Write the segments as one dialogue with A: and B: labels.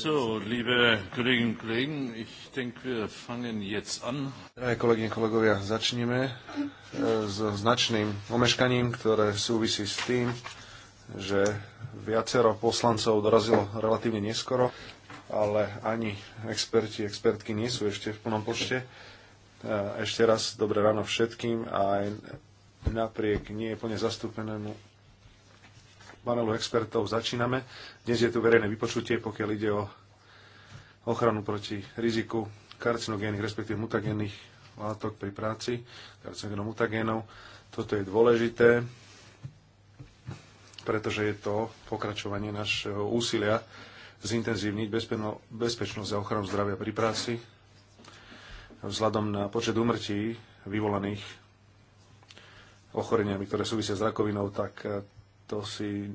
A: So, liebe Kolleginnen und Kollegen, ich denke, wir fangen jetzt an.
B: Drahé kolegyne, kolegovia, začneme eh, so značným omeškaním, ktoré súvisí s tým, že viacero poslancov dorazilo relatívne neskoro, ale ani experti, expertky nie sú ešte v plnom počte. Eh, ešte raz dobré ráno všetkým a aj napriek nie je plne zastúpenému panelu expertov začíname. Dnes je tu verejné vypočutie, pokiaľ ide o ochranu proti riziku karcinogénnych, respektíve mutagénnych látok pri práci, karcinogénom mutagénov. Toto je dôležité, pretože je to pokračovanie našeho úsilia zintenzívniť bezpečnosť a ochranu zdravia pri práci vzhľadom na počet umrtí vyvolaných ochoreniami, ktoré súvisia s rakovinou, tak to si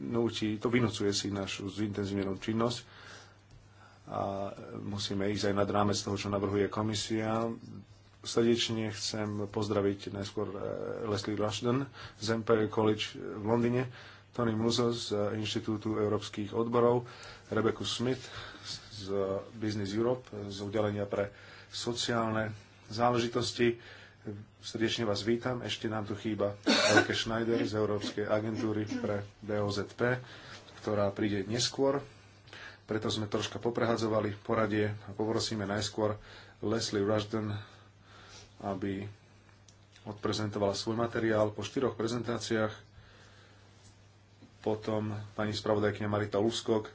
B: núti, to vynúcuje si našu zintenzívnenú činnosť a musíme ísť aj nad rámec toho, čo navrhuje komisia. Srdečne chcem pozdraviť najskôr eh, Leslie Rushden z Empire College v Londýne, Tony Muzo z Inštitútu európskych odborov, Rebecca Smith z Business Europe z oddelenia pre sociálne záležitosti, Srdečne vás vítam. Ešte nám tu chýba Elke Schneider z Európskej agentúry pre BOZP, ktorá príde neskôr. Preto sme troška poprehadzovali poradie a poprosíme najskôr Leslie Rushden, aby odprezentovala svoj materiál po štyroch prezentáciách. Potom pani spravodajkňa Marita Luskok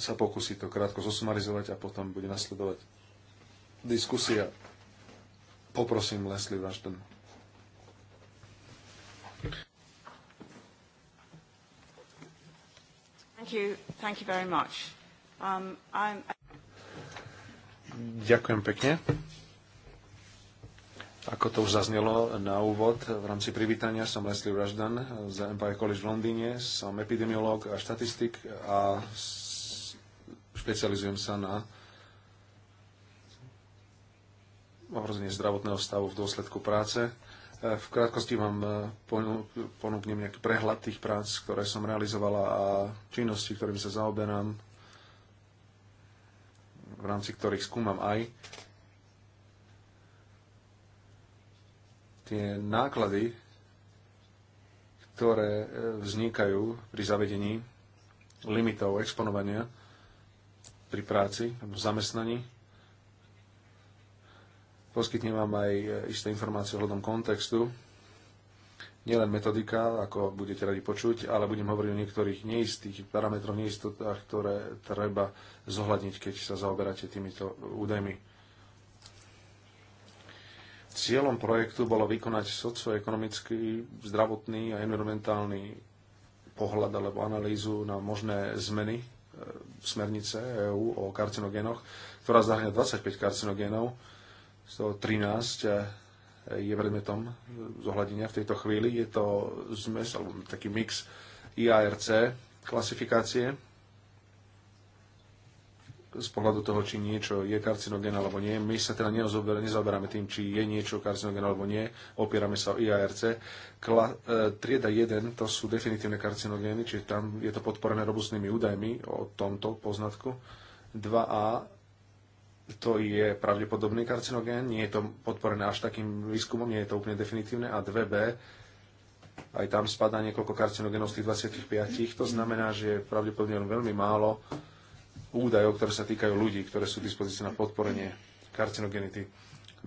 B: sa pokusí to krátko zosumarizovať a potom bude nasledovať diskusia. Poprosím Leslie Rushton.
C: Thank you. Thank you very much. Um,
B: I'm... Ďakujem pekne. Ako to už zaznelo na úvod, v rámci privítania som Leslie Rushdan z Empire College v Londýne, som epidemiológ a štatistik a špecializujem sa na ohrozenie zdravotného stavu v dôsledku práce. E, v krátkosti vám e, ponúknem nejaký prehľad tých prác, ktoré som realizovala a činnosti, ktorým sa zaoberám, v rámci ktorých skúmam aj tie náklady, ktoré e, vznikajú pri zavedení limitov exponovania pri práci alebo zamestnaní Poskytnem vám aj e, isté informácie ohľadom kontextu. Nielen metodika, ako budete radi počuť, ale budem hovoriť o niektorých neistých parametroch, neistotách, ktoré treba zohľadniť, keď sa zaoberáte týmito údajmi. Cieľom projektu bolo vykonať socioekonomický, zdravotný a environmentálny pohľad alebo analýzu na možné zmeny e, smernice EÚ o karcinogénoch, ktorá zahrňa 25 karcinogénov 113 eh, je predmetom zohľadenia v tejto chvíli. Je to zmes alebo taký mix IARC klasifikácie z pohľadu toho, či niečo je karcinogén alebo nie. My sa teda nezaoberáme tým, či je niečo karcinogén alebo nie. Opierame sa o IARC. Kla, e, trieda 1 to sú definitívne karcinogény, čiže tam je to podporené robustnými údajmi o tomto poznatku. 2A to je pravdepodobný karcinogén, nie je to podporené až takým výskumom, nie je to úplne definitívne. A 2B, aj tam spadá niekoľko karcinogénov z tých 25. To znamená, že je pravdepodobne len veľmi málo údajov, ktoré sa týkajú ľudí, ktoré sú v dispozícii na podporenie karcinogenity.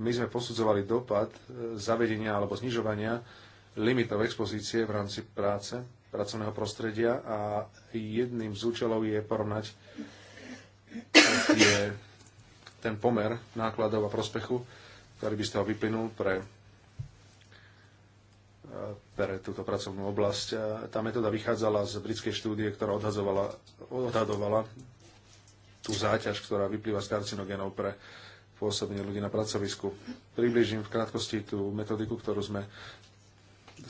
B: My sme posudzovali dopad e, zavedenia alebo znižovania limitov expozície v rámci práce, pracovného prostredia a jedným z účelov je porovnať tie ten pomer nákladov a prospechu, ktorý by z toho vyplynul pre, eh, pre túto pracovnú oblasť. Eh, tá metóda vychádzala z britskej štúdie, ktorá odhadovala, tú záťaž, ktorá vyplýva z karcinogénov pre pôsobenie ľudí na pracovisku. Približím v krátkosti tú metodiku, ktorú sme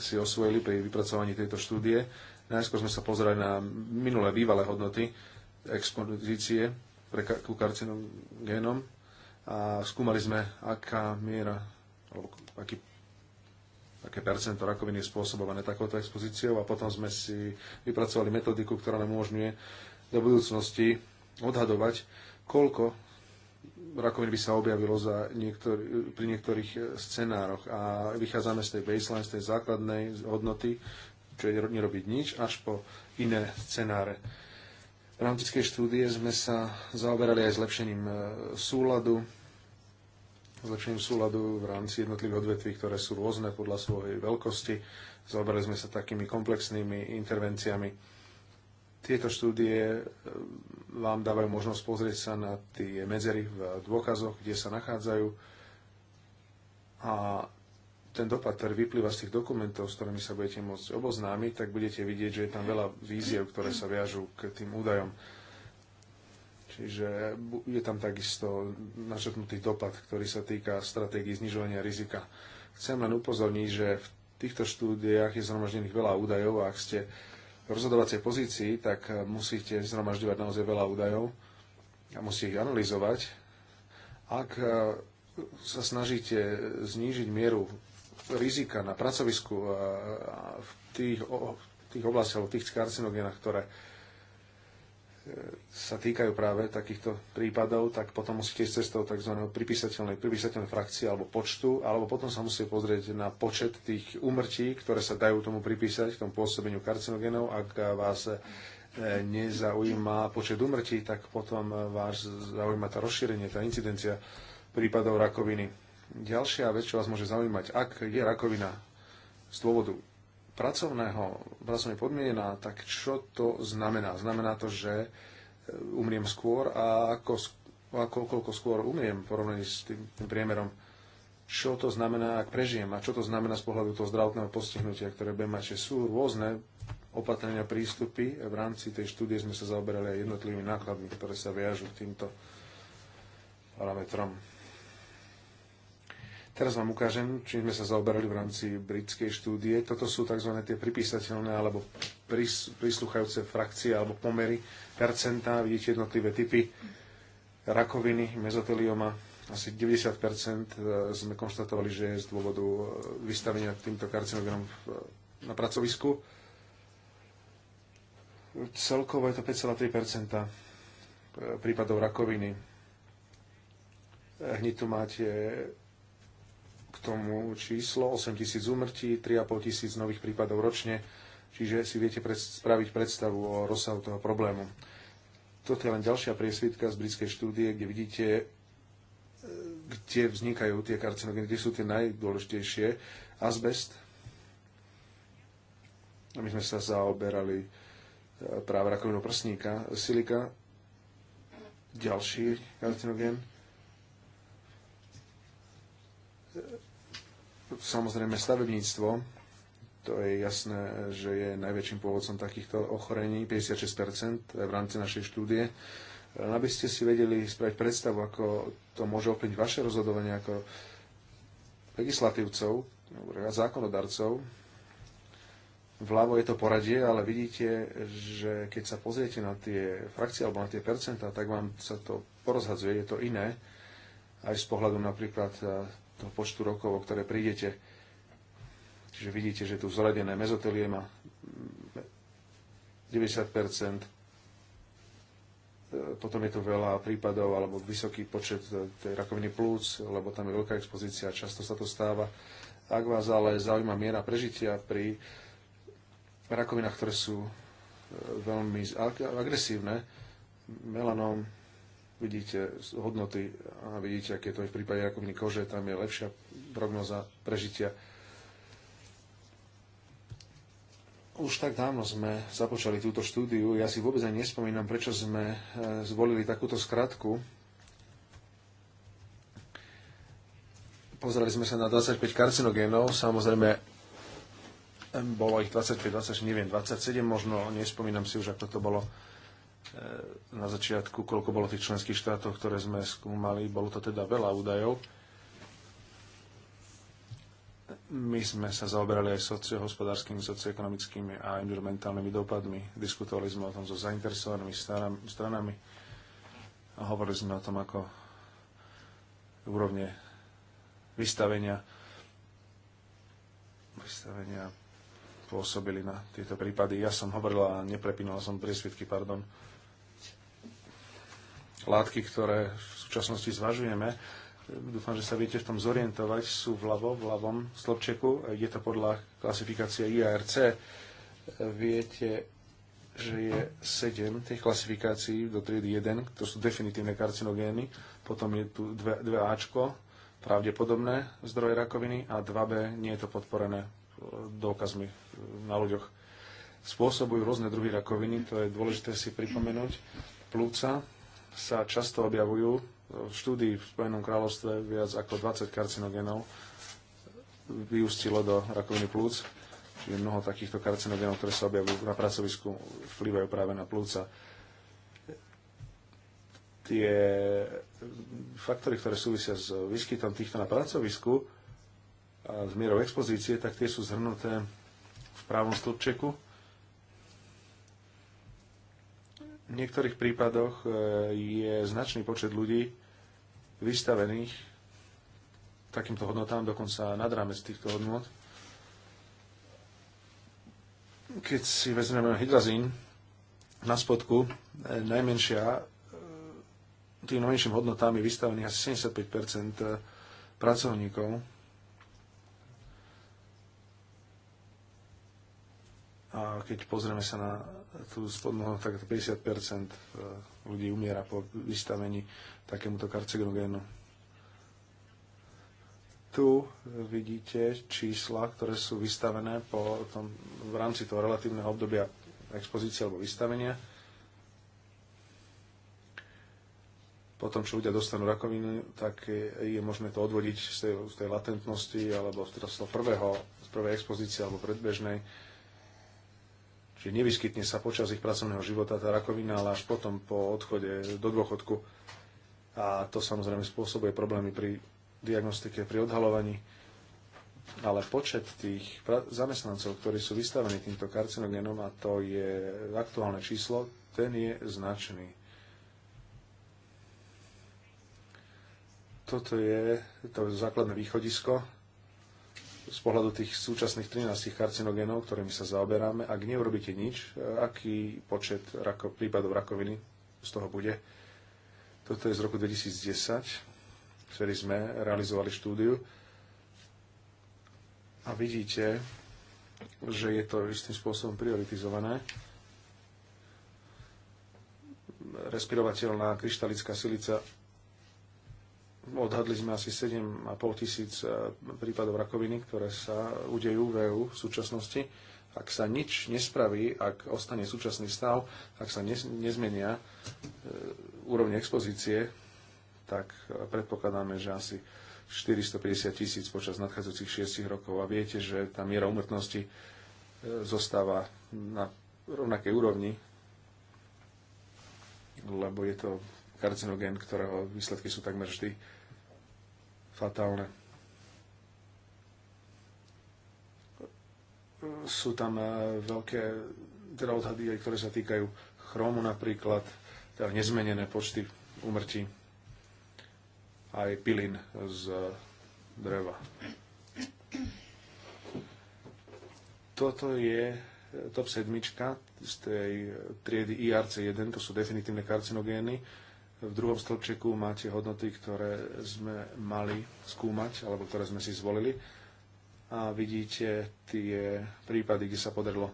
B: si osvojili pri vypracovaní tejto štúdie. Najskôr sme sa pozerali na minulé bývalé hodnoty expozície pre ku karcinogénom a skúmali sme, aká miera, alebo aký aké percento rakoviny je spôsobované takouto expozíciou a potom sme si vypracovali metodiku, ktorá nám umožňuje do budúcnosti odhadovať, koľko rakoviny by sa objavilo za niektor- pri niektorých scenároch a vychádzame z tej baseline, z tej základnej hodnoty, čo je nerobiť nič, až po iné scenáre v rámci štúdie sme sa zaoberali aj zlepšením e, súladu, zlepšením súladu v rámci jednotlivých odvetví, ktoré sú rôzne podľa svojej veľkosti. Zaoberali sme sa takými komplexnými intervenciami. Tieto štúdie e, vám dávajú možnosť pozrieť sa na tie medzery v dôkazoch, kde sa nachádzajú a ten dopad, ktorý vyplýva z tých dokumentov, s ktorými sa budete môcť oboznámiť, tak budete vidieť, že je tam veľa víziev, ktoré sa viažú k tým údajom. Čiže je tam takisto načrtnutý dopad, ktorý sa týka stratégií znižovania rizika. Chcem len upozorniť, že v týchto štúdiách je zhromaždených veľa údajov a ak ste v rozhodovacej pozícii, tak eh, musíte zhromažďovať naozaj veľa údajov a musíte ich analyzovať. Ak eh, sa snažíte znížiť mieru rizika na pracovisku v tých, tých oblastiach, alebo tých karcinogénach, ktoré e, sa týkajú práve takýchto prípadov, tak potom musíte ísť cestou tzv. pripísateľnej, pripísateľnej frakcie alebo počtu, alebo potom sa musíte pozrieť na počet tých úmrtí, ktoré sa dajú tomu pripísať, k tomu pôsobeniu karcinogénov. Ak vás e, nezaujíma počet úmrtí, tak potom vás zaujíma tá rozšírenie, tá incidencia prípadov rakoviny Ďalšia vec, čo vás môže zaujímať, ak je rakovina z dôvodu pracovného, pracovnej podmienená, tak čo to znamená? Znamená to, že e, umriem skôr a ako, ako koľko skôr umriem v porovnaní s tým, tým priemerom? Čo to znamená, ak prežijem? A čo to znamená z pohľadu toho zdravotného postihnutia, ktoré budem mať? Sú rôzne opatrenia, prístupy. V rámci tej štúdie sme sa zaoberali aj jednotlivými nákladmi, ktoré sa viažú k týmto parametrom. Teraz vám ukážem, čím sme sa zaoberali v rámci britskej štúdie. Toto sú tzv. tie pripísateľné alebo prísluchajúce frakcie alebo pomery, percentá, vidíte jednotlivé typy rakoviny, mezotelioma, asi 90% e, sme konštatovali, že je z dôvodu e, vystavenia týmto karcinogramom e, na pracovisku. Celkovo je to 5,3% prípadov rakoviny. Hneď tu máte k tomu číslo 8 tisíc úmrtí, 3,5 tisíc nových prípadov ročne, čiže si viete spraviť predstavu o rozsahu toho problému. Toto je len ďalšia priesvitka z britskej štúdie, kde vidíte, e, kde vznikajú tie karcinogény, kde sú tie najdôležitejšie. Azbest. My sme sa zaoberali e, práve rakovinu prsníka. Silika. Ďalší karcinogén Samozrejme stavebníctvo, to je jasné, že je najväčším pôvodcom takýchto ochorení, 56% v rámci našej štúdie. aby ste si vedeli spraviť predstavu, ako to môže ovplyvniť vaše rozhodovanie ako legislatívcov, teda zákonodarcov. Vľavo je to poradie, ale vidíte, že keď sa pozriete na tie frakcie alebo na tie percentá, tak vám sa to porozhadzuje, je to iné aj z pohľadu napríklad toho počtu rokov, o ktoré prídete. Čiže vidíte, že tu zradené mezotelie má 90%. Potom je tu veľa prípadov alebo vysoký počet e, tej rakoviny plúc, lebo tam je veľká expozícia, často sa to stáva. Ak vás ale zaujíma miera prežitia pri rakovinách, ktoré sú e, veľmi agresívne, melanóm, Vidíte hodnoty a vidíte, aké to je v prípade rakoviny kože, tam je lepšia prognoza prežitia. Už tak dávno sme započali túto štúdiu. Ja si vôbec ani nespomínam, prečo sme e, zvolili takúto skratku. Pozerali sme sa na 25 karcinogénov. Samozrejme, bolo ich 25, 26, neviem, 27 možno, nespomínam si už, ako to bolo E, na začiatku, koľko bolo tých členských štátov, ktoré sme skúmali. Bolo to teda veľa údajov. My sme sa zaoberali aj sociohospodárskymi, socioekonomickými a environmentálnymi dopadmi. Diskutovali sme o tom so zainteresovanými stranami a hovorili sme o tom, ako úrovne vystavenia vystavenia pôsobili na tieto prípady. Ja som hovorila a neprepínala som priesvitky, pardon látky, ktoré v súčasnosti zvažujeme, dúfam, že sa viete v tom zorientovať, sú vľavo, v ľavom slobčeku. Je to podľa klasifikácie IARC. Viete, že je 7 tých klasifikácií do triedy 1, to sú definitívne karcinogény. Potom je tu 2, 2Ačko, pravdepodobné zdroje rakoviny, a 2B, nie je to podporené dôkazmi na ľuďoch. Spôsobujú rôzne druhy rakoviny, to je dôležité si pripomenúť. Plúca, sa často objavujú v štúdii v Spojenom kráľovstve viac ako 20 karcinogénov vyústilo do rakoviny plúc. Čiže mnoho takýchto karcinogénov, ktoré sa objavujú na pracovisku, vplyvajú práve na plúca. Tie faktory, ktoré súvisia s výskytom týchto na pracovisku a s mierou expozície, tak tie sú zhrnuté v právom stĺpčeku V niektorých prípadoch e, je značný počet ľudí vystavených takýmto hodnotám, dokonca nad rámec týchto hodnot. Keď si vezmeme hydrazín na spodku, e, najmenšia, e, tým najmenším hodnotám je vystavených asi 75 pracovníkov. A keď pozrieme sa na tu spodnoho tak 50% e, ľudí umiera po vystavení takémuto karcinogénu. Tu vidíte čísla, ktoré sú vystavené po tom, v rámci toho relatívneho obdobia expozície alebo vystavenia. po tom, čo ľudia dostanú rakovinu, tak je, možné to odvodiť z tej, z tej latentnosti alebo z toho prvého, z prvej expozície alebo predbežnej Čiže nevyskytne sa počas ich pracovného života tá rakovina, ale až potom po odchode do dôchodku. A to samozrejme spôsobuje problémy pri diagnostike, pri odhalovaní. Ale počet tých zamestnancov, ktorí sú vystavení týmto karcinogénom, a to je aktuálne číslo, ten je značný. Toto je to základné východisko z pohľadu tých súčasných 13 karcinogénov, ktorými sa zaoberáme, ak neurobíte nič, e, aký počet rako, prípadov rakoviny z toho bude. Toto je z roku 2010, ktorý sme realizovali štúdiu. A vidíte, že je to istým spôsobom prioritizované. Respirovateľná kryštalická silica Odhadli sme asi 7,5 tisíc e, prípadov rakoviny, ktoré sa udejú v EU v súčasnosti. Ak sa nič nespraví, ak ostane súčasný stav, ak sa nezmenia e, úrovne expozície, tak e, predpokladáme, že asi 450 tisíc počas nadchádzajúcich 6 rokov. A viete, že tá miera umrtnosti zostáva na rovnakej úrovni, lebo je to karcinogén, ktorého výsledky sú takmer vždy fatálne. Sú tam e, veľké teda odhady, ktoré sa týkajú chromu napríklad, teda nezmenené počty umrtí aj pilín z e, dreva. Toto je e, top 7 z tej triedy IRC1, to sú definitívne karcinogény v druhom stĺpčeku máte hodnoty, ktoré sme mali skúmať, alebo ktoré sme si zvolili. A vidíte tie prípady, kde sa podarilo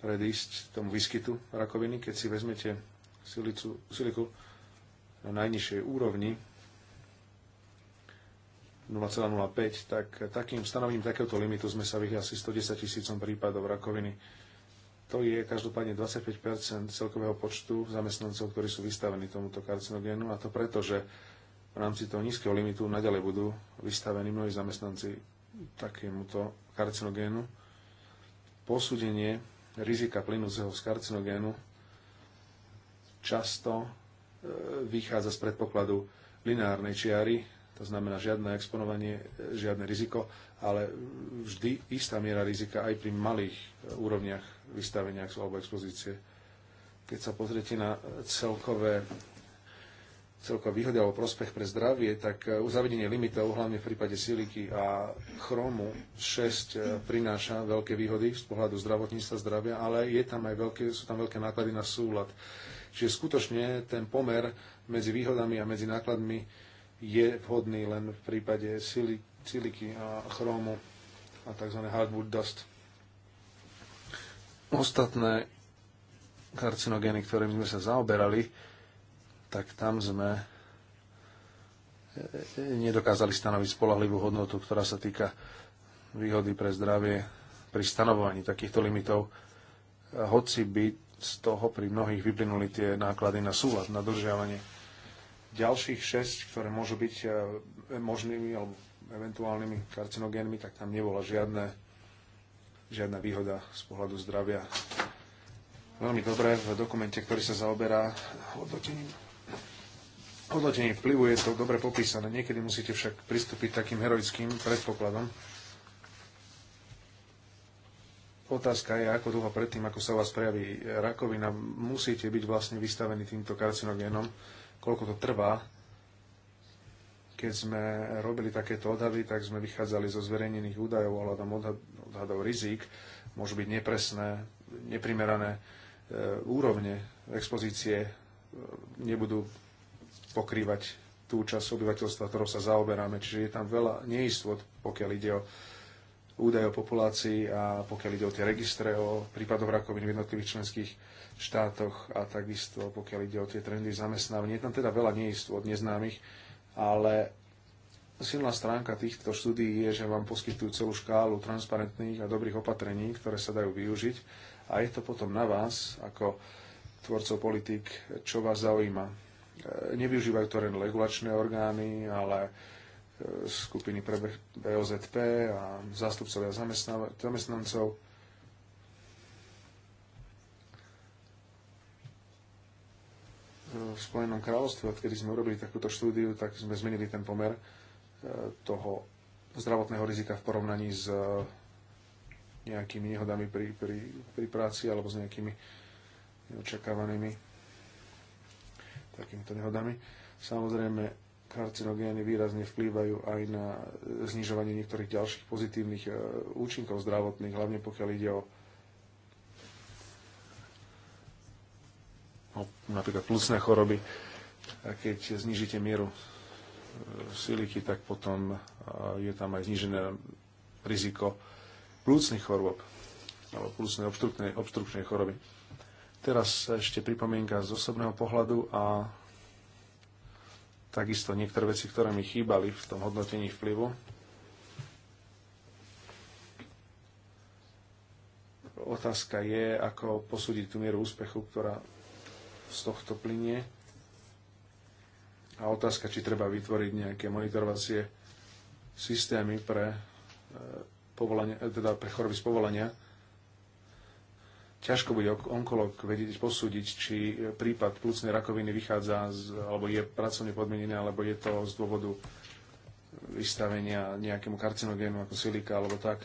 B: predísť tomu výskytu rakoviny. Keď si vezmete silicu, siliku na najnižšej úrovni 0,05, tak takým stanovením takéhoto limitu sme sa vyhli asi 110 tisícom prípadov rakoviny to je každopádne 25 celkového počtu zamestnancov, ktorí sú vystavení tomuto karcinogénu a to preto, že v rámci toho nízkeho limitu naďalej budú vystavení mnohí zamestnanci takémuto karcinogénu. Posúdenie rizika plynúceho z karcinogénu často e, vychádza z predpokladu lineárnej čiary, to znamená žiadne exponovanie, e, žiadne riziko, ale vždy istá miera rizika aj pri malých e, úrovniach vystaveniach alebo expozície. Keď sa pozriete na celkové celková výhody alebo prospech pre zdravie, tak e, uzavedenie limitov, hlavne v prípade siliky a chromu 6 e, prináša veľké výhody z pohľadu zdravotníctva, zdravia, ale je tam aj veľké, sú tam veľké náklady na súlad. Čiže skutočne ten pomer medzi výhodami a medzi nákladmi je vhodný len v prípade siliky a chromu a tzv. hardwood dust. Ostatné karcinogény, ktorými sme sa zaoberali, tak tam sme e, e, nedokázali stanoviť spolahlivú hodnotu, ktorá sa týka výhody pre zdravie pri stanovovaní takýchto limitov, hoci by z toho pri mnohých vyplynuli tie náklady na súhlas, na dodržiavanie. Ďalších 6, ktoré môžu byť e, možnými alebo eventuálnymi karcinogénmi, tak tam nebola žiadne žiadna výhoda z pohľadu zdravia. Veľmi dobré v dokumente, ktorý sa zaoberá hodnotením Hodnotenie vplyvu je to dobre popísané. Niekedy musíte však pristúpiť takým heroickým predpokladom. Otázka je, ako dlho predtým, ako sa vás prejaví rakovina, musíte byť vlastne vystavení týmto karcinogénom, koľko to trvá, keď sme robili takéto odhady, tak sme vychádzali zo zverejnených údajov ohľadom odhad, odhadov rizík. Môžu byť nepresné, neprimerané e, úrovne expozície e, nebudú pokrývať tú časť obyvateľstva, ktorou sa zaoberáme. Čiže je tam veľa neistot, pokiaľ ide o údaj o populácii a pokiaľ ide o tie registre o prípadoch rakoviny v jednotlivých členských štátoch a takisto pokiaľ ide o tie trendy zamestnávania. Je tam teda veľa neistot, neznámych ale silná stránka týchto štúdií je, že vám poskytujú celú škálu transparentných a dobrých opatrení, ktoré sa dajú využiť a je to potom na vás, ako tvorcov politik, čo vás zaujíma. E, nevyužívajú to len regulačné orgány, ale e, skupiny pre BOZP a zástupcovia zamestnancov v Spojenom kráľovstve, odkedy sme urobili takúto štúdiu, tak sme zmenili ten pomer e, toho zdravotného rizika v porovnaní s e, nejakými nehodami pri, pri, pri práci alebo s nejakými neočakávanými takýmito nehodami. Samozrejme, karcinogény výrazne vplývajú aj na znižovanie niektorých ďalších pozitívnych e, účinkov zdravotných, hlavne pokiaľ ide o No, napríklad plusné choroby. A keď znižíte mieru e, siliky, tak potom e, je tam aj znižené riziko plúcnych chorôb alebo plúcnej obštruknej, obštrukčnej choroby. Teraz ešte pripomienka z osobného pohľadu a takisto niektoré veci, ktoré mi chýbali v tom hodnotení vplyvu. Otázka je, ako posúdiť tú mieru úspechu, ktorá z tohto plinie. A otázka, či treba vytvoriť nejaké monitorovacie systémy pre, e, povolania, e, teda pre choroby z povolania. Ťažko bude onkolog vedieť posúdiť, či e, prípad plúcnej rakoviny vychádza z, alebo je pracovne podmienené, alebo je to z dôvodu vystavenia nejakému karcinogénu ako silika alebo tak.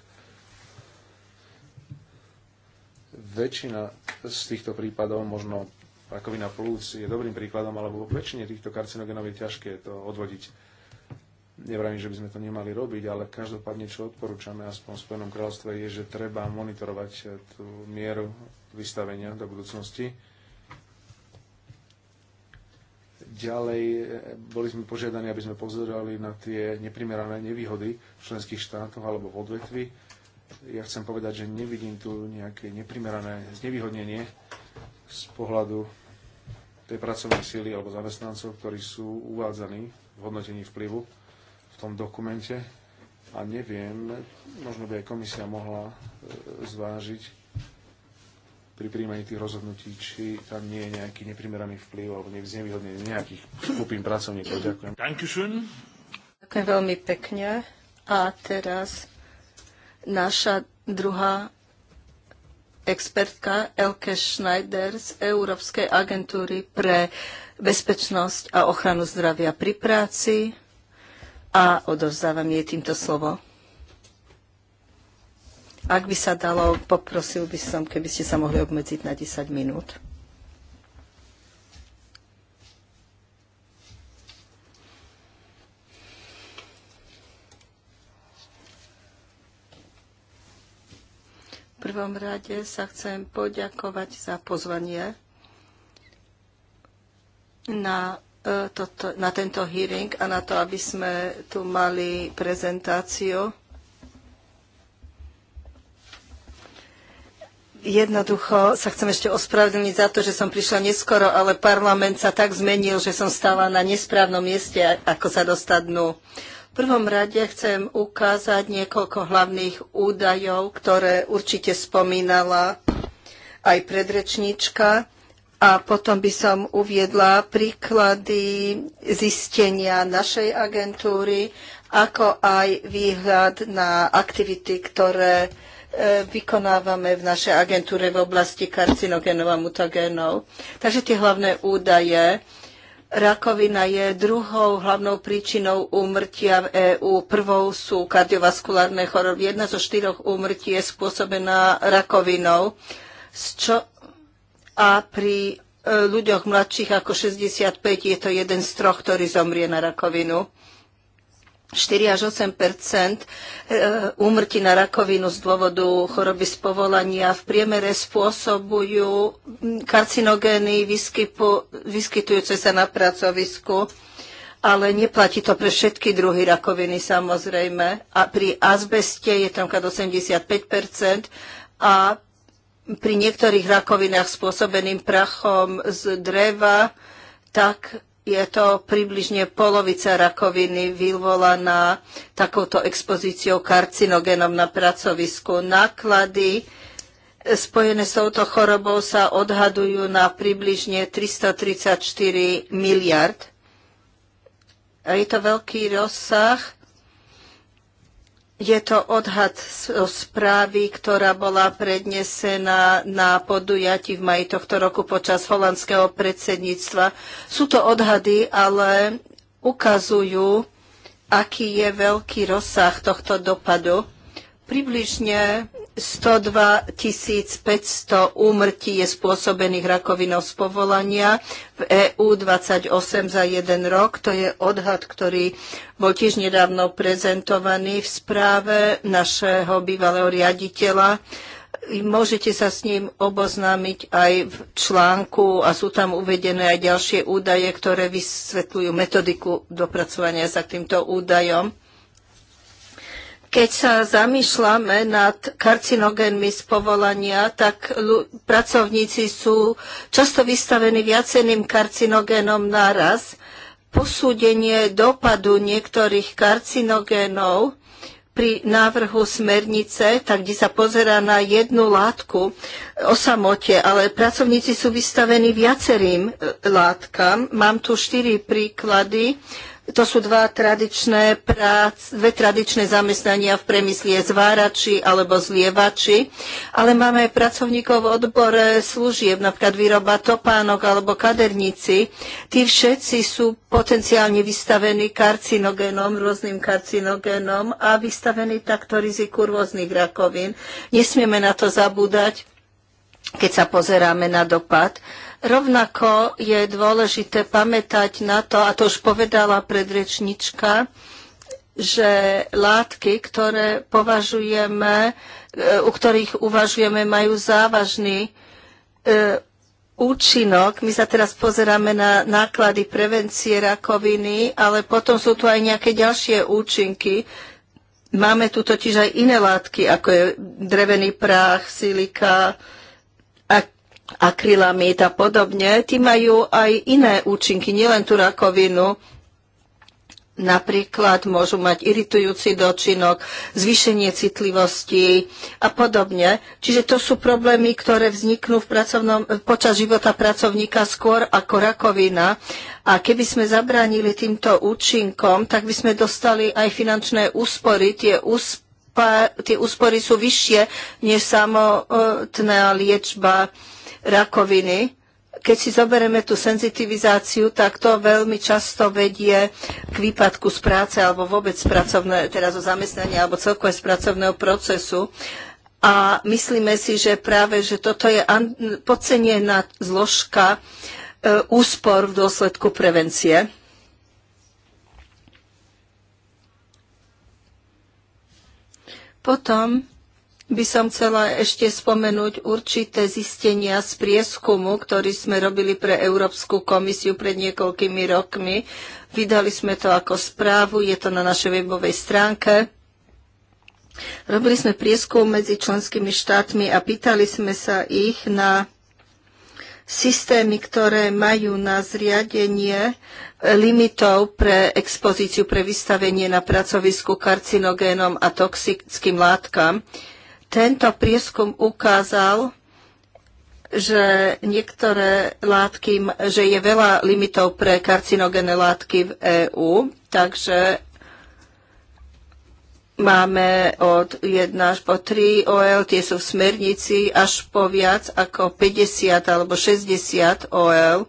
B: Väčšina z týchto prípadov, možno rakovina plúc je dobrým príkladom, alebo vo väčšine týchto karcinogénov je ťažké to odvodiť. Nevravím, že by sme to nemali robiť, ale každopádne, čo odporúčame aspoň v Spojenom kráľovstve, je, že treba monitorovať tú mieru vystavenia do budúcnosti. Ďalej eh, boli sme požiadani, aby sme pozerali na tie neprimerané nevýhody v členských štátoch alebo v odvetvi. Ja chcem povedať, že nevidím tu nejaké neprimerané znevýhodnenie z pohľadu tej pracovnej síly alebo zamestnancov, ktorí sú uvádzaní v hodnotení vplyvu v tom dokumente. A neviem, možno by aj komisia mohla e, zvážiť pri príjmaní tých rozhodnutí, či tam nie je nejaký neprimeraný vplyv alebo znevýhodnenie nejakých skupín pracovníkov. Ďakujem. Dankeschön.
C: Ďakujem veľmi pekne. A teraz naša druhá expertka Elke Schneider z Európskej agentúry pre bezpečnosť a ochranu zdravia pri práci a odovzdávam jej týmto slovo. Ak by sa dalo, poprosil by som, keby ste sa mohli obmedziť na 10 minút. prvom rade sa chcem poďakovať za pozvanie na, e, toto, na tento hearing a na to, aby sme tu mali prezentáciu. Jednoducho sa chcem ešte ospravedlniť za to, že som prišla neskoro, ale parlament sa tak zmenil, že som stála na nesprávnom mieste, ako sa dostať v prvom rade chcem ukázať niekoľko hlavných údajov, ktoré určite spomínala aj predrečníčka a potom by som uviedla príklady zistenia našej agentúry, ako aj výhľad na aktivity, ktoré e, vykonávame v našej agentúre v oblasti karcinogénov a mutagénov. Takže tie hlavné údaje Rakovina je druhou hlavnou príčinou úmrtia v EÚ. Prvou sú kardiovaskulárne choroby. Jedna zo štyroch úmrtí je spôsobená rakovinou. Z čo a pri e, ľuďoch mladších ako 65 je to jeden z troch, ktorý zomrie na rakovinu. 4 až 8 e, úmrtí na rakovinu z dôvodu choroby z povolania v priemere spôsobujú karcinogény vyskypu, vyskytujúce sa na pracovisku, ale neplatí to pre všetky druhy rakoviny samozrejme. A pri azbeste je tam 85 a pri niektorých rakovinách spôsobeným prachom z dreva tak je to približne polovica rakoviny vyvolaná takouto expozíciou karcinogenom na pracovisku. Náklady spojené s touto chorobou sa odhadujú na približne 334 miliard. A je to veľký rozsah je to odhad správy, ktorá bola prednesená na podujati v maji tohto roku počas holandského predsedníctva. Sú to odhady, ale ukazujú, aký je veľký rozsah tohto dopadu. Približne 102 500 úmrtí je spôsobených rakovinou z povolania, v EU 28 za jeden rok. To je odhad, ktorý bol tiež nedávno prezentovaný v správe našeho bývalého riaditeľa. Môžete sa s ním oboznámiť aj v článku a sú tam uvedené aj ďalšie údaje, ktoré vysvetľujú metodiku dopracovania sa k týmto údajom. Keď sa zamýšľame nad karcinogénmi z povolania, tak pracovníci sú často vystavení viaceným karcinogénom naraz. Posúdenie dopadu niektorých karcinogénov pri návrhu smernice, tak kde sa pozera na jednu látku o samote, ale pracovníci sú vystavení viacerým e, látkam. Mám tu štyri príklady. To sú dva tradičné prác, dve tradičné zamestnania v priemysle zvárači alebo zlievači, ale máme aj pracovníkov v odbore služieb, napríklad výroba topánok alebo kaderníci. Tí všetci sú potenciálne vystavení karcinogénom, rôznym karcinogénom a vystavení takto riziku rôznych rakovín. Nesmieme na to zabúdať, keď sa pozeráme na dopad Rovnako je dôležité pamätať na to, a to už povedala predrečnička, že látky, ktoré považujeme, e, u ktorých uvažujeme, majú závažný e, účinok. My sa teraz pozeráme na náklady prevencie rakoviny, ale potom sú tu aj nejaké ďalšie účinky. Máme tu totiž aj iné látky, ako je drevený prach, silika a akrylamid a podobne, tí majú aj iné účinky, nielen tú rakovinu. Napríklad môžu mať iritujúci dočinok, zvýšenie citlivosti a podobne. Čiže to sú problémy, ktoré vzniknú v pracovnom, počas života pracovníka skôr ako rakovina. A keby sme zabránili týmto účinkom, tak by sme dostali aj finančné úspory. Tie, úspa, tie úspory sú vyššie než samotná liečba rakoviny. Keď si zoberieme tú senzitivizáciu, tak to veľmi často vedie k výpadku z práce alebo vôbec z pracovné, teda zo zamestnania alebo celkové z pracovného procesu. A myslíme si, že práve, že toto je podcenená zložka e, úspor v dôsledku prevencie. Potom by som chcela ešte spomenúť určité zistenia z prieskumu, ktorý sme robili pre Európsku komisiu pred niekoľkými rokmi. Vydali sme to ako správu, je to na našej webovej stránke. Robili sme prieskum medzi členskými štátmi a pýtali sme sa ich na systémy, ktoré majú na zriadenie limitov pre expozíciu, pre vystavenie na pracovisku karcinogénom a toxickým látkam. Tento prieskum ukázal, že niektoré látky, že je veľa limitov pre karcinogené látky v EÚ, takže máme od 1 až po 3 OL, tie sú v smernici, až po viac ako 50 alebo 60 OL.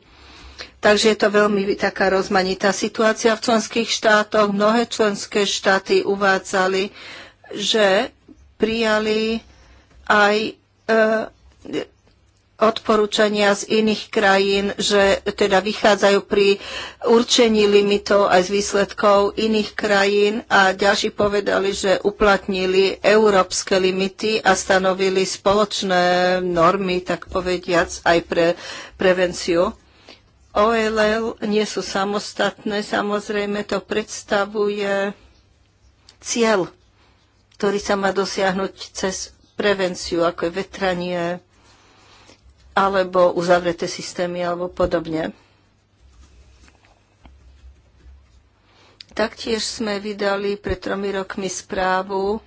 C: Takže je to veľmi taká rozmanitá situácia v členských štátoch. Mnohé členské štáty uvádzali, že prijali aj e, odporúčania z iných krajín, že teda vychádzajú pri určení limitov aj z výsledkov iných krajín a ďalší povedali, že uplatnili európske limity a stanovili spoločné normy, tak povediac, aj pre prevenciu. OLL nie sú samostatné, samozrejme to predstavuje cieľ ktorý sa má dosiahnuť cez prevenciu, ako je vetranie alebo uzavreté systémy alebo podobne. Taktiež sme vydali pred tromi rokmi správu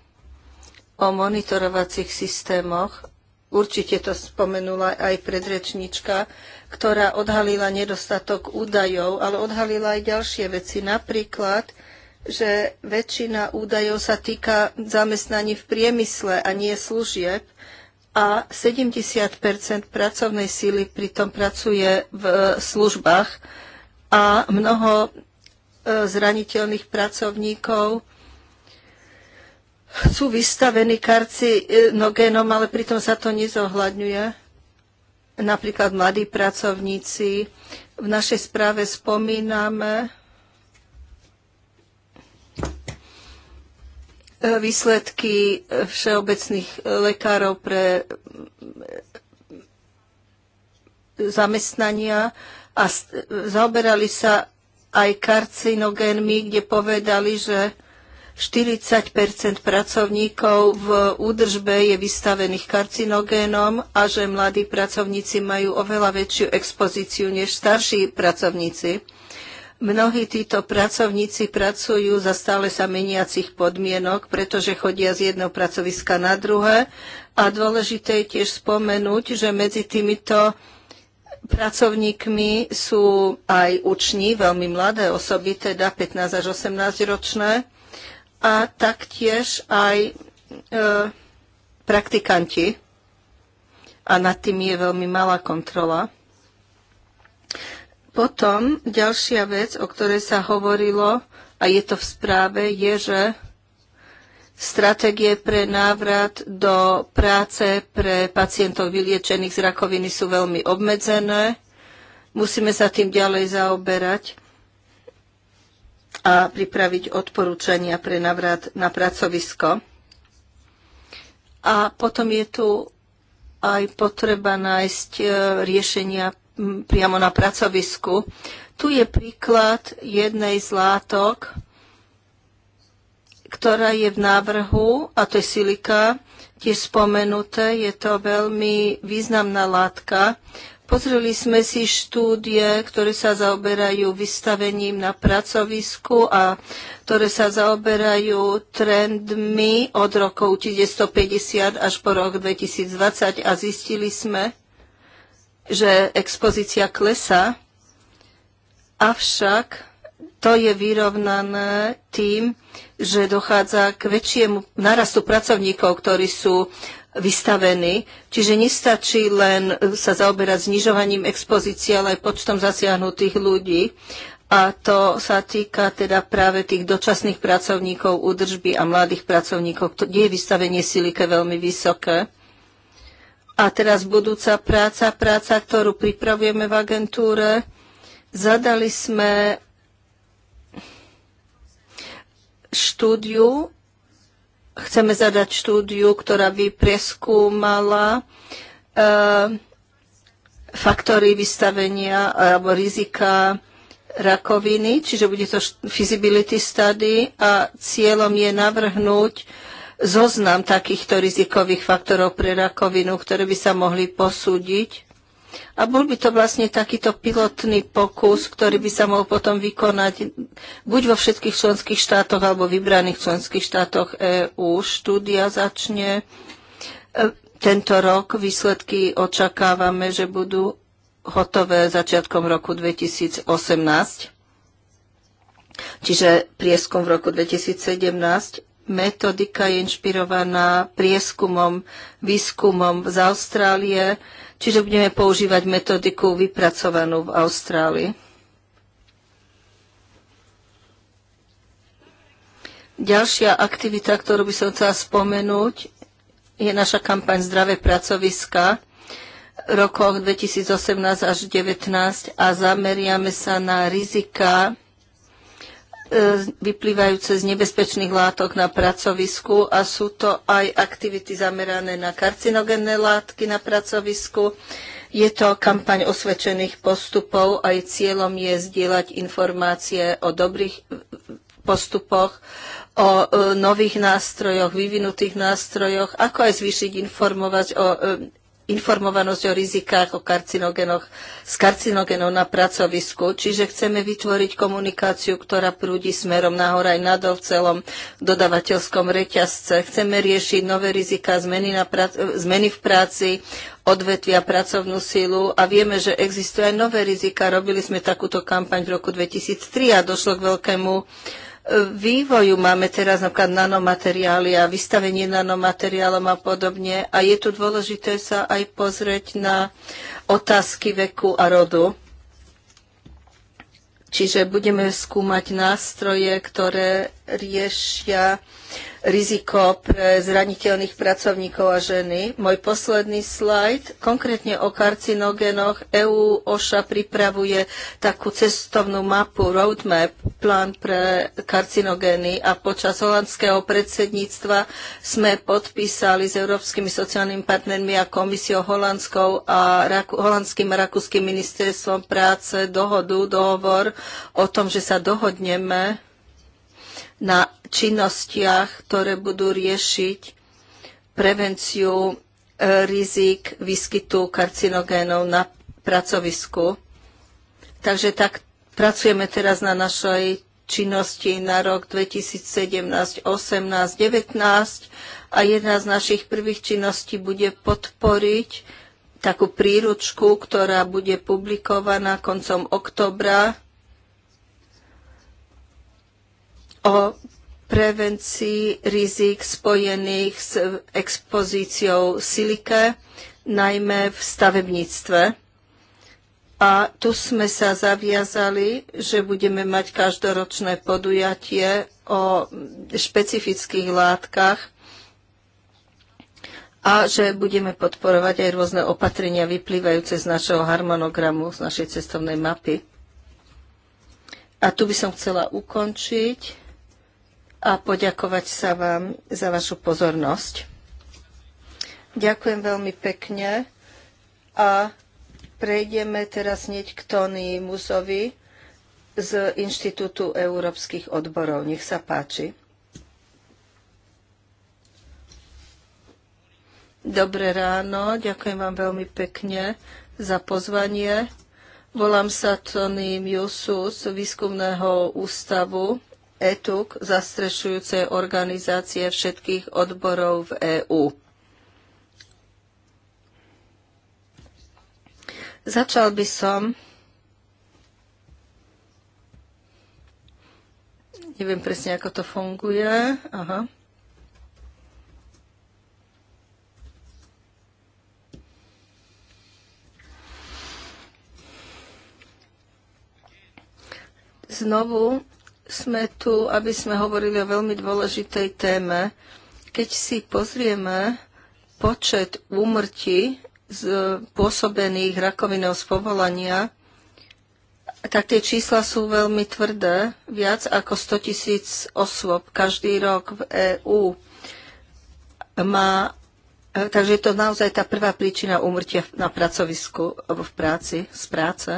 C: o monitorovacích systémoch. Určite to spomenula aj predrečníčka, ktorá odhalila nedostatok údajov, ale odhalila aj ďalšie veci. Napríklad že väčšina údajov sa týka zamestnaní v priemysle a nie služieb a 70 pracovnej síly pritom pracuje v e, službách a mnoho e, zraniteľných pracovníkov sú vystavení karcinogénom, ale pritom sa to nezohľadňuje. Napríklad mladí pracovníci. V našej správe spomíname, výsledky e, všeobecných e, lekárov pre e, zamestnania a zaoberali sa aj karcinogénmi, kde povedali, že 40 pracovníkov v údržbe je vystavených karcinogénom a že mladí pracovníci majú oveľa väčšiu expozíciu než starší pracovníci. Mnohí títo pracovníci pracujú za stále sa meniacich podmienok, pretože chodia z jedného pracoviska na druhé. A dôležité je tiež spomenúť, že medzi týmito pracovníkmi sú aj uční, veľmi mladé osoby, teda 15 až 18 ročné, a taktiež aj e, praktikanti. A nad tým je veľmi malá kontrola. Potom ďalšia vec, o ktorej sa hovorilo, a je to v správe, je, že stratégie pre návrat do práce pre pacientov vyliečených z rakoviny sú veľmi obmedzené. Musíme sa tým ďalej zaoberať a pripraviť odporúčania pre návrat na pracovisko. A potom je tu aj potreba nájsť e, riešenia priamo na pracovisku. Tu je príklad jednej z látok, ktorá je v návrhu, a to je silika, tiež spomenuté, je to veľmi významná látka. Pozreli sme si štúdie, ktoré sa zaoberajú vystavením na pracovisku a ktoré sa zaoberajú trendmi od rokov 1950 až po rok 2020 a zistili sme, že expozícia klesá, avšak to je vyrovnané tým, že dochádza k väčšiemu narastu pracovníkov, ktorí sú vystavení. Čiže nestačí len sa zaoberať znižovaním expozície, ale aj počtom zasiahnutých ľudí. A to sa týka teda práve tých dočasných pracovníkov údržby a mladých pracovníkov, kde je vystavenie silike veľmi vysoké. A teraz budúca práca, práca, ktorú pripravujeme v agentúre. Zadali sme štúdiu, chceme zadať štúdiu, ktorá by preskúmala e, faktory vystavenia e, alebo rizika rakoviny, čiže bude to feasibility study a cieľom je navrhnúť zoznam takýchto rizikových faktorov pre rakovinu, ktoré by sa mohli posúdiť. A bol by to vlastne takýto pilotný pokus, ktorý by sa mohol potom vykonať buď vo všetkých členských štátoch alebo vybraných členských štátoch EÚ. Štúdia začne e, tento rok. Výsledky očakávame, že budú hotové začiatkom roku 2018. Čiže prieskum v roku 2017 metodika je inšpirovaná prieskumom, výskumom z Austrálie, čiže budeme používať metodiku vypracovanú v Austrálii. Ďalšia aktivita, ktorú by som chcela spomenúť, je naša kampaň Zdravé pracoviska v rokoch 2018 až 2019 a zameriame sa na rizika E, vyplývajúce z nebezpečných látok na pracovisku a sú to aj aktivity zamerané na karcinogenné látky na pracovisku. Je to kampaň osvedčených postupov, aj cieľom je zdieľať informácie o dobrých postupoch, o e, nových nástrojoch, vyvinutých nástrojoch, ako aj zvýšiť informovať o e, informovanosť o rizikách o karcinogenoch, z karcinogenou na pracovisku. Čiže chceme vytvoriť komunikáciu, ktorá prúdi smerom nahor aj nadol v celom dodavateľskom reťazce. Chceme riešiť nové rizika, zmeny, na prac- zmeny v práci, odvetvia pracovnú sílu a vieme, že existuje aj nové rizika. Robili sme takúto kampaň v roku 2003 a došlo k veľkému vývoju máme teraz napríklad nanomateriály a vystavenie nanomateriálom a podobne. A je tu dôležité sa aj pozrieť na otázky veku a rodu. Čiže budeme skúmať nástroje, ktoré riešia riziko pre zraniteľných pracovníkov a ženy. Môj posledný slajd, konkrétne o karcinogénoch, EU OŠA pripravuje takú cestovnú mapu, roadmap, plán pre karcinogény a počas holandského predsedníctva sme podpísali s európskymi sociálnymi partnermi a komisiou holandskou a Raku, holandským a rakúským ministerstvom práce dohodu, dohovor o tom, že sa dohodneme na činnostiach, ktoré budú riešiť prevenciu e, rizik výskytu karcinogénov na pracovisku. Takže tak pracujeme teraz na našej činnosti na rok 2017, 18, 19 a jedna z našich prvých činností bude podporiť takú príručku, ktorá bude publikovaná koncom oktobra o prevencii rizik spojených s expozíciou silike, najmä v stavebníctve. A tu sme sa zaviazali, že budeme mať každoročné podujatie o špecifických látkach a že budeme podporovať aj rôzne opatrenia vyplývajúce z našeho harmonogramu, z našej cestovnej mapy. A tu by som chcela ukončiť a poďakovať sa vám za vašu pozornosť. Ďakujem veľmi pekne a prejdeme teraz hneď k Tony Musovi z Inštitútu európskych odborov. Nech sa páči. Dobré ráno, ďakujem vám veľmi pekne za pozvanie. Volám sa Tony Musu z Výskumného ústavu ETUK, zastrešujúce organizácie všetkých odborov v EÚ. Začal by som Neviem presne, ako to funguje. Aha. Znovu sme tu, aby sme hovorili o veľmi dôležitej téme. Keď si pozrieme počet úmrtí z pôsobených rakovinou z povolania, tak tie čísla sú veľmi tvrdé. Viac ako 100 tisíc osôb každý rok v EÚ má Takže je to naozaj tá prvá príčina úmrtia na pracovisku alebo v práci, z práce.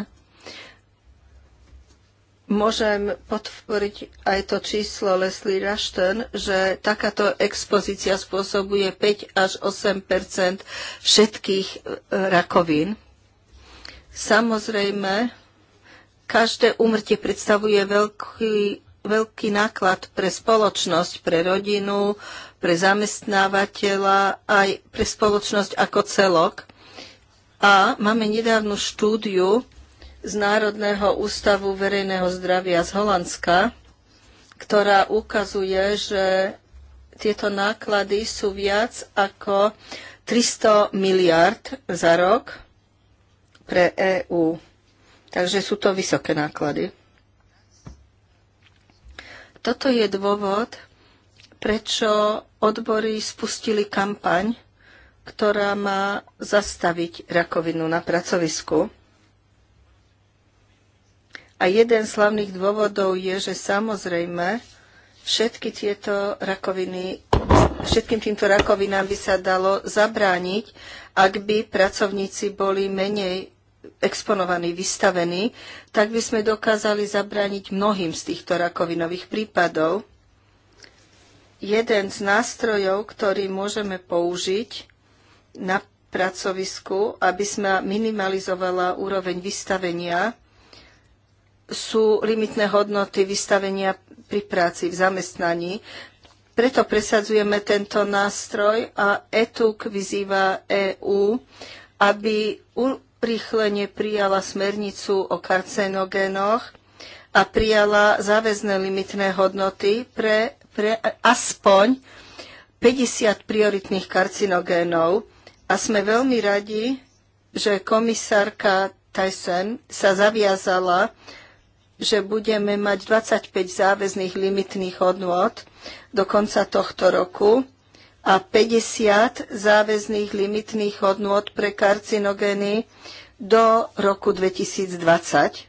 C: Môžem podporiť aj to číslo Leslie Rushton, že takáto expozícia spôsobuje 5 až 8 všetkých e, rakovín. Samozrejme, každé úmrtie predstavuje veľký, veľký náklad pre spoločnosť, pre rodinu, pre zamestnávateľa, aj pre spoločnosť ako celok. A máme nedávnu štúdiu, z Národného ústavu verejného zdravia z Holandska, ktorá ukazuje, že tieto náklady sú viac ako 300 miliard za rok pre EÚ. Takže sú to vysoké náklady. Toto je dôvod, prečo odbory spustili kampaň, ktorá má zastaviť rakovinu na pracovisku. A jeden z hlavných dôvodov je, že samozrejme všetky tieto rakoviny, všetkým týmto rakovinám by sa dalo zabrániť, ak by pracovníci boli menej exponovaní, vystavení, tak by sme dokázali zabrániť mnohým z týchto rakovinových prípadov. Jeden z nástrojov, ktorý môžeme použiť na pracovisku, aby sme minimalizovala úroveň vystavenia sú limitné hodnoty vystavenia pri práci, v zamestnaní. Preto presadzujeme tento nástroj a ETUK vyzýva EÚ, aby urýchlene prijala smernicu o karcenogénoch a prijala záväzné limitné hodnoty pre, pre aspoň 50 prioritných karcinogénov a sme veľmi radi, že komisárka Tyson sa zaviazala že budeme mať 25 záväzných limitných hodnôt do konca tohto roku a 50 záväzných limitných hodnôt pre karcinogény do roku 2020.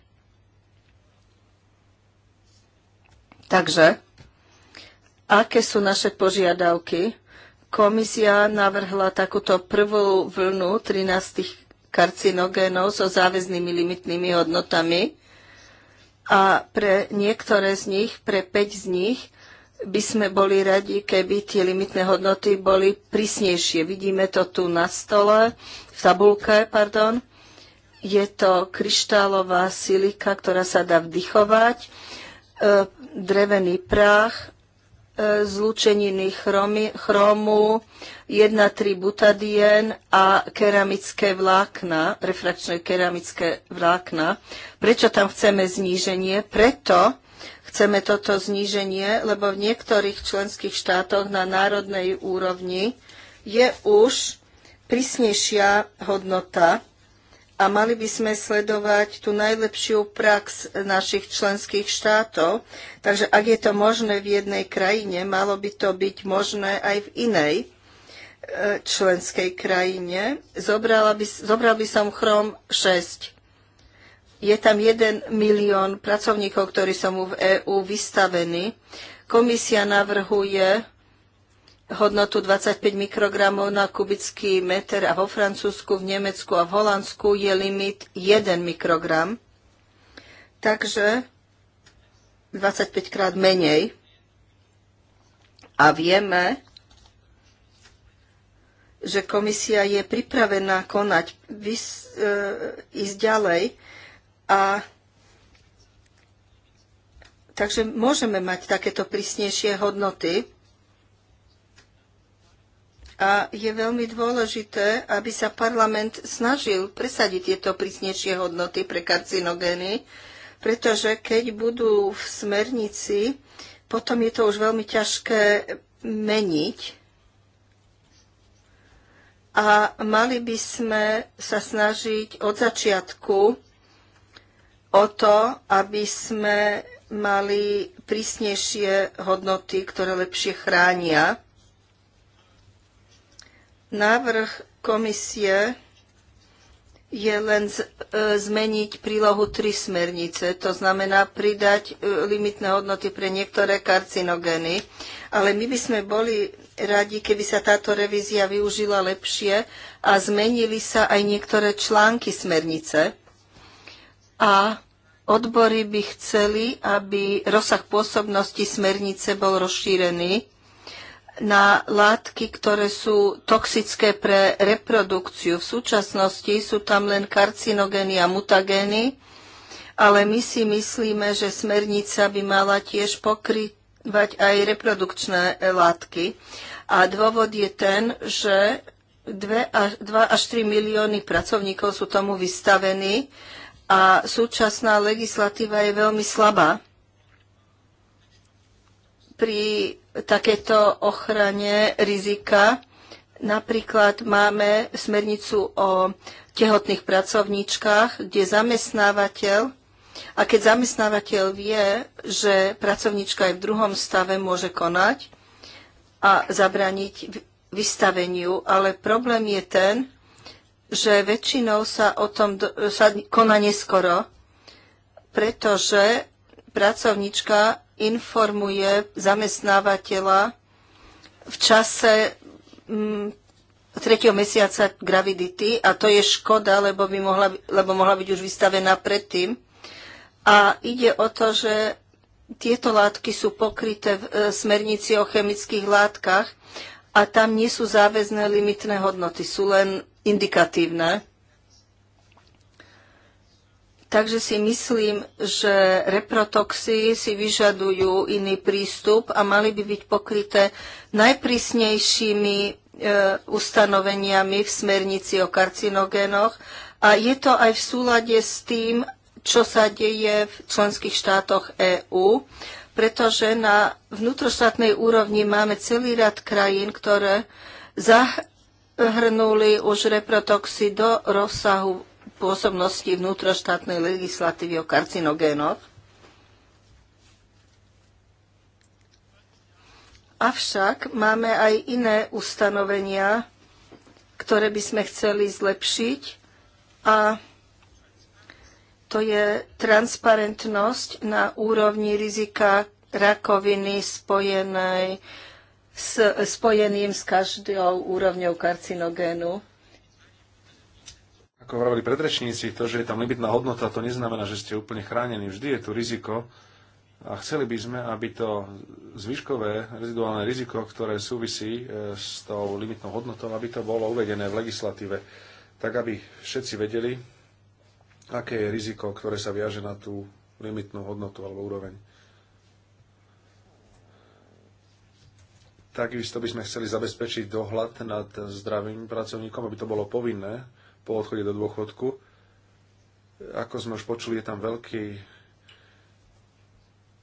C: Takže, aké sú naše požiadavky? Komisia navrhla takúto prvú vlnu 13 karcinogénov so záväznými limitnými hodnotami a pre niektoré z nich, pre 5 z nich, by sme boli radi, keby tie limitné hodnoty boli prísnejšie. Vidíme to tu na stole, v tabulke, pardon. Je to kryštálová silika, ktorá sa dá vdychovať, e, drevený prach, e, zlúčeniny chromy, chromu, tri butadien a keramické vlákna, refrakčné keramické vlákna. Prečo tam chceme zníženie? Preto, chceme toto zníženie, lebo v niektorých členských štátoch na národnej úrovni je už prísnejšia hodnota a mali by sme sledovať tú najlepšiu prax našich členských štátov. Takže ak je to možné v jednej krajine, malo by to byť možné aj v inej členskej krajine. Zobral by, zobral by som Chrom 6. Je tam 1 milión pracovníkov, ktorí sú mu v EÚ vystavení. Komisia navrhuje hodnotu 25 mikrogramov na kubický meter a vo Francúzsku, v Nemecku a v Holandsku je limit 1 mikrogram. Takže 25 krát menej. A vieme, že komisia je pripravená konať, vys, e, ísť ďalej. A takže môžeme mať takéto prísnejšie hodnoty. A je veľmi dôležité, aby sa parlament snažil presadiť tieto prísnejšie hodnoty pre karcinogény, pretože keď budú v smernici, potom je to už veľmi ťažké meniť a mali by sme sa snažiť od začiatku o to, aby sme mali prísnejšie hodnoty, ktoré lepšie chránia. Návrh komisie je len z, e, zmeniť prílohu 3 smernice, to znamená pridať e, limitné hodnoty pre niektoré karcinogény. Ale my by sme boli radi, keby sa táto revízia využila lepšie a zmenili sa aj niektoré články smernice. A odbory by chceli, aby rozsah pôsobnosti smernice bol rozšírený na látky, ktoré sú toxické pre reprodukciu. V súčasnosti sú tam len karcinogény a mutagény, ale my si myslíme, že smernica by mala tiež pokrývať aj reprodukčné látky. A dôvod je ten, že 2 až 3 milióny pracovníkov sú tomu vystavení a súčasná legislatíva je veľmi slabá. Pri takéto ochrane rizika. Napríklad máme smernicu o tehotných pracovníčkach, kde zamestnávateľ a keď zamestnávateľ vie, že pracovníčka je v druhom stave, môže konať a zabrániť vystaveniu, ale problém je ten, že väčšinou sa o tom sa koná neskoro, pretože pracovnička informuje zamestnávateľa v čase mm, tretieho mesiaca gravidity a to je škoda, lebo, by mohla, lebo mohla byť už vystavená predtým. A ide o to, že tieto látky sú pokryté v e, smernici o chemických látkach a tam nie sú záväzné limitné hodnoty, sú len indikatívne. Takže si myslím, že reprotoxy si vyžadujú iný prístup a mali by byť pokryté najprísnejšími e, ustanoveniami v smernici o karcinogénoch a je to aj v súlade s tým, čo sa deje v členských štátoch EÚ, pretože na vnútroštátnej úrovni máme celý rad krajín, ktoré zahrnuli už reprotoxy do rozsahu pôsobnosti vnútroštátnej legislatívy o karcinogénoch. Avšak máme aj iné ustanovenia, ktoré by sme chceli zlepšiť a to je transparentnosť na úrovni rizika rakoviny spojenej, s, spojeným s každou úrovňou karcinogénu
B: ako hovorili predrečníci, to, že je tam limitná hodnota, to neznamená, že ste úplne chránení. Vždy je tu riziko a chceli by sme, aby to zvyškové reziduálne riziko, ktoré súvisí e, s tou limitnou hodnotou, aby to bolo uvedené v legislatíve, tak aby všetci vedeli, aké je riziko, ktoré sa viaže na tú limitnú hodnotu alebo úroveň. Takisto by sme chceli zabezpečiť dohľad nad zdravým pracovníkom, aby to bolo povinné po odchode do dôchodku. Ako sme už počuli, je tam veľký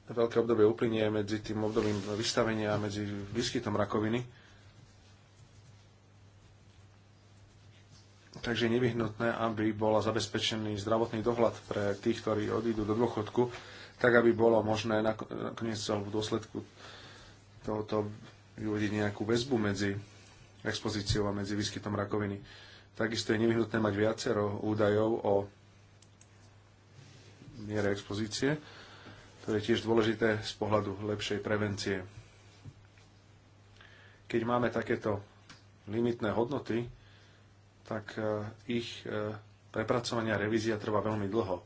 B: veľké obdobie uplynie medzi tým obdobím vystavenia a medzi výskytom rakoviny. Takže je nevyhnutné, aby bola zabezpečený zdravotný dohľad pre tých, ktorí odídu do dôchodku, tak aby bolo možné nakoniec alebo v dôsledku tohoto vyvodiť nejakú väzbu medzi expozíciou a medzi výskytom rakoviny. Takisto je nevyhnutné mať viacero údajov o miere expozície. To je tiež dôležité z pohľadu lepšej prevencie. Keď máme takéto limitné hodnoty, tak e, ich e, prepracovanie a revízia trvá veľmi dlho.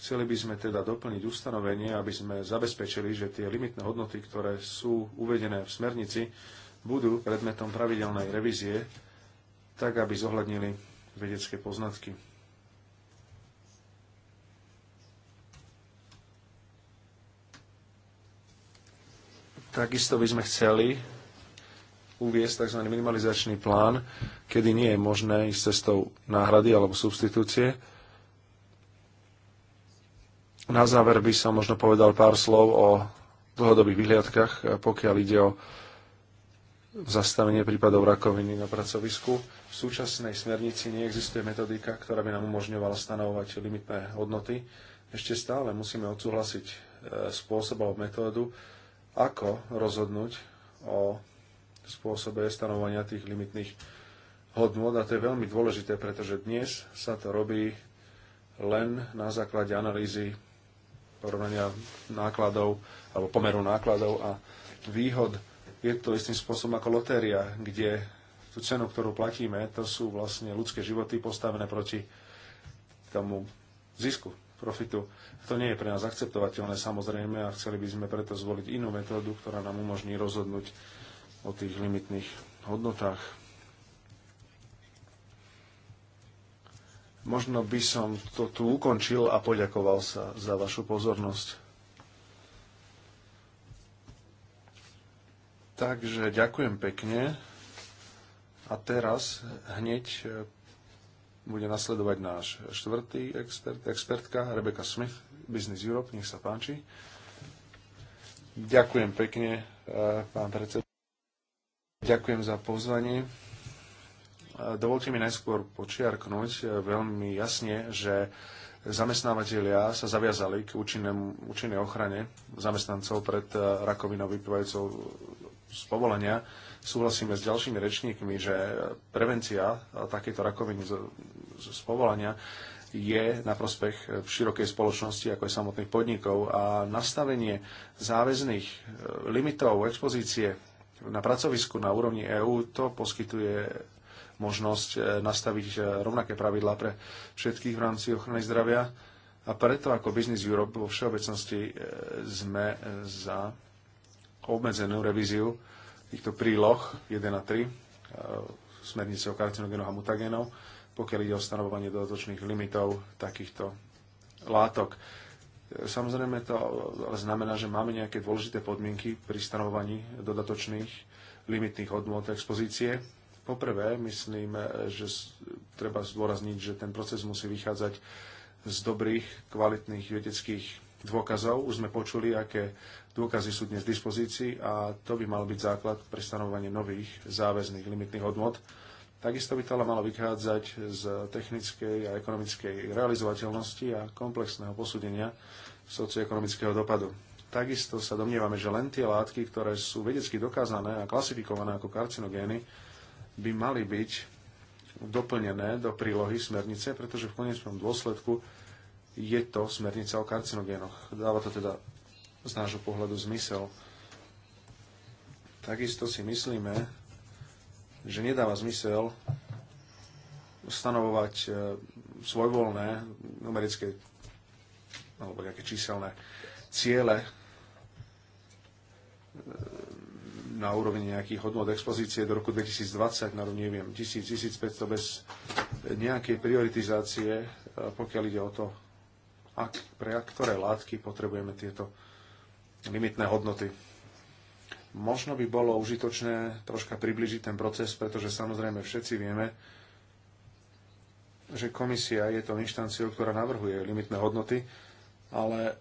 B: Chceli by sme teda doplniť ustanovenie, aby sme zabezpečili, že tie limitné hodnoty, ktoré sú uvedené v smernici, budú predmetom pravidelnej revízie tak aby zohľadnili vedecké poznatky. Takisto by sme chceli uviesť tzv. minimalizačný plán, kedy nie je možné ísť cestou náhrady alebo substitúcie. Na záver by som možno povedal pár slov o dlhodobých vyhliadkach, pokiaľ ide o zastavenie prípadov rakoviny na pracovisku. V súčasnej smernici neexistuje metodika, ktorá by nám umožňovala stanovovať limitné hodnoty. Ešte stále musíme odsúhlasiť e, spôsob alebo metódu, ako rozhodnúť o spôsobe stanovania tých limitných hodnot a to je veľmi dôležité, pretože dnes sa to robí len na základe analýzy porovnania nákladov alebo pomeru nákladov a výhod. Je to istým spôsobom ako lotéria, kde tú cenu, ktorú platíme, to sú vlastne ľudské životy postavené proti tomu zisku, profitu. To nie je pre nás akceptovateľné samozrejme a chceli by sme preto zvoliť inú metódu, ktorá nám umožní rozhodnúť o tých limitných hodnotách. Možno by som to tu ukončil a poďakoval sa za vašu pozornosť. Takže ďakujem pekne. A teraz hneď e, bude nasledovať náš štvrtý expert, expertka Rebecca Smith, Business Europe, nech sa páči. Ďakujem pekne, e, pán predseda. Ďakujem za pozvanie. E, dovolte mi najskôr počiarknúť veľmi jasne, že zamestnávateľia sa zaviazali k účinnému, účinnej ochrane zamestnancov pred rakovinou vyplývajúcou z povolenia Súhlasíme s ďalšími rečníkmi, že prevencia e, takéto rakoviny z, z, z povolania je na prospech e, širokej spoločnosti, ako aj samotných podnikov a nastavenie záväzných e, limitov expozície na pracovisku na úrovni EÚ to poskytuje možnosť nastaviť rovnaké pravidlá pre všetkých v rámci ochrany zdravia. A preto ako Business Europe vo všeobecnosti sme za obmedzenú revíziu týchto príloh 1 a 3 e, smernice o karcinogénoch a mutagénov, pokiaľ ide o stanovovanie dodatočných limitov takýchto látok. E, samozrejme to ale znamená, že máme nejaké dôležité podmienky pri stanovovaní dodatočných limitných hodnot expozície. Poprvé, myslím, e, že treba zdôrazniť, že ten proces musí vychádzať z dobrých, kvalitných vedeckých dôkazov. Už sme počuli, aké dôkazy sú dnes v dispozícii a to by mal byť základ pre stanovanie nových záväzných limitných hodnot. Takisto by to ale malo vychádzať z technickej a ekonomickej realizovateľnosti a komplexného posúdenia socioekonomického dopadu. Takisto sa domnievame, že len tie látky, ktoré sú vedecky dokázané a klasifikované ako karcinogény, by mali byť doplnené do prílohy smernice, pretože v konečnom dôsledku je to smernica o karcinogénoch. Dáva to teda z nášho pohľadu zmysel. Takisto si myslíme, že nedáva zmysel stanovovať e, svojvoľné numerické alebo nejaké číselné ciele e, na úrovni nejakých hodnot expozície do roku 2020, na rovni, neviem, 1000, 1500 bez nejakej prioritizácie, e, pokiaľ ide o to, ak, pre ktoré látky potrebujeme tieto limitné hodnoty. Možno by bolo užitočné troška približiť ten proces, pretože samozrejme všetci vieme, že komisia je to inštancia, ktorá navrhuje limitné hodnoty, ale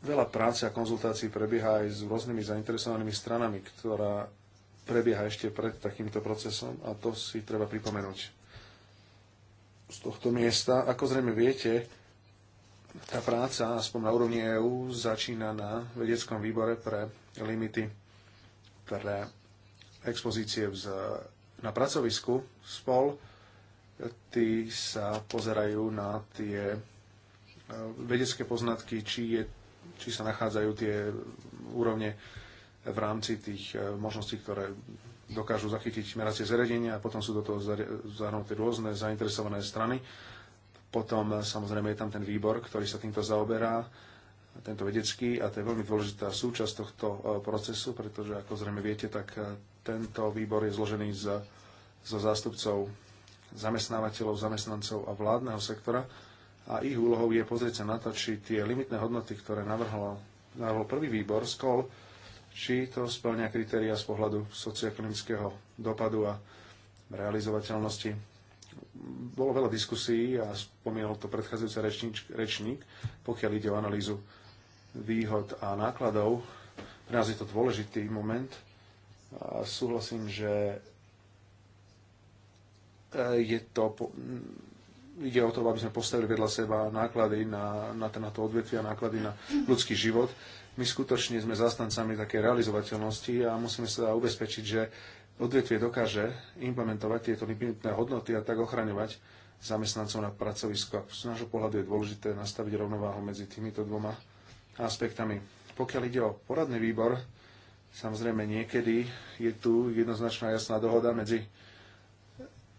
B: veľa práce a konzultácií prebieha aj s rôznymi zainteresovanými stranami, ktorá prebieha ešte pred takýmto procesom a to si treba pripomenúť. Z tohto miesta, ako zrejme viete, tá práca, aspoň na úrovni EÚ, začína na vedeckom výbore pre limity pre expozície vz, na pracovisku spol. Tí sa pozerajú na tie e, vedecké poznatky, či, je, či sa nachádzajú tie úrovne v rámci tých e, možností, ktoré dokážu zachytiť meracie zariadenia a potom sú do toho zahrnuté rôzne zainteresované strany potom e, samozrejme je tam ten výbor, ktorý sa týmto zaoberá, tento vedecký, a to je veľmi dôležitá súčasť tohto e, procesu, pretože ako zrejme viete, tak e, tento výbor je zložený z, zo zástupcov zamestnávateľov, zamestnancov a vládneho sektora a ich úlohou je pozrieť sa na to, či tie limitné hodnoty, ktoré navrhol, navrhol prvý výbor, SKOL, či to splňa kritéria z pohľadu socioekonomického dopadu a realizovateľnosti bolo veľa diskusí a spomínal to predchádzajúca rečník, pokiaľ ide o analýzu výhod a nákladov. Pre nás je to dôležitý moment a súhlasím, že eh, je to, ide o to, aby sme postavili vedľa seba náklady na, na, na to odvetvie a náklady na ľudský život. My skutočne sme zastancami také realizovateľnosti a musíme sa ubezpečiť, že odvetvie dokáže implementovať tieto vypnutné hodnoty a tak ochraňovať zamestnancov na pracovisku. A z nášho pohľadu je dôležité nastaviť rovnováhu medzi týmito dvoma aspektami. Pokiaľ ide o poradný výbor, samozrejme niekedy je tu jednoznačná jasná dohoda medzi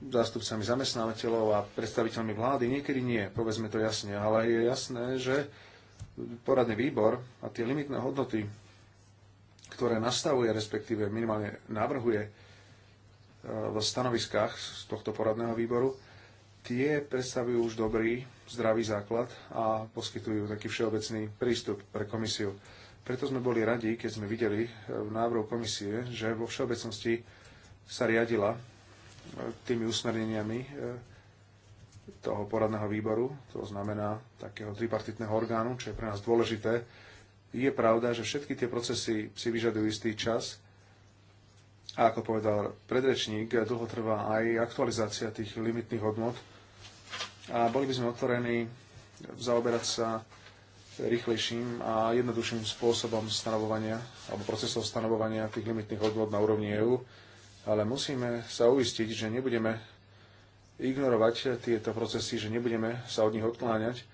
B: zástupcami zamestnávateľov a predstaviteľmi vlády. Niekedy nie, povedzme to jasne, ale je jasné, že poradný výbor a tie limitné hodnoty, ktoré nastavuje, respektíve minimálne navrhuje, v stanoviskách z tohto poradného výboru, tie predstavujú už dobrý, zdravý základ a poskytujú taký všeobecný prístup pre komisiu. Preto sme boli radi, keď sme videli eh, v návrhu komisie, že vo všeobecnosti sa riadila eh, tými usmerneniami eh, toho poradného výboru, to znamená takého tripartitného orgánu, čo je pre nás dôležité. Je pravda, že všetky tie procesy si vyžadujú istý čas, a ako povedal predrečník, dlho trvá aj aktualizácia tých limitných hodnot. A boli by sme otvorení zaoberať sa rýchlejším a jednoduchším spôsobom stanovovania alebo procesov stanovovania tých limitných hodnot na úrovni EÚ, ale musíme sa uistiť, že nebudeme ignorovať tieto procesy, že nebudeme sa od nich odkláňať,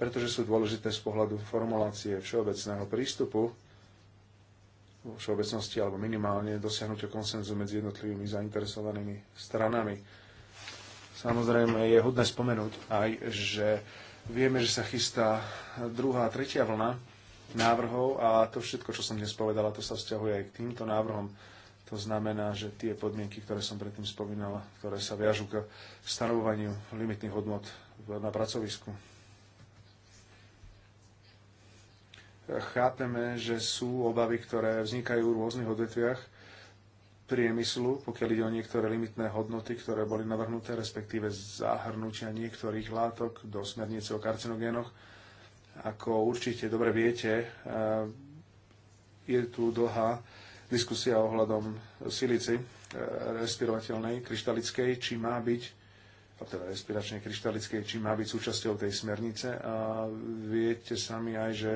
B: pretože sú dôležité z pohľadu formulácie všeobecného prístupu vo všeobecnosti alebo minimálne dosiahnutie konsenzu medzi jednotlivými zainteresovanými stranami. Samozrejme je hodné spomenúť aj, že vieme, že sa chystá druhá, tretia vlna návrhov a to všetko, čo som dnes povedala, to sa vzťahuje aj k týmto návrhom. To znamená, že tie podmienky, ktoré som predtým spomínala, ktoré sa viažú k stanovovaniu limitných hodnot na pracovisku, Chápeme, že sú obavy, ktoré vznikajú v rôznych odvetviach priemyslu, pokiaľ ide o niektoré limitné hodnoty, ktoré boli navrhnuté, respektíve zahrnutia niektorých látok do smernice o karcinogénoch. Ako určite dobre viete, eh, je tu dlhá diskusia ohľadom silici eh, respirovateľnej, kryštalickej, či má byť teda respiračnej kryštalickej, či má byť súčasťou tej smernice. A viete sami aj, že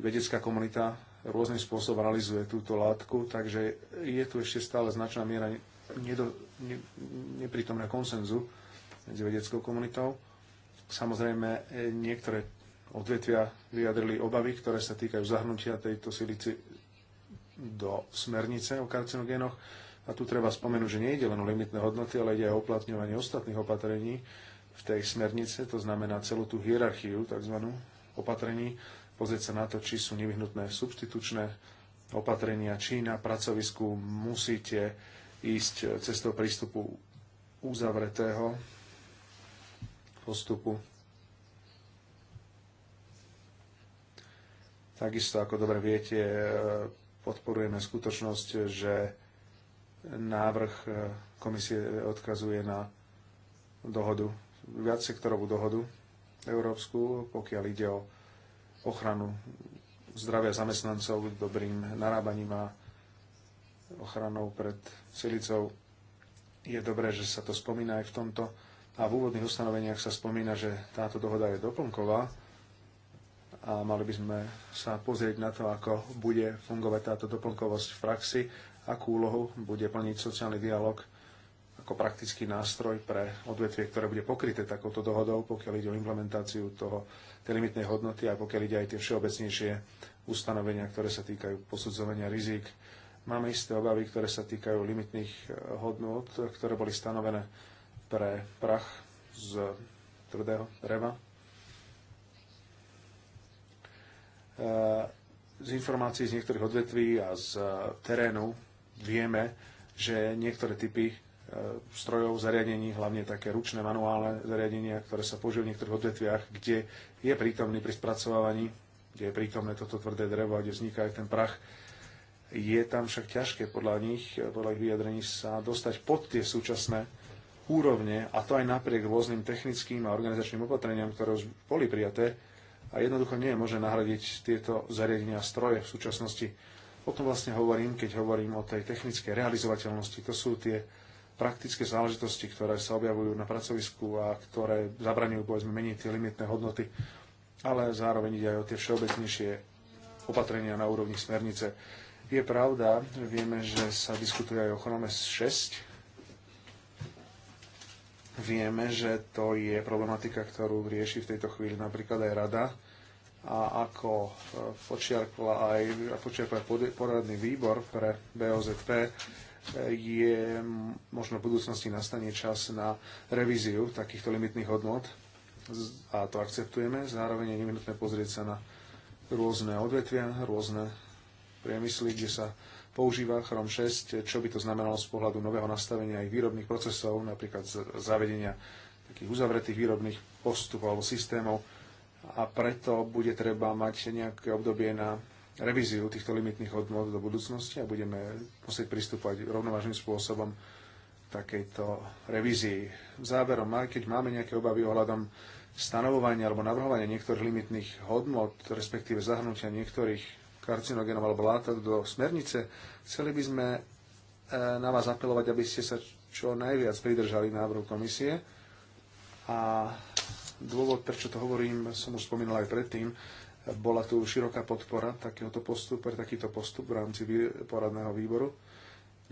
B: vedecká komunita rôznym spôsobom analizuje túto látku, takže je tu ešte stále značná miera nedo, ne, neprítomného konsenzu medzi vedeckou komunitou. Samozrejme, e, niektoré odvetvia vyjadrili obavy, ktoré sa týkajú zahrnutia tejto silici do smernice o karcinogénoch. A tu treba spomenúť, že nejde len o limitné hodnoty, ale ide aj o uplatňovanie ostatných opatrení v tej smernice, to znamená celú tú hierarchiu tzv. opatrení, pozrieť sa na to, či sú nevyhnutné substitučné opatrenia, či na pracovisku musíte ísť cestou prístupu uzavretého postupu. Takisto, ako dobre viete, e, podporujeme skutočnosť, že návrh e, komisie odkazuje na dohodu, viacsektorovú dohodu európsku, pokiaľ ide o ochranu zdravia zamestnancov, dobrým narábaním a ochranou pred silicou. Je dobré, že sa to spomína aj v tomto a v úvodných ustanoveniach sa spomína, že táto dohoda je doplnková a mali by sme sa pozrieť na to, ako bude fungovať táto doplnkovosť v praxi, akú úlohu bude plniť sociálny dialog ako praktický nástroj pre odvetvie, ktoré bude pokryté takouto dohodou, pokiaľ ide o implementáciu toho, tej limitnej hodnoty a pokiaľ ide aj tie všeobecnejšie ustanovenia, ktoré sa týkajú posudzovania rizik. Máme isté obavy, ktoré sa týkajú limitných eh, hodnot, ktoré boli stanovené pre prach z tvrdého dreva. Eh, z informácií z niektorých odvetví a z eh, terénu vieme, že niektoré typy E, strojov, zariadení, hlavne také ručné manuálne zariadenia, ktoré sa používajú v niektorých odvetviach, kde je prítomný pri spracovávaní, kde je prítomné toto tvrdé drevo a kde vzniká aj ten prach. Je tam však ťažké podľa nich, podľa ich vyjadrení sa dostať pod tie súčasné úrovne, a to aj napriek rôznym technickým a organizačným opatreniam, ktoré už boli prijaté, a jednoducho nie je možné nahradiť tieto zariadenia a stroje v súčasnosti. O tom vlastne hovorím, keď hovorím o tej technickej realizovateľnosti. To sú tie praktické záležitosti, ktoré sa objavujú na pracovisku a ktoré zabraňujú, povedzme, meniť tie limitné hodnoty, ale zároveň ide aj o tie všeobecnejšie opatrenia na úrovni smernice. Je pravda, vieme, že sa diskutuje aj o Chrome 6, Vieme, že to je problematika, ktorú rieši v tejto chvíli napríklad aj rada a ako e, počiarkla aj, počiarkla aj poradný výbor pre BOZP, je možno v budúcnosti nastane čas na revíziu takýchto limitných hodnot a to akceptujeme. Zároveň je nevinutné pozrieť sa na rôzne odvetvia, rôzne priemysly, kde sa používa Chrome 6, čo by to znamenalo z pohľadu nového nastavenia aj výrobných procesov, napríklad zavedenia takých uzavretých výrobných postupov alebo systémov a preto bude treba mať nejaké obdobie na revíziu týchto limitných hodnot do budúcnosti a budeme musieť pristúpať rovnovážnym spôsobom takejto revízii. Záverom, keď máme nejaké obavy ohľadom stanovovania alebo navrhovania niektorých limitných hodnot, respektíve zahrnutia niektorých karcinogénov alebo látok do smernice, chceli by sme e, na vás apelovať, aby ste sa čo najviac pridržali návrhu komisie. A dôvod, prečo to hovorím, som už spomínal aj predtým, bola tu široká podpora takéhoto postup, pre takýto postup v rámci poradného výboru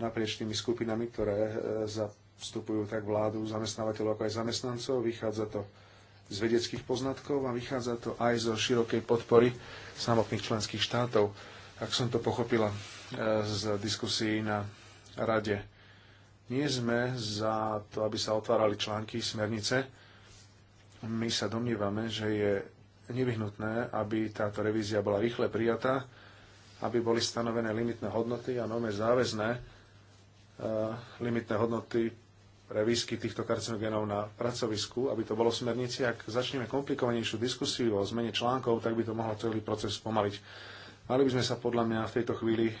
B: naprieč tými skupinami, ktoré e, zastupujú tak vládu, zamestnávateľov, ako aj zamestnancov. Vychádza to z vedeckých poznatkov a vychádza to aj zo širokej podpory samotných členských štátov. Ak som to pochopila e, z diskusí na rade, nie sme za to, aby sa otvárali články, smernice. My sa domnievame, že je nevyhnutné, aby táto revízia bola rýchle prijatá, aby boli stanovené limitné hodnoty a nové záväzné eh, limitné hodnoty pre výsky týchto karcinogénov na pracovisku, aby to bolo v smernici. Ak začneme komplikovanejšiu diskusiu o zmene článkov, tak by to mohlo celý proces pomaliť. Mali by sme sa podľa mňa v tejto chvíli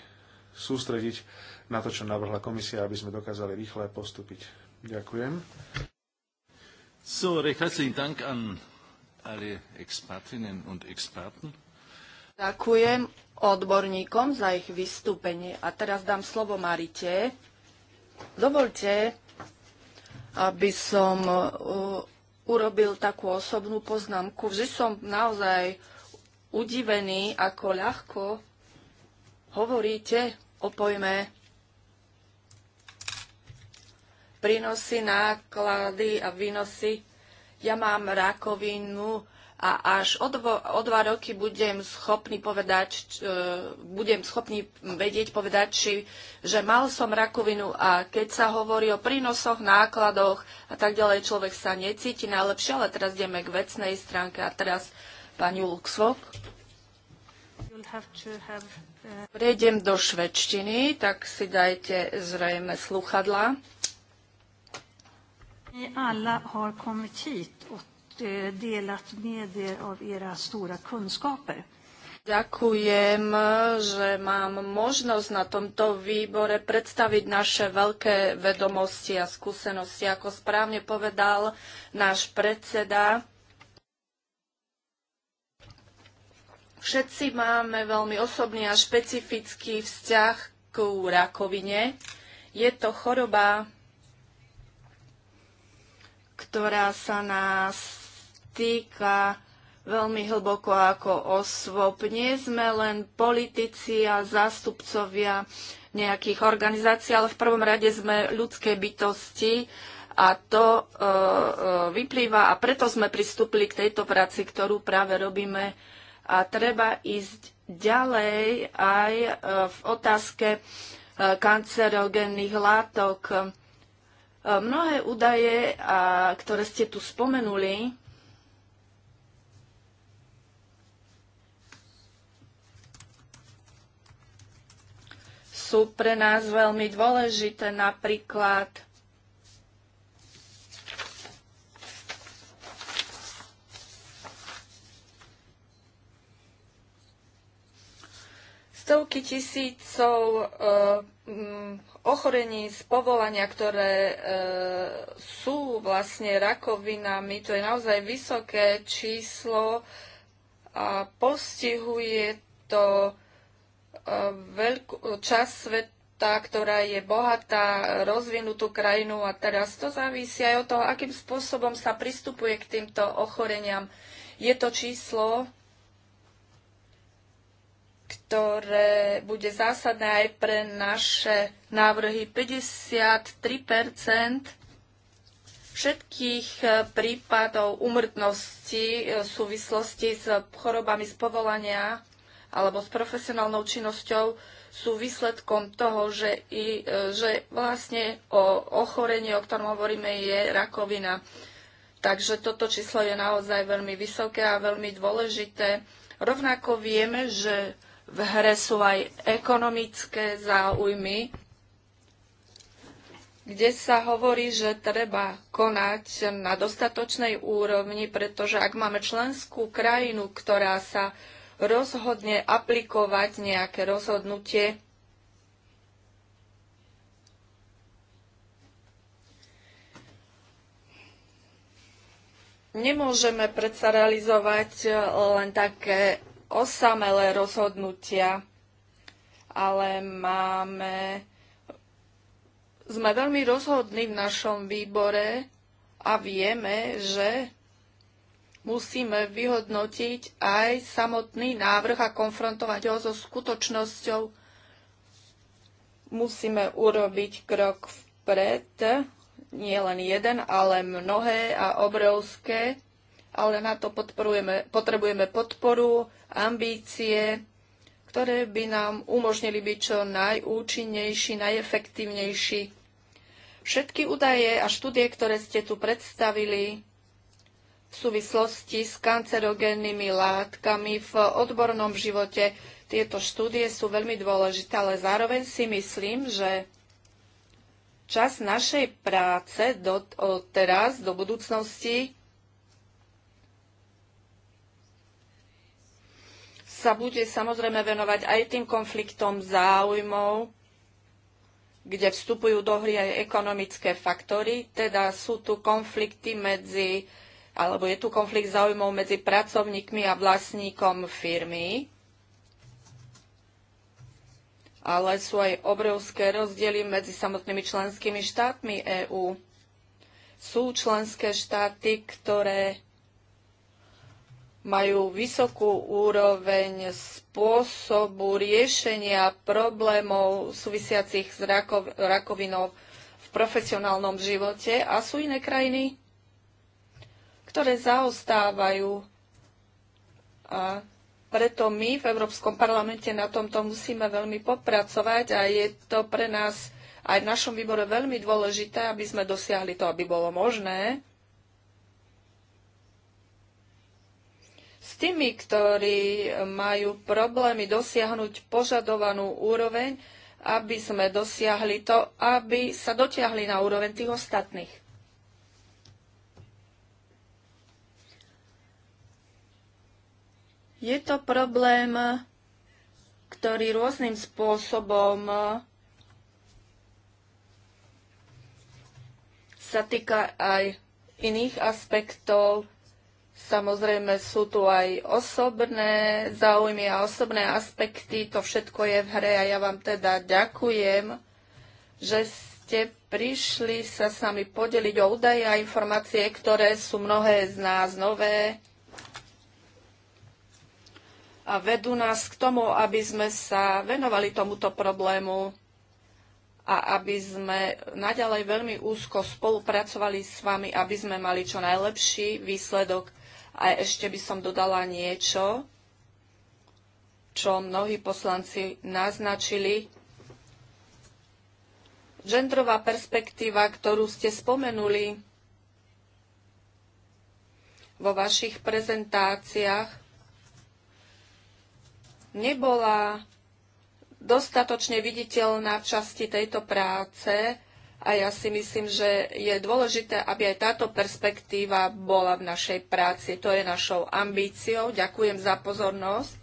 B: sústrediť na to, čo navrhla komisia, aby sme dokázali rýchle postúpiť. Ďakujem.
A: So, alle Expertinnen und Experten.
D: Ďakujem odborníkom za ich vystúpenie. A teraz dám slovo Marite. Dovolte, aby som e, urobil takú osobnú poznámku. Vždy som naozaj udivený, ako ľahko hovoríte o pojme prínosy, náklady a výnosy ja mám rakovinu a až o, dvo, o dva roky budem schopný povedať, či, e, budem schopný vedieť povedať, či, že mal som rakovinu a keď sa hovorí o prínosoch, nákladoch a tak ďalej, človek sa necíti najlepšie, ale teraz ideme k vecnej stránke a teraz pani Luxvok. E, Prejdem do švedštiny, tak si dajte zrejme sluchadla. Alla har kommit hit och eh, delat med er av era stora kunskaper. Ďakujem, že mám možnosť na tomto výbore predstaviť naše veľké vedomosti a skúsenosti. Ako správne povedal náš predseda, všetci máme veľmi osobný a špecifický vzťah ku rakovine. Je to choroba, ktorá sa nás týka veľmi hlboko ako osvob. Nie sme len politici a zástupcovia nejakých organizácií, ale v prvom rade sme ľudské bytosti a to e, e, vyplýva a preto sme pristúpili k tejto práci, ktorú práve robíme a treba ísť ďalej aj e, v otázke e, kancerogénnych látok. Eh, mnohé údaje, ktoré ste tu spomenuli, sú pre nás veľmi dôležité, napríklad stovky tisícov eh, ochorení z povolania, ktoré e, sú vlastne rakovinami, to je naozaj vysoké číslo a postihuje to e, veľkú časť sveta, ktorá je bohatá, rozvinutú krajinu a teraz to závisí aj od toho, akým spôsobom sa pristupuje k týmto ochoreniam. Je to číslo, ktoré bude zásadné aj pre naše návrhy. 53 všetkých e, prípadov umrtnosti e, v súvislosti s chorobami z povolania alebo s profesionálnou činnosťou sú výsledkom toho, že, i, e, že vlastne o ochorení, o ktorom hovoríme, je rakovina. Takže toto číslo je naozaj veľmi vysoké a veľmi dôležité. Rovnako vieme, že v hre sú aj ekonomické záujmy, kde sa hovorí, že treba konať na dostatočnej úrovni, pretože ak máme členskú krajinu, ktorá sa rozhodne aplikovať nejaké rozhodnutie, nemôžeme predsa realizovať len také osamelé rozhodnutia, ale máme, sme veľmi rozhodní v našom výbore a vieme, že musíme vyhodnotiť aj samotný návrh a konfrontovať ho so skutočnosťou. Musíme urobiť krok vpred, nie len jeden, ale mnohé a obrovské ale na to potrebujeme podporu, ambície, ktoré by nám umožnili byť čo najúčinnejší, najefektívnejší. Všetky údaje a štúdie, ktoré ste tu predstavili v súvislosti s kancerogénnymi látkami v odbornom živote, tieto štúdie sú veľmi dôležité, ale zároveň si myslím, že čas našej práce do, od teraz do budúcnosti sa bude samozrejme venovať aj tým konfliktom záujmov, kde vstupujú do hry aj ekonomické faktory, teda sú tu konflikty medzi, alebo je tu konflikt záujmov medzi pracovníkmi a vlastníkom firmy, ale sú aj obrovské rozdiely medzi samotnými členskými štátmi EÚ. Sú členské štáty, ktoré majú vysokú úroveň spôsobu riešenia problémov súvisiacich s rakov, rakovinou v profesionálnom živote a sú iné krajiny, ktoré zaostávajú. A preto my v Európskom parlamente na tomto musíme veľmi popracovať a je to pre nás aj v našom výbore veľmi dôležité, aby sme dosiahli to, aby bolo možné tými, ktorí e, majú problémy dosiahnuť požadovanú úroveň, aby sme dosiahli to, aby sa dotiahli na úroveň tých ostatných. Je to problém, ktorý rôznym spôsobom e, sa týka aj iných aspektov Samozrejme sú tu aj osobné záujmy a osobné aspekty, to všetko je v hre a ja vám teda ďakujem, že ste prišli sa s nami podeliť o údaje a informácie, ktoré sú mnohé z nás nové a vedú nás k tomu, aby sme sa venovali tomuto problému a aby sme naďalej veľmi úzko spolupracovali s vami, aby sme mali čo najlepší výsledok. A ešte by som dodala niečo, čo mnohí poslanci naznačili. Gendrová perspektíva, ktorú ste spomenuli vo vašich prezentáciách, nebola dostatočne viditeľná v časti tejto práce, a ja si myslím, že je dôležité, aby aj táto perspektíva bola v našej práci. To je našou ambíciou. Ďakujem za pozornosť.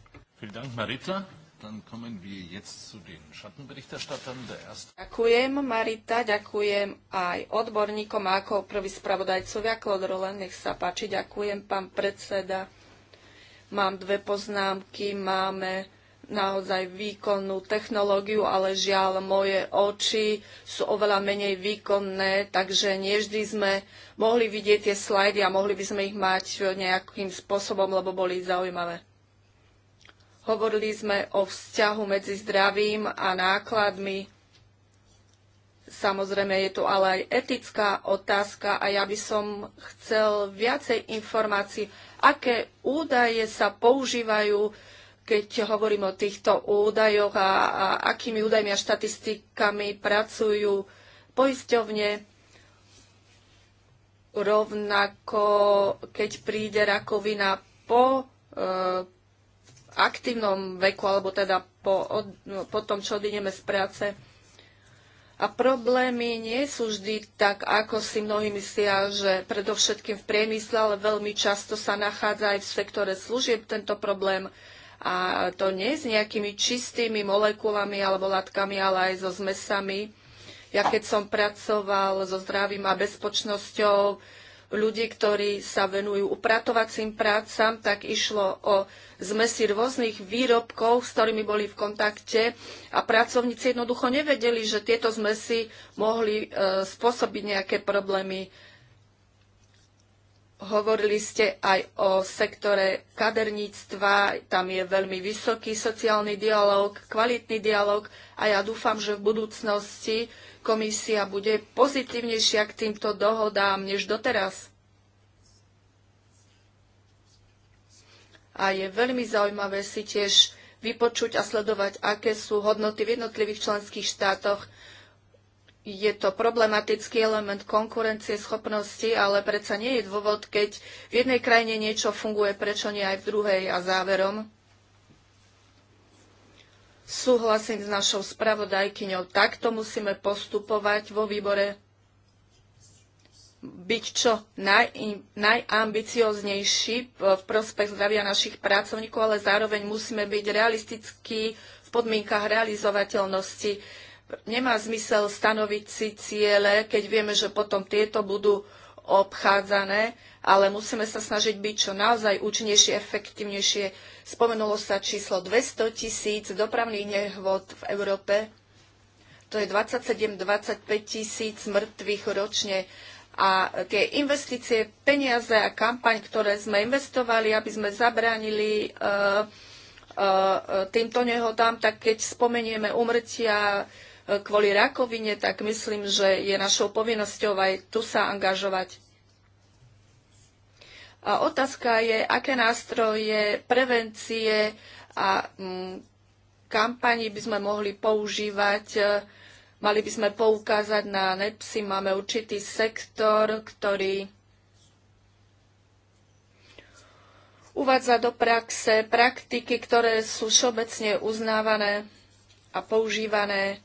D: Ďakujem, Marita, ďakujem aj odborníkom ako prvý spravodajcovia. Klod Rolen, nech sa páči. Ďakujem, pán predseda. Mám dve poznámky. Máme naozaj výkonnú technológiu, ale žiaľ, moje oči sú oveľa menej výkonné, takže nie vždy sme mohli vidieť tie slajdy a mohli by sme ich mať nejakým spôsobom, lebo boli zaujímavé. Hovorili sme o vzťahu medzi zdravím a nákladmi. Samozrejme, je tu ale aj etická otázka a ja by som chcel viacej informácií, aké údaje sa používajú keď hovorím o týchto údajoch a, a akými údajmi a štatistikami pracujú poisťovne, rovnako keď príde rakovina po e, aktívnom veku, alebo teda po, od, no, po tom, čo odineme z práce. A problémy nie sú vždy tak, ako si mnohí myslia, že predovšetkým v priemysle, ale veľmi často sa nachádza aj v sektore služieb tento problém. E, a to nie s nejakými čistými molekulami alebo látkami, ale aj so zmesami. Ja keď som pracoval so zdravím a bezpočnosťou ľudí, ktorí sa venujú upratovacím prácam, tak išlo o zmesi rôznych výrobkov, s ktorými boli v kontakte a pracovníci jednoducho nevedeli, že tieto zmesi mohli e, spôsobiť nejaké problémy Hovorili ste aj o sektore kaderníctva, tam je veľmi vysoký sociálny dialog, kvalitný dialog a ja dúfam, že v budúcnosti komisia bude pozitívnejšia k týmto dohodám než doteraz. A je veľmi zaujímavé si tiež vypočuť a sledovať, aké sú hodnoty v jednotlivých členských štátoch je to problematický element konkurencie schopnosti, ale predsa nie je dôvod, keď v jednej krajine niečo funguje, prečo nie aj v druhej a záverom. Súhlasím s našou spravodajkyňou, takto musíme postupovať vo výbore byť čo naj, najambicioznejší e, v prospech zdravia našich pracovníkov, ale zároveň musíme byť realistickí v podmienkach realizovateľnosti Nemá zmysel stanoviť si ciele, keď vieme, že potom tieto budú obchádzané, ale musíme sa snažiť byť čo naozaj účinnejšie, efektívnejšie. Spomenulo sa číslo 200 tisíc dopravných nehôd v Európe. To je 27-25 tisíc mŕtvych ročne. A tie investície, peniaze a kampaň, ktoré sme investovali, aby sme zabránili uh, týmto nehodám, tak keď spomenieme umrtia kvôli rakovine, tak myslím, že je našou povinnosťou aj tu sa angažovať. A otázka je, aké nástroje prevencie a mm, kampani by sme mohli používať. Mali by sme poukázať na NEPSI. Máme určitý sektor, ktorý uvádza do praxe praktiky, ktoré sú všeobecne uznávané a používané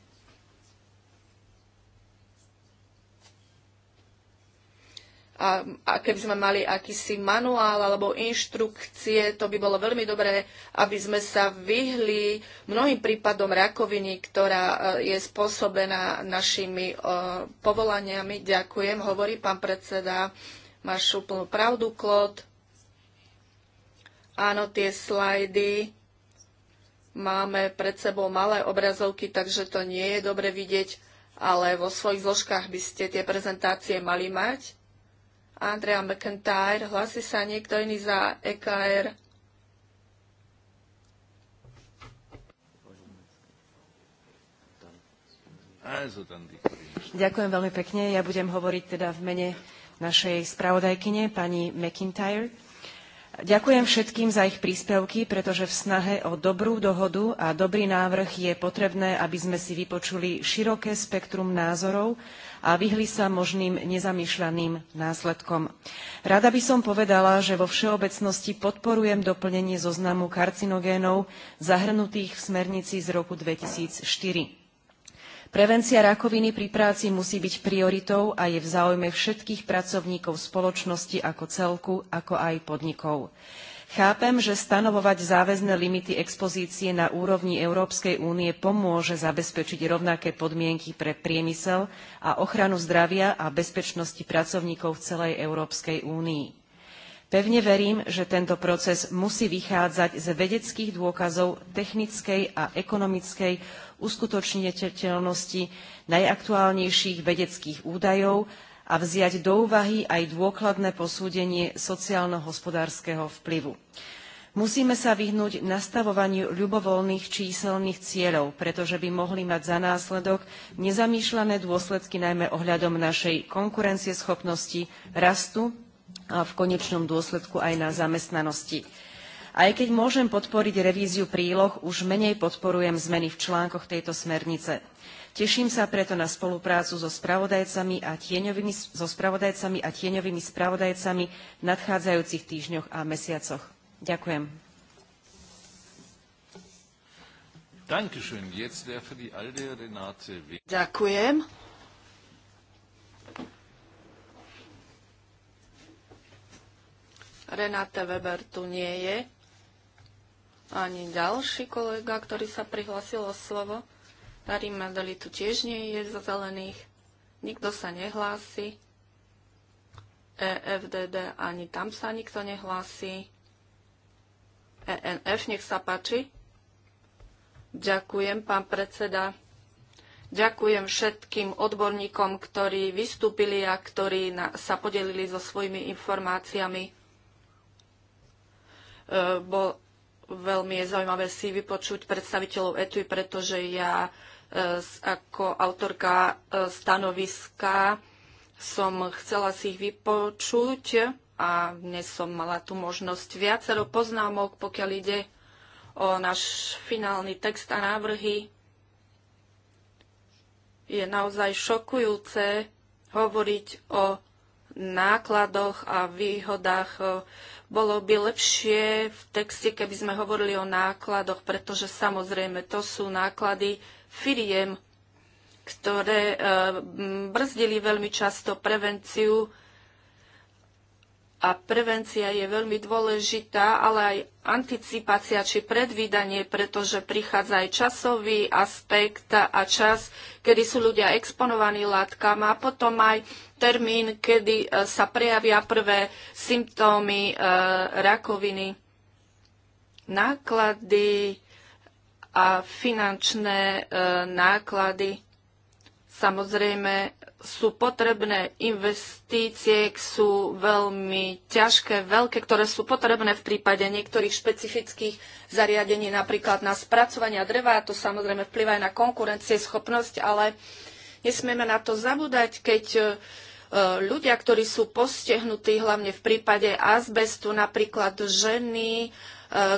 D: a, a keby sme mali akýsi manuál alebo inštrukcie, to by bolo veľmi dobré, aby sme sa vyhli mnohým prípadom rakoviny, ktorá e, je spôsobená našimi e, povolaniami. Ďakujem, hovorí pán predseda. Máš úplnú pravdu, Klod. Áno, tie slajdy. Máme pred sebou malé obrazovky, takže to nie je dobre vidieť, ale vo svojich zložkách by ste tie prezentácie mali mať
A: Andrea McIntyre.
D: Hlasí sa niekto iný za EKR?
A: Ďakujem veľmi pekne. Ja budem hovoriť teda v mene našej spravodajkyne, pani McIntyre. Ďakujem všetkým za ich príspevky, pretože v snahe o dobrú dohodu a dobrý návrh je potrebné, aby sme si vypočuli široké spektrum názorov a vyhli sa možným nezamýšľaným následkom. Rada by som povedala, že vo všeobecnosti podporujem doplnenie zoznamu karcinogénov zahrnutých v smernici z roku 2004. Prevencia rakoviny pri práci musí byť prioritou a je v záujme všetkých pracovníkov spoločnosti ako celku, ako aj podnikov. Chápem, že stanovovať záväzné limity expozície na úrovni Európskej únie pomôže zabezpečiť rovnaké podmienky pre priemysel a ochranu zdravia a bezpečnosti pracovníkov v celej Európskej únii Pevne verím, že tento proces musí vychádzať z vedeckých dôkazov technickej a ekonomickej uskutočniteľnosti najaktuálnejších vedeckých údajov a vziať do úvahy aj dôkladné posúdenie sociálno-hospodárskeho vplyvu. Musíme sa vyhnúť nastavovaniu ľubovoľných číselných cieľov, pretože by mohli mať za následok nezamýšľané dôsledky najmä ohľadom našej konkurencieschopnosti, rastu a v konečnom dôsledku aj na zamestnanosti. Aj keď môžem podporiť revíziu príloh, už menej podporujem zmeny v článkoch tejto smernice. Teším sa preto na spoluprácu so spravodajcami a tieňovými, so spravodajcami, a tieňovými spravodajcami v nadchádzajúcich týždňoch a mesiacoch. Ďakujem.
D: Ďakujem. Renate Weber tu nie je. Ani ďalší kolega, ktorý sa prihlasil o slovo. Darín Medeli tu tiež nie je za zelených. Nikto sa nehlási. EFDD ani tam sa nikto nehlási. ENF, nech sa páči. Ďakujem, pán predseda. Ďakujem všetkým odborníkom, ktorí vystúpili a ktorí sa podelili so svojimi informáciami. Eh, bol veľmi je zaujímavé si vypočuť predstaviteľov ETUI, pretože ja eh, ako autorka eh, stanoviska som chcela si ich vypočuť a dnes som mala tu možnosť viacero poznámok, pokiaľ ide o náš finálny text a návrhy. Je naozaj šokujúce hovoriť o nákladoch a výhodách bolo by lepšie v texte, keby sme hovorili o nákladoch, pretože samozrejme to sú náklady firiem, ktoré eh, brzdili veľmi často prevenciu a prevencia je veľmi dôležitá, ale aj anticipácia či predvídanie, pretože prichádza aj časový aspekt a čas, kedy sú ľudia exponovaní látkam a potom aj termín, kedy e, sa prejavia prvé symptómy e, rakoviny. Náklady a finančné e, náklady. Samozrejme, sú potrebné investície, sú veľmi ťažké, veľké, ktoré sú potrebné v prípade niektorých špecifických zariadení, napríklad na spracovania dreva. a To samozrejme vplyvá aj na konkurencieschopnosť, ale nesmieme na to zabúdať, keď E, ľudia, ktorí sú postihnutí hlavne v prípade azbestu, napríklad ženy, e,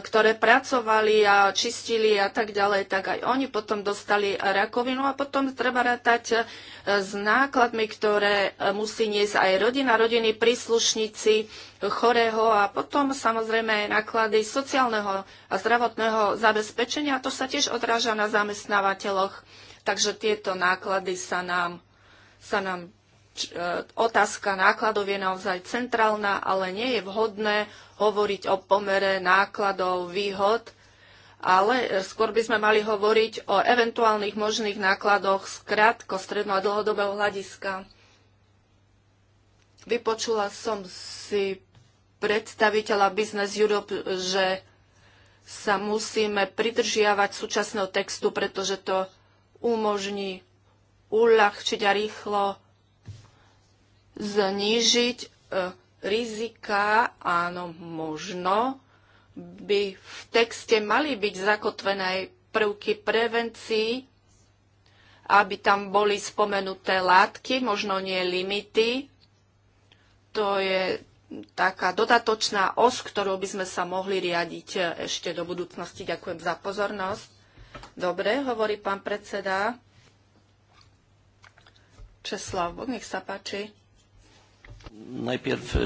D: ktoré pracovali a čistili a tak ďalej, tak aj oni potom dostali rakovinu a potom treba rátať e, s nákladmi, ktoré musí niesť aj rodina, rodiny, príslušníci chorého a potom samozrejme aj náklady sociálneho a zdravotného zabezpečenia. To sa tiež odráža na zamestnávateľoch, takže tieto náklady sa nám, sa nám E, otázka nákladov je naozaj centrálna, ale nie je vhodné hovoriť o pomere nákladov, výhod, ale skôr by sme mali hovoriť o eventuálnych možných nákladoch z krátko, stredno a dlhodobého hľadiska. Vypočula som si predstaviteľa Business Europe, že sa musíme pridržiavať súčasného textu, pretože to umožní uľahčiť a rýchlo znížiť e, rizika, áno, možno by v texte mali byť zakotvené aj prvky prevencií, aby tam boli spomenuté látky, možno nie limity. To je taká dodatočná os, ktorou by sme sa mohli riadiť e, ešte do budúcnosti. Ďakujem za pozornosť. Dobre, hovorí pán predseda. Česlav, nech sa páči.
C: Najpierw e,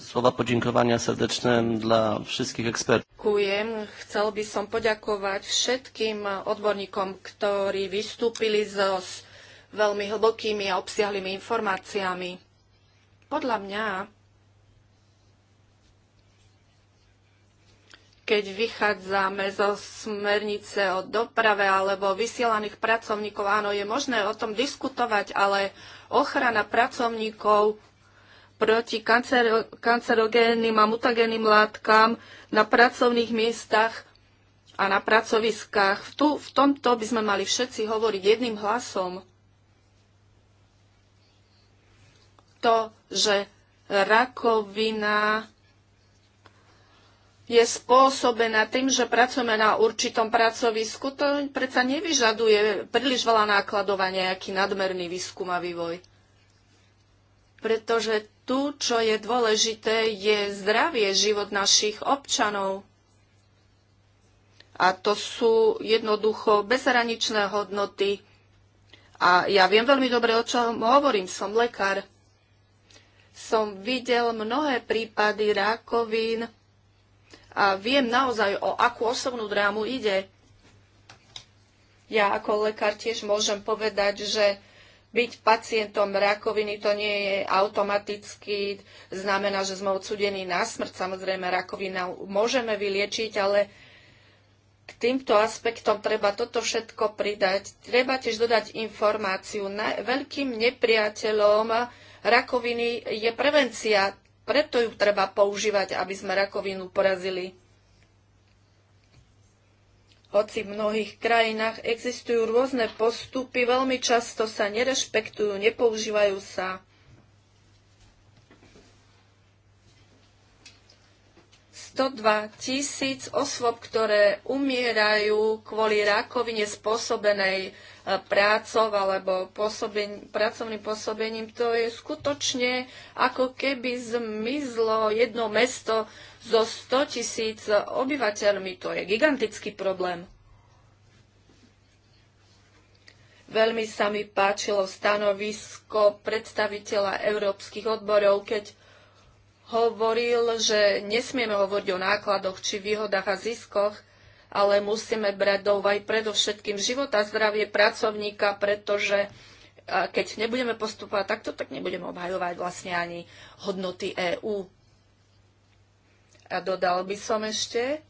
C: słowa podziękowania serdeczne dla wszystkich ekspertów.
D: Ďakujem. Chcel by som poďakovať všetkým odborníkom, ktorí vystúpili so s veľmi hlbokými a obsiahlými informáciami. Podľa mňa, keď vychádzame zo smernice o doprave alebo vysielaných pracovníkov, áno, je možné o tom diskutovať, ale ochrana pracovníkov proti kancero, kancerogénnym a mutagénnym látkam na pracovných miestach a na pracoviskách. Tu, v tomto by sme mali všetci hovoriť jedným hlasom. To, že rakovina je spôsobená tým, že pracujeme na určitom pracovisku, to predsa nevyžaduje príliš veľa nákladovania, nejaký nadmerný výskum a vývoj. Pretože tu, čo je dôležité, je zdravie, život našich občanov. A to sú jednoducho bezhraničné hodnoty. A ja viem veľmi dobre, o čom hovorím. Som lekár. Som videl mnohé prípady rakovín a viem naozaj, o akú osobnú drámu ide. Ja ako lekár tiež môžem povedať, že byť pacientom rakoviny to nie je automaticky, znamená, že sme odsudení na smrť. Samozrejme, rakovina môžeme vyliečiť, ale k týmto aspektom treba toto všetko pridať. Treba tiež dodať informáciu. Na, veľkým nepriateľom rakoviny je prevencia. Preto ju treba používať, aby sme rakovinu porazili. Hoci v mnohých krajinách existujú rôzne postupy, veľmi často sa nerešpektujú, nepoužívajú sa. dva tisíc osôb, ktoré umierajú kvôli rakovine spôsobenej e, prácov alebo pôsoben, pracovným pôsobením, to je skutočne ako keby zmizlo jedno mesto so 100 tisíc obyvateľmi. To je gigantický problém. Veľmi sa mi páčilo stanovisko predstaviteľa európskych odborov, keď hovoril, že nesmieme hovoriť o nákladoch či výhodách a ziskoch, ale musíme brať do úvahy predovšetkým život a zdravie pracovníka, pretože keď nebudeme postupovať takto, tak nebudeme obhajovať vlastne ani hodnoty EÚ. A dodal by som ešte,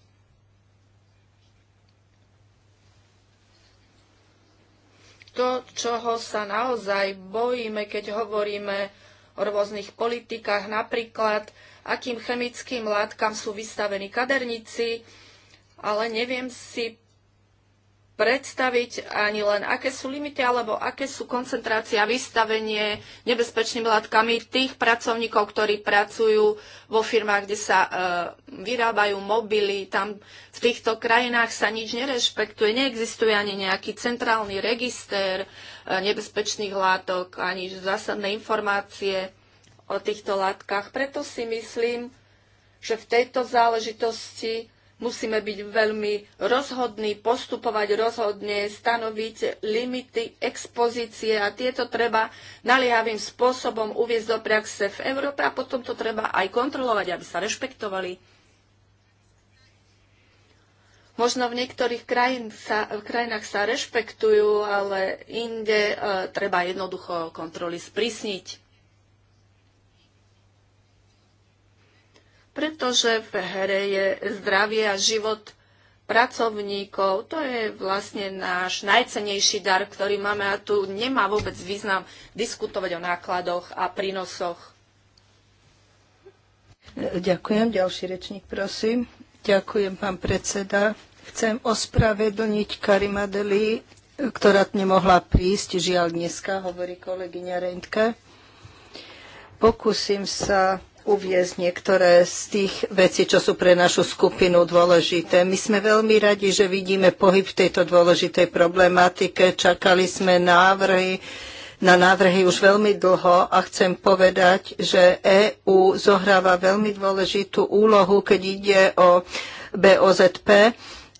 D: to, čoho sa naozaj bojíme, keď hovoríme o rôznych politikách, napríklad akým chemickým látkam sú vystavení kaderníci, ale neviem si predstaviť ani len, aké sú limity alebo aké sú koncentrácia, vystavenie nebezpečnými látkami tých pracovníkov, ktorí pracujú vo firmách, kde sa e, vyrábajú mobily. Tam v týchto krajinách sa nič nerešpektuje, neexistuje ani nejaký centrálny register e, nebezpečných látok, ani zásadné informácie o týchto látkach. Preto si myslím, že v tejto záležitosti Musíme byť veľmi rozhodní, postupovať rozhodne, stanoviť limity expozície a tieto treba naliehavým spôsobom uviezť do praxe v Európe a potom to treba aj kontrolovať, aby sa rešpektovali. Možno v niektorých krajín sa, v krajinách sa rešpektujú, ale inde e, treba jednoducho kontroly sprísniť. pretože v hre je zdravie a život pracovníkov. To je vlastne náš najcenejší dar, ktorý máme a tu nemá vôbec význam diskutovať o nákladoch a prínosoch.
C: Ďakujem. Ďalší rečník, prosím. Ďakujem, pán predseda. Chcem ospravedlniť Karima Deli, ktorá nemohla prísť, žiaľ dneska, hovorí kolegyňa Rentke. Pokúsim sa uviezť niektoré z tých vecí, čo sú pre našu skupinu dôležité. My sme veľmi radi, že vidíme pohyb v tejto dôležitej problematike. Čakali sme návrhy na návrhy už veľmi dlho a chcem povedať, že EÚ zohráva veľmi dôležitú úlohu, keď ide o BOZP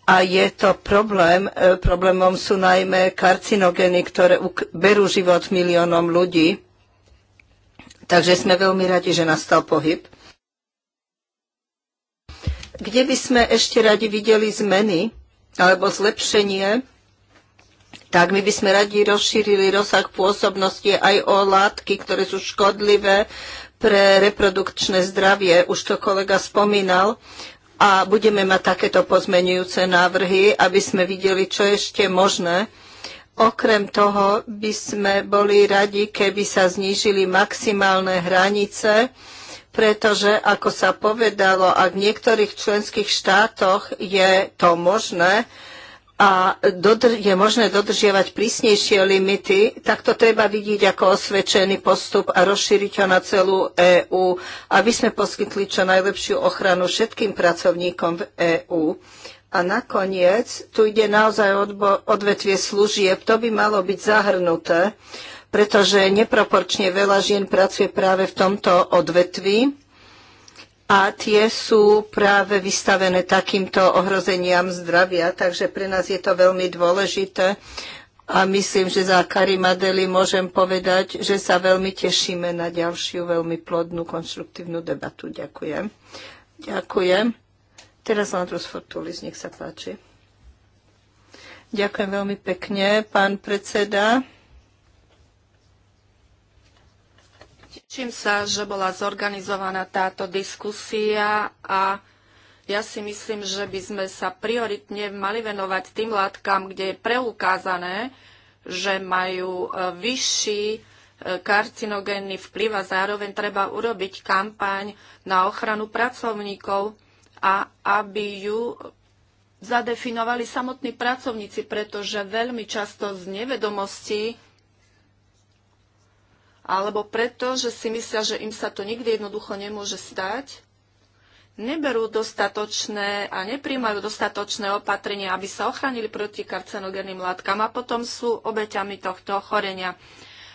C: a je to problém. E, problémom sú najmä karcinogény, ktoré berú život miliónom ľudí Takže sme veľmi radi, že nastal pohyb. Kde by sme ešte radi videli zmeny alebo zlepšenie, tak my by sme radi rozšírili rozsah pôsobnosti aj o látky, ktoré sú škodlivé pre reprodukčné zdravie. Už to kolega spomínal. A budeme mať takéto pozmenujúce návrhy, aby sme videli, čo ešte možné Okrem toho by sme boli radi, keby sa znížili maximálne hranice, pretože, ako sa povedalo, ak v niektorých členských štátoch je to možné a je možné dodržiavať prísnejšie limity, tak to treba vidieť ako osvedčený postup a rozšíriť ho na celú EÚ, aby sme poskytli čo najlepšiu ochranu všetkým pracovníkom v EÚ. A nakoniec, tu ide naozaj odbo- odvetvie služieb, to by malo byť zahrnuté, pretože neproporčne veľa žien pracuje práve v tomto odvetví a tie sú práve vystavené takýmto ohrozeniam zdravia, takže pre nás je to veľmi dôležité a myslím, že za Karima Deli môžem povedať, že sa veľmi tešíme na ďalšiu veľmi plodnú konštruktívnu debatu. Ďakujem. Ďakujem. Teraz Landrus Fortulis, nech sa páči. Ďakujem veľmi pekne, pán predseda.
D: Teším sa, že bola zorganizovaná táto diskusia a ja si myslím, že by sme sa prioritne mali venovať tým látkam, kde je preukázané, že majú e, vyšší e, karcinogénny vplyv a zároveň treba urobiť kampaň na ochranu pracovníkov a aby ju zadefinovali samotní pracovníci, pretože veľmi často z nevedomosti alebo preto, že si myslia, že im sa to nikdy jednoducho nemôže stať, neberú dostatočné a nepríjmajú dostatočné opatrenia, aby sa ochránili proti karcinogénnym látkam a potom sú obeťami tohto ochorenia.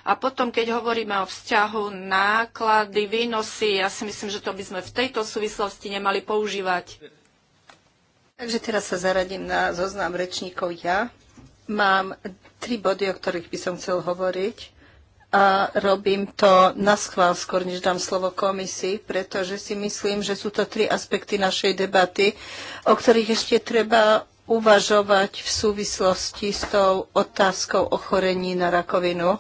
D: A potom, keď hovoríme o vzťahu náklady, výnosy, ja si myslím, že to by sme v tejto súvislosti nemali používať.
C: Takže teraz sa zaradím na zoznam rečníkov ja. Mám tri body, o ktorých by som chcel hovoriť a robím to na schvál skôr, než dám slovo komisii, pretože si myslím, že sú to tri aspekty našej debaty, o ktorých ešte treba uvažovať v súvislosti s tou otázkou ochorení na rakovinu.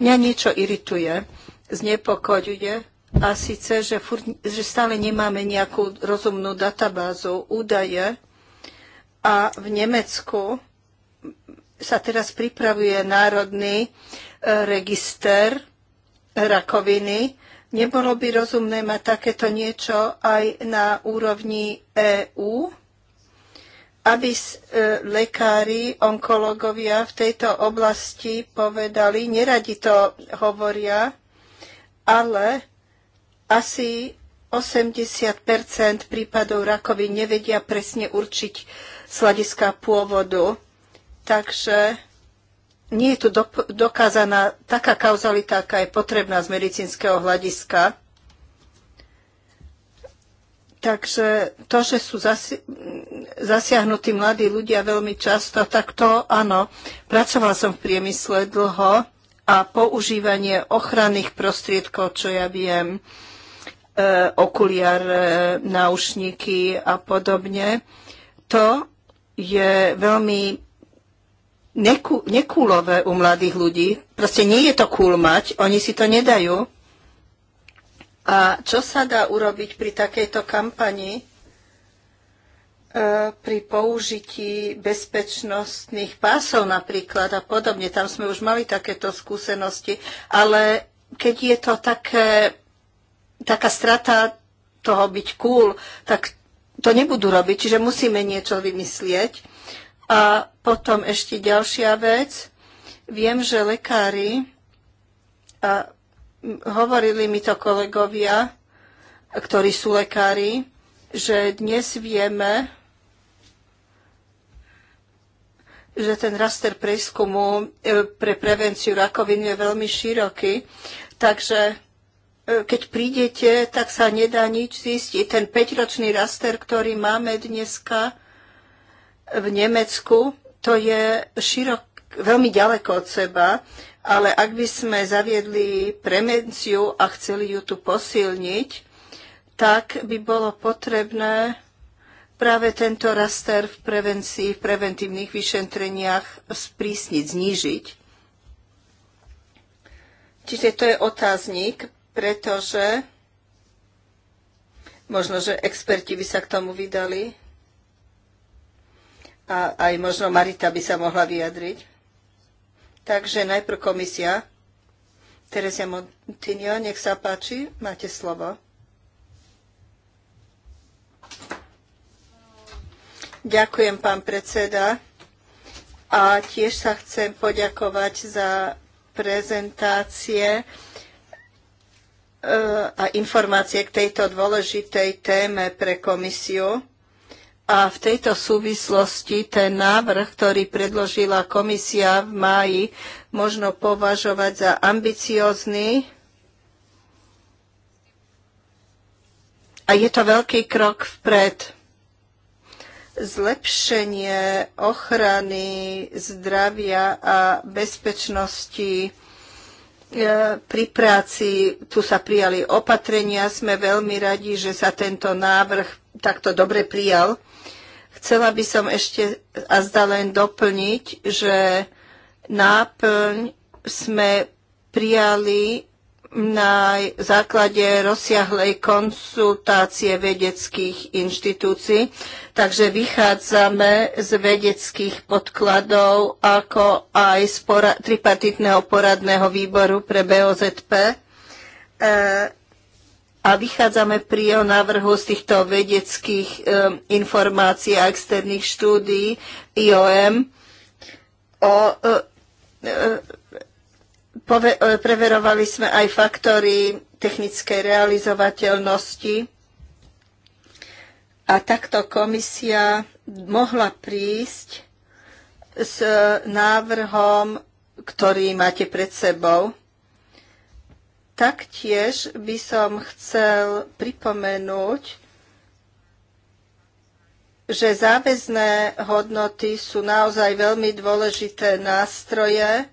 C: Mňa niečo irituje, znepokojuje, a síce, že, fur, že stále nemáme nejakú rozumnú databázu údaje a v Nemecku sa teraz pripravuje národný e, register rakoviny. Nebolo by rozumné mať takéto niečo aj na úrovni EÚ? aby e, lekári, onkológovia v tejto oblasti povedali, neradi to hovoria, ale asi 80 prípadov rakovy nevedia presne určiť z pôvodu. Takže nie je tu dokázaná taká kauzalita, aká je potrebná z medicínskeho hľadiska. Takže to, že sú zasi- zasiahnutí mladí ľudia veľmi často, tak to áno. Pracovala som v priemysle dlho a používanie ochranných prostriedkov, čo ja viem, e, e, náušníky a podobne, to je veľmi neku- nekúlové u mladých ľudí. Proste nie je to cool mať, oni si to nedajú. A čo sa dá urobiť pri takejto kampani, e, pri použití bezpečnostných pásov napríklad a podobne. Tam sme už mali takéto skúsenosti, ale keď je to také, taká strata toho byť cool, tak to nebudú robiť, čiže musíme niečo vymyslieť. A potom ešte ďalšia vec. Viem, že lekári a Hovorili mi to kolegovia, ktorí sú lekári, že dnes vieme, že ten raster prieskumu e, pre prevenciu rakoviny je veľmi široký. Takže e, keď prídete, tak sa nedá nič zistiť. Ten 5-ročný raster, ktorý máme dneska v Nemecku, to je širok, veľmi ďaleko od seba ale ak by sme zaviedli prevenciu a chceli ju tu posilniť, tak by bolo potrebné práve tento raster v prevencii, v preventívnych vyšetreniach sprísniť, znížiť. Čiže to je otáznik, pretože možno, že experti by sa k tomu vydali a aj možno Marita by sa mohla vyjadriť. Takže najprv komisia. Terezia Montinio, nech sa páči, máte slovo. Ďakujem, pán predseda. A tiež sa chcem poďakovať za prezentácie e, a informácie k tejto dôležitej téme pre komisiu. A v tejto súvislosti ten návrh, ktorý predložila komisia v máji, možno považovať za ambiciózny. A je to veľký krok vpred. Zlepšenie ochrany zdravia a bezpečnosti E, pri práci tu sa prijali opatrenia. Sme veľmi radi, že sa tento návrh takto dobre prijal. Chcela by som ešte a zda len doplniť, že náplň sme prijali na základe rozsiahlej konsultácie vedeckých inštitúcií. Takže vychádzame z vedeckých podkladov, ako aj z pora- tripartitného poradného výboru pre BOZP. E, a vychádzame pri jeho návrhu z týchto vedeckých e, informácií a externých štúdií IOM o e, e, E, preverovali sme aj faktory technickej realizovateľnosti a takto komisia mohla prísť s návrhom, ktorý máte pred sebou. Taktiež by som chcel pripomenúť, že záväzné hodnoty sú naozaj veľmi dôležité nástroje,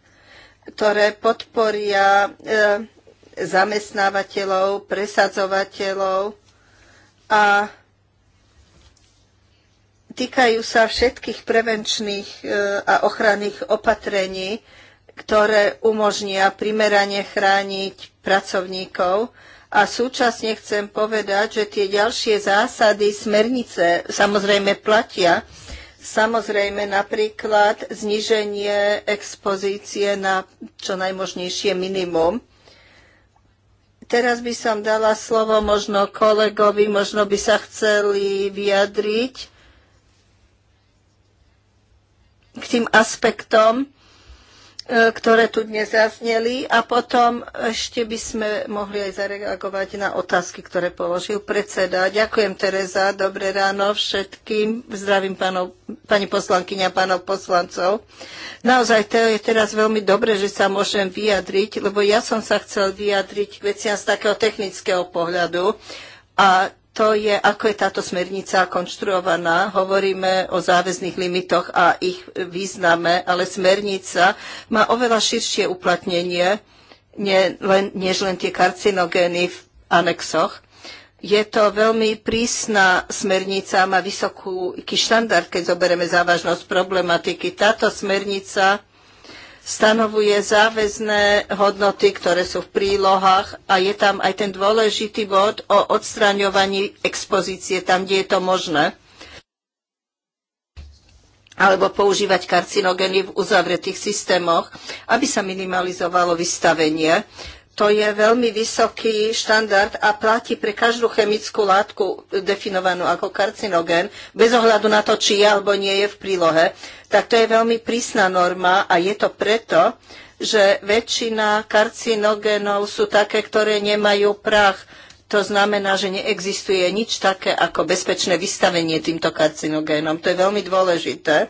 C: ktoré podporia e, zamestnávateľov, presadzovateľov a týkajú sa všetkých prevenčných e, a ochranných opatrení, ktoré umožnia primerane chrániť pracovníkov. A súčasne chcem povedať, že tie ďalšie zásady, smernice samozrejme platia, Samozrejme napríklad zniženie expozície na čo najmožnejšie minimum. Teraz by som dala slovo možno kolegovi, možno by sa chceli vyjadriť k tým aspektom, E, ktoré tu dnes zazneli a potom ešte by sme mohli aj zareagovať na otázky, ktoré položil predseda. Ďakujem, Tereza. Dobré ráno všetkým. Zdravím pánov, pani poslankyňa a pánov poslancov. Naozaj to je teraz veľmi dobre, že sa môžem vyjadriť, lebo ja som sa chcel vyjadriť veciam z takého technického pohľadu. A to je, ako je táto smernica konštruovaná. Hovoríme o záväzných limitoch a ich význame, ale smernica má oveľa širšie uplatnenie, nie len, než len tie karcinogény v anexoch. Je to veľmi prísna smernica, má vysoký štandard, keď zoberieme závažnosť problematiky. Táto smernica stanovuje záväzné hodnoty, ktoré sú v prílohách a je tam aj ten dôležitý bod o odstraňovaní expozície tam, kde je to možné alebo používať karcinogény v uzavretých systémoch, aby sa minimalizovalo vystavenie. To je veľmi vysoký štandard a platí pre každú chemickú látku definovanú ako karcinogén, bez ohľadu na to, či je alebo nie je v prílohe. Tak to je veľmi prísna norma a je to preto, že väčšina karcinogénov sú také, ktoré nemajú prach. To znamená, že neexistuje nič také ako bezpečné vystavenie týmto karcinogénom. To je veľmi dôležité.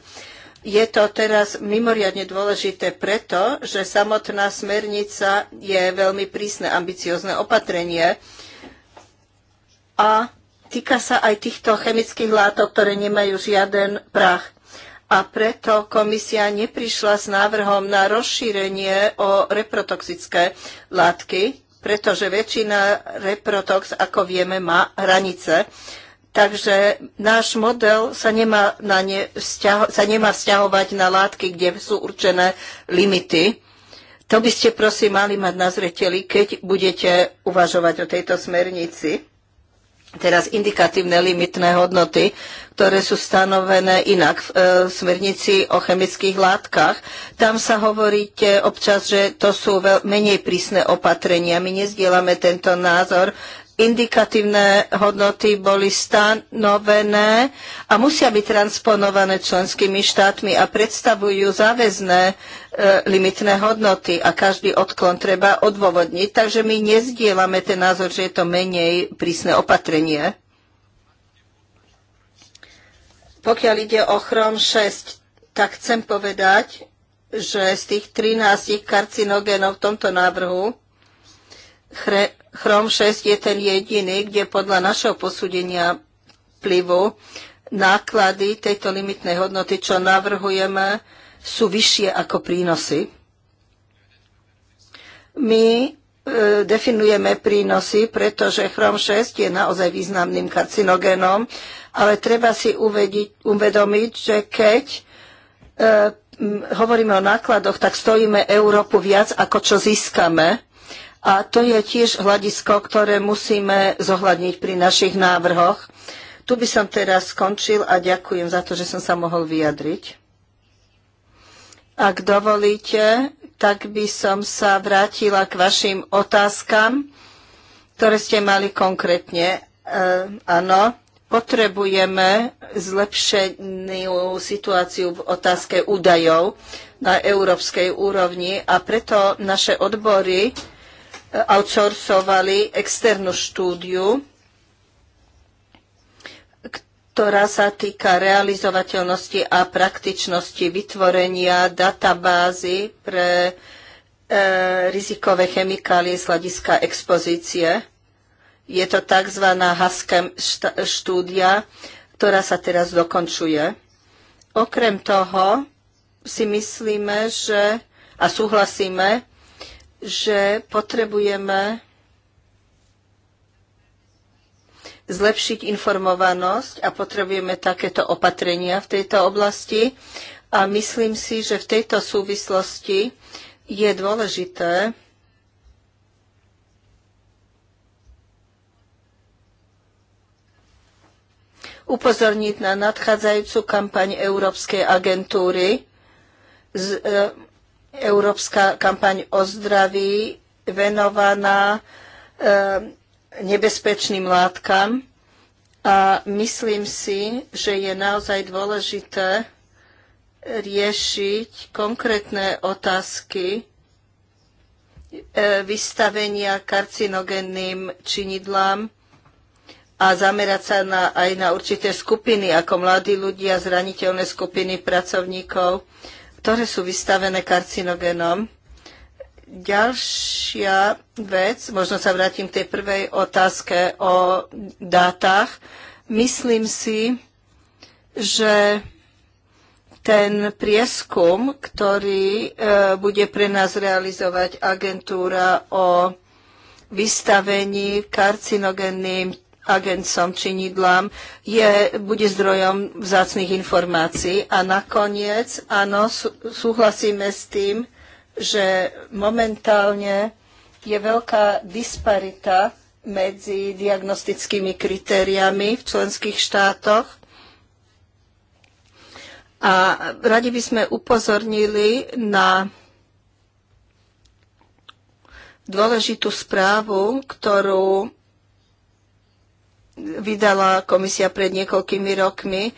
C: Je to teraz mimoriadne dôležité preto, že samotná smernica je veľmi prísne ambiciozne opatrenie a týka sa aj týchto chemických látok, ktoré nemajú žiaden prach. A preto komisia neprišla s návrhom na rozšírenie o reprotoxické látky, pretože väčšina reprotox, ako vieme, má hranice. Takže náš model sa nemá, na ne vzťaho- sa nemá vzťahovať na látky, kde sú určené limity. To by ste prosím mali mať na zreteli, keď budete uvažovať o tejto smernici. Teraz indikatívne limitné hodnoty, ktoré sú stanovené inak v e, smernici o chemických látkach. Tam sa hovoríte občas, že to sú veľ- menej prísne opatrenia. My nezdielame tento názor, Indikatívne hodnoty boli stanovené a musia byť transponované členskými štátmi a predstavujú záväzné e, limitné hodnoty a každý odklon treba odôvodniť. Takže my nezdielame ten názor, že je to menej prísne opatrenie. Pokiaľ ide o chrom 6, tak chcem povedať, že z tých 13 karcinogénov v tomto návrhu Chrom 6 je ten jediný, kde podľa našeho posúdenia vplyvu náklady tejto limitnej hodnoty, čo navrhujeme, sú vyššie ako prínosy. My e, definujeme prínosy, pretože chrom 6 je naozaj významným karcinogénom, ale treba si uvediť, uvedomiť, že keď e, m, hovoríme o nákladoch, tak stojíme Európu viac, ako čo získame. A to je tiež hľadisko, ktoré musíme zohľadniť pri našich návrhoch. Tu by som teraz skončil a ďakujem za to, že som sa mohol vyjadriť. Ak dovolíte, tak by som sa vrátila k vašim otázkam, ktoré ste mali konkrétne. E, áno, potrebujeme zlepšenú situáciu v otázke údajov na európskej úrovni a preto naše odbory outsourcovali externú štúdiu, ktorá sa týka realizovateľnosti a praktičnosti vytvorenia databázy pre e, rizikové chemikálie z hľadiska expozície. Je to tzv. Haskem štúdia, ktorá sa teraz dokončuje. Okrem toho si myslíme, že a súhlasíme, že potrebujeme zlepšiť informovanosť a potrebujeme takéto opatrenia v tejto oblasti. A myslím si, že v tejto súvislosti je dôležité upozorniť na nadchádzajúcu kampaň Európskej agentúry z, e, Európska kampaň o zdraví venovaná eh, nebezpečným látkam. A myslím si, že je naozaj dôležité riešiť konkrétne otázky eh, vystavenia karcinogenným činidlám a zamerať sa na, aj na určité skupiny, ako mladí ľudia, zraniteľné skupiny pracovníkov, ktoré sú vystavené karcinogenom. Ďalšia vec, možno sa vrátim k tej prvej otázke o dátach. Myslím si, že ten prieskum, ktorý e, bude pre nás realizovať agentúra o vystavení karcinogenným agencom činidlám, je, bude zdrojom vzácných informácií. A nakoniec, áno, súhlasíme s tým, že momentálne je veľká disparita medzi diagnostickými kritériami v členských štátoch. A radi by sme upozornili na dôležitú správu, ktorú vydala komisia pred niekoľkými rokmi.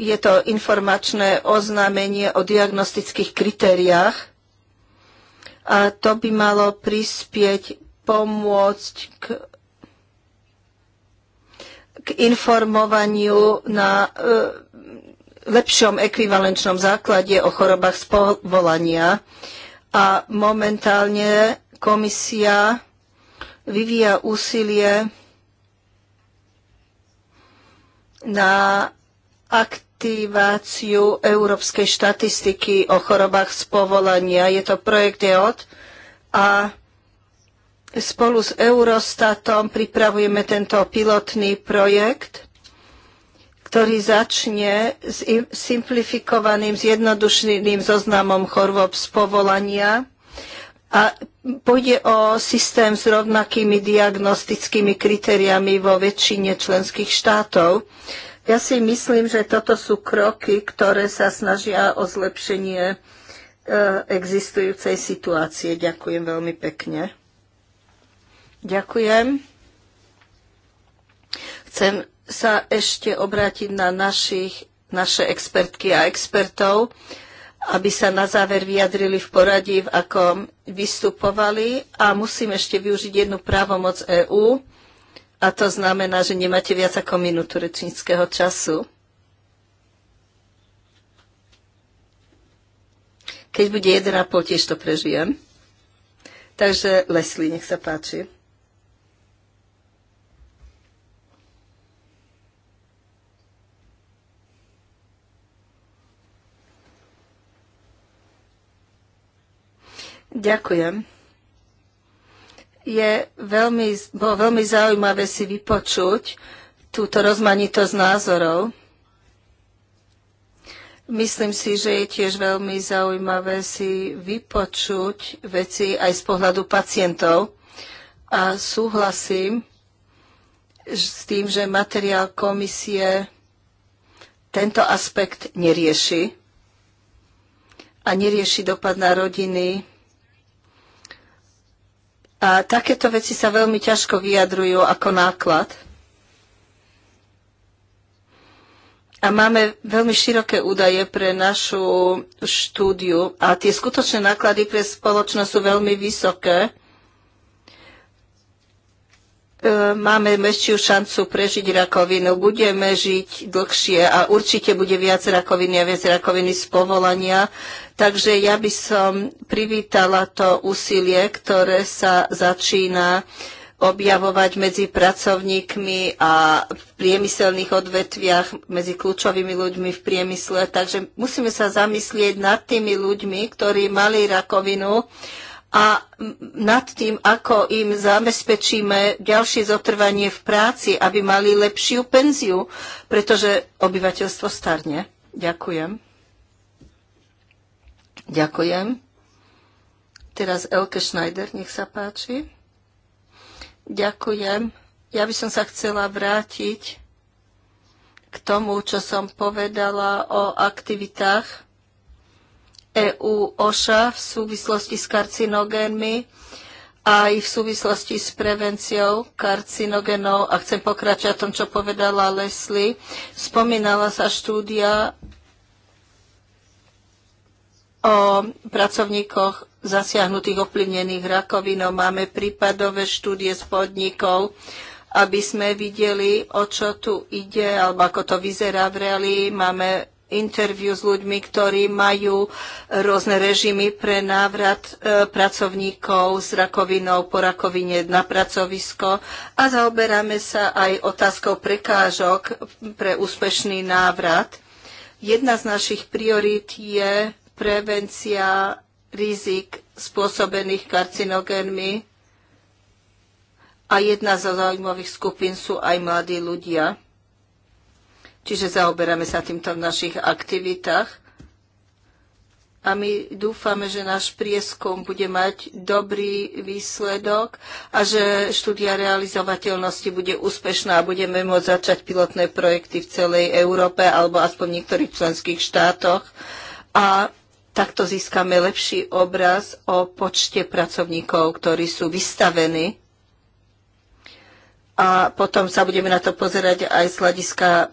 C: Je to informačné oznámenie o diagnostických kritériách a to by malo prispieť pomôcť k, k informovaniu na e, lepšom ekvivalenčnom základe o chorobách z povolania. A momentálne komisia vyvíja úsilie na aktiváciu európskej štatistiky o chorobách z povolania. Je to projekt EOT a spolu s Eurostatom pripravujeme tento pilotný projekt, ktorý začne s simplifikovaným, zjednodušeným zoznamom chorôb z povolania a pôjde o systém s rovnakými diagnostickými kritériami vo väčšine členských štátov. Ja si myslím, že toto sú kroky, ktoré sa snažia o zlepšenie e, existujúcej situácie. Ďakujem veľmi pekne. Ďakujem. Chcem sa ešte obrátiť na našich, naše expertky a expertov aby sa na záver vyjadrili v poradí, v akom vystupovali. A musím ešte využiť jednu právomoc EÚ, a to znamená, že nemáte viac ako minútu rečníckého času. Keď bude 1,5, tiež to prežijem. Takže Leslie, nech sa páči. Ďakujem. Je veľmi, bolo veľmi zaujímavé si vypočuť túto rozmanitosť názorov. Myslím si, že je tiež veľmi zaujímavé si vypočuť veci aj z pohľadu pacientov. A súhlasím s tým, že materiál komisie tento aspekt nerieši a nerieši dopad na rodiny a takéto veci sa veľmi ťažko vyjadrujú ako náklad. A máme veľmi široké údaje pre našu štúdiu a tie skutočné náklady pre spoločnosť sú veľmi vysoké. E, máme väčšiu šancu prežiť rakovinu, budeme žiť dlhšie a určite bude viac rakoviny a viac rakoviny z povolania. Takže ja by som privítala to úsilie, ktoré sa začína objavovať medzi pracovníkmi a v priemyselných odvetviach, medzi kľúčovými ľuďmi v priemysle. Takže musíme sa zamyslieť nad tými ľuďmi, ktorí mali rakovinu a nad tým, ako im zabezpečíme ďalšie zotrvanie v práci, aby mali lepšiu penziu, pretože obyvateľstvo starne. Ďakujem. Ďakujem. Teraz Elke Schneider, nech sa páči. Ďakujem. Ja by som sa chcela vrátiť k tomu, čo som povedala o aktivitách EU OŠA v súvislosti s karcinogénmi aj v súvislosti s prevenciou karcinogenov a chcem pokračovať tom, čo povedala Leslie. Spomínala sa štúdia o pracovníkoch zasiahnutých ovplyvnených rakovinou. Máme prípadové štúdie z podnikov, aby sme videli, o čo tu ide, alebo ako to vyzerá v reálii. Máme interviu s ľuďmi, ktorí majú e, rôzne režimy pre návrat e, pracovníkov s rakovinou po rakovine na pracovisko a zaoberáme sa aj otázkou prekážok pre úspešný návrat. Jedna z našich priorít je prevencia rizik spôsobených karcinogénmi a jedna zo zaujímavých skupín sú aj mladí ľudia. Čiže zaoberáme sa týmto v našich aktivitách. A my dúfame, že náš prieskum bude mať dobrý výsledok a že štúdia realizovateľnosti bude úspešná a budeme môcť začať pilotné projekty v celej Európe alebo aspoň v niektorých členských štátoch. A takto získame lepší obraz o počte pracovníkov, ktorí sú vystavení a potom sa budeme na to pozerať aj z hľadiska e,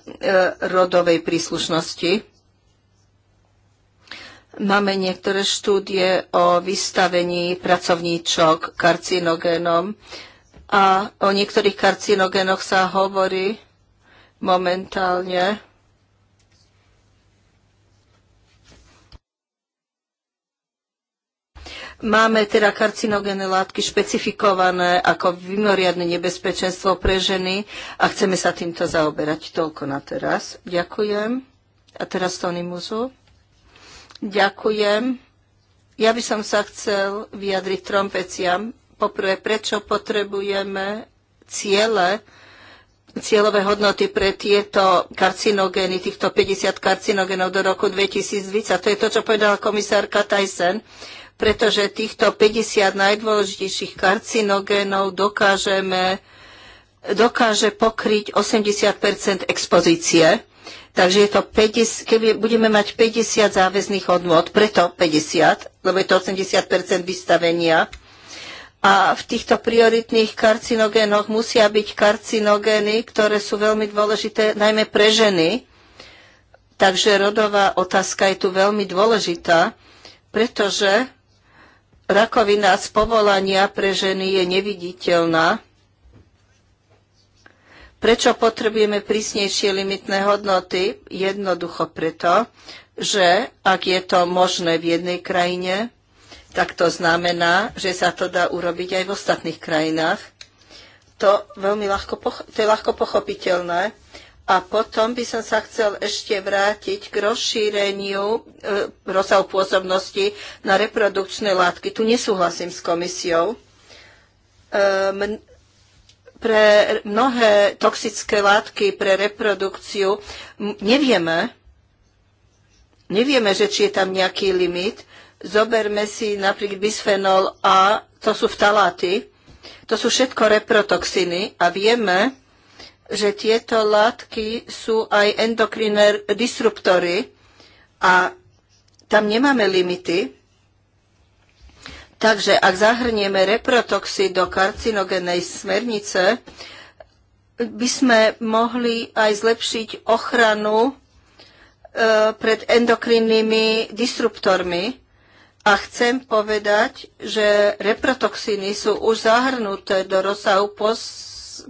C: rodovej príslušnosti. Máme niektoré štúdie o vystavení pracovníčok karcinogénom a o niektorých karcinogénoch sa hovorí momentálne Máme teda karcinogénne látky špecifikované ako vymoriadne nebezpečenstvo pre ženy a chceme sa týmto zaoberať. Toľko na teraz. Ďakujem. A teraz Tony Muzu. Ďakujem. Ja by som sa chcel vyjadriť trom veciam. Poprvé, prečo potrebujeme ciele, cieľové hodnoty pre tieto karcinogény, týchto 50 karcinogénov do roku 2020. To je to, čo povedala komisárka Tyson pretože týchto 50 najdôležitejších karcinogénov dokážeme, dokáže pokryť 80 expozície. Takže je to 50, keby budeme mať 50 záväzných odvod, preto 50, lebo je to 80 vystavenia. A v týchto prioritných karcinogénoch musia byť karcinogény, ktoré sú veľmi dôležité najmä pre ženy. Takže rodová otázka je tu veľmi dôležitá, pretože rakovina z povolania pre ženy je neviditeľná. Prečo potrebujeme prísnejšie limitné hodnoty? Jednoducho preto, že ak je to možné v jednej krajine, tak to znamená, že sa to dá urobiť aj v ostatných krajinách. To, veľmi ľahko, to je ľahko pochopiteľné. A potom by som sa chcel ešte vrátiť k rozšíreniu e, rozsahu pôsobnosti na reprodukčné látky. Tu nesúhlasím s komisiou. E, pre mnohé toxické látky pre reprodukciu nevieme, nevieme, že či je tam nejaký limit. Zoberme si napríklad bisfenol A, to sú vtaláty, to sú všetko reprotoxiny a vieme, že tieto látky sú aj endokrinné disruptory a tam nemáme limity. Takže ak zahrnieme reprotoxy do karcinogenej smernice, by sme mohli aj zlepšiť ochranu e, pred endokrinnými disruptormi. A chcem povedať, že reprotoxíny sú už zahrnuté do rozsahu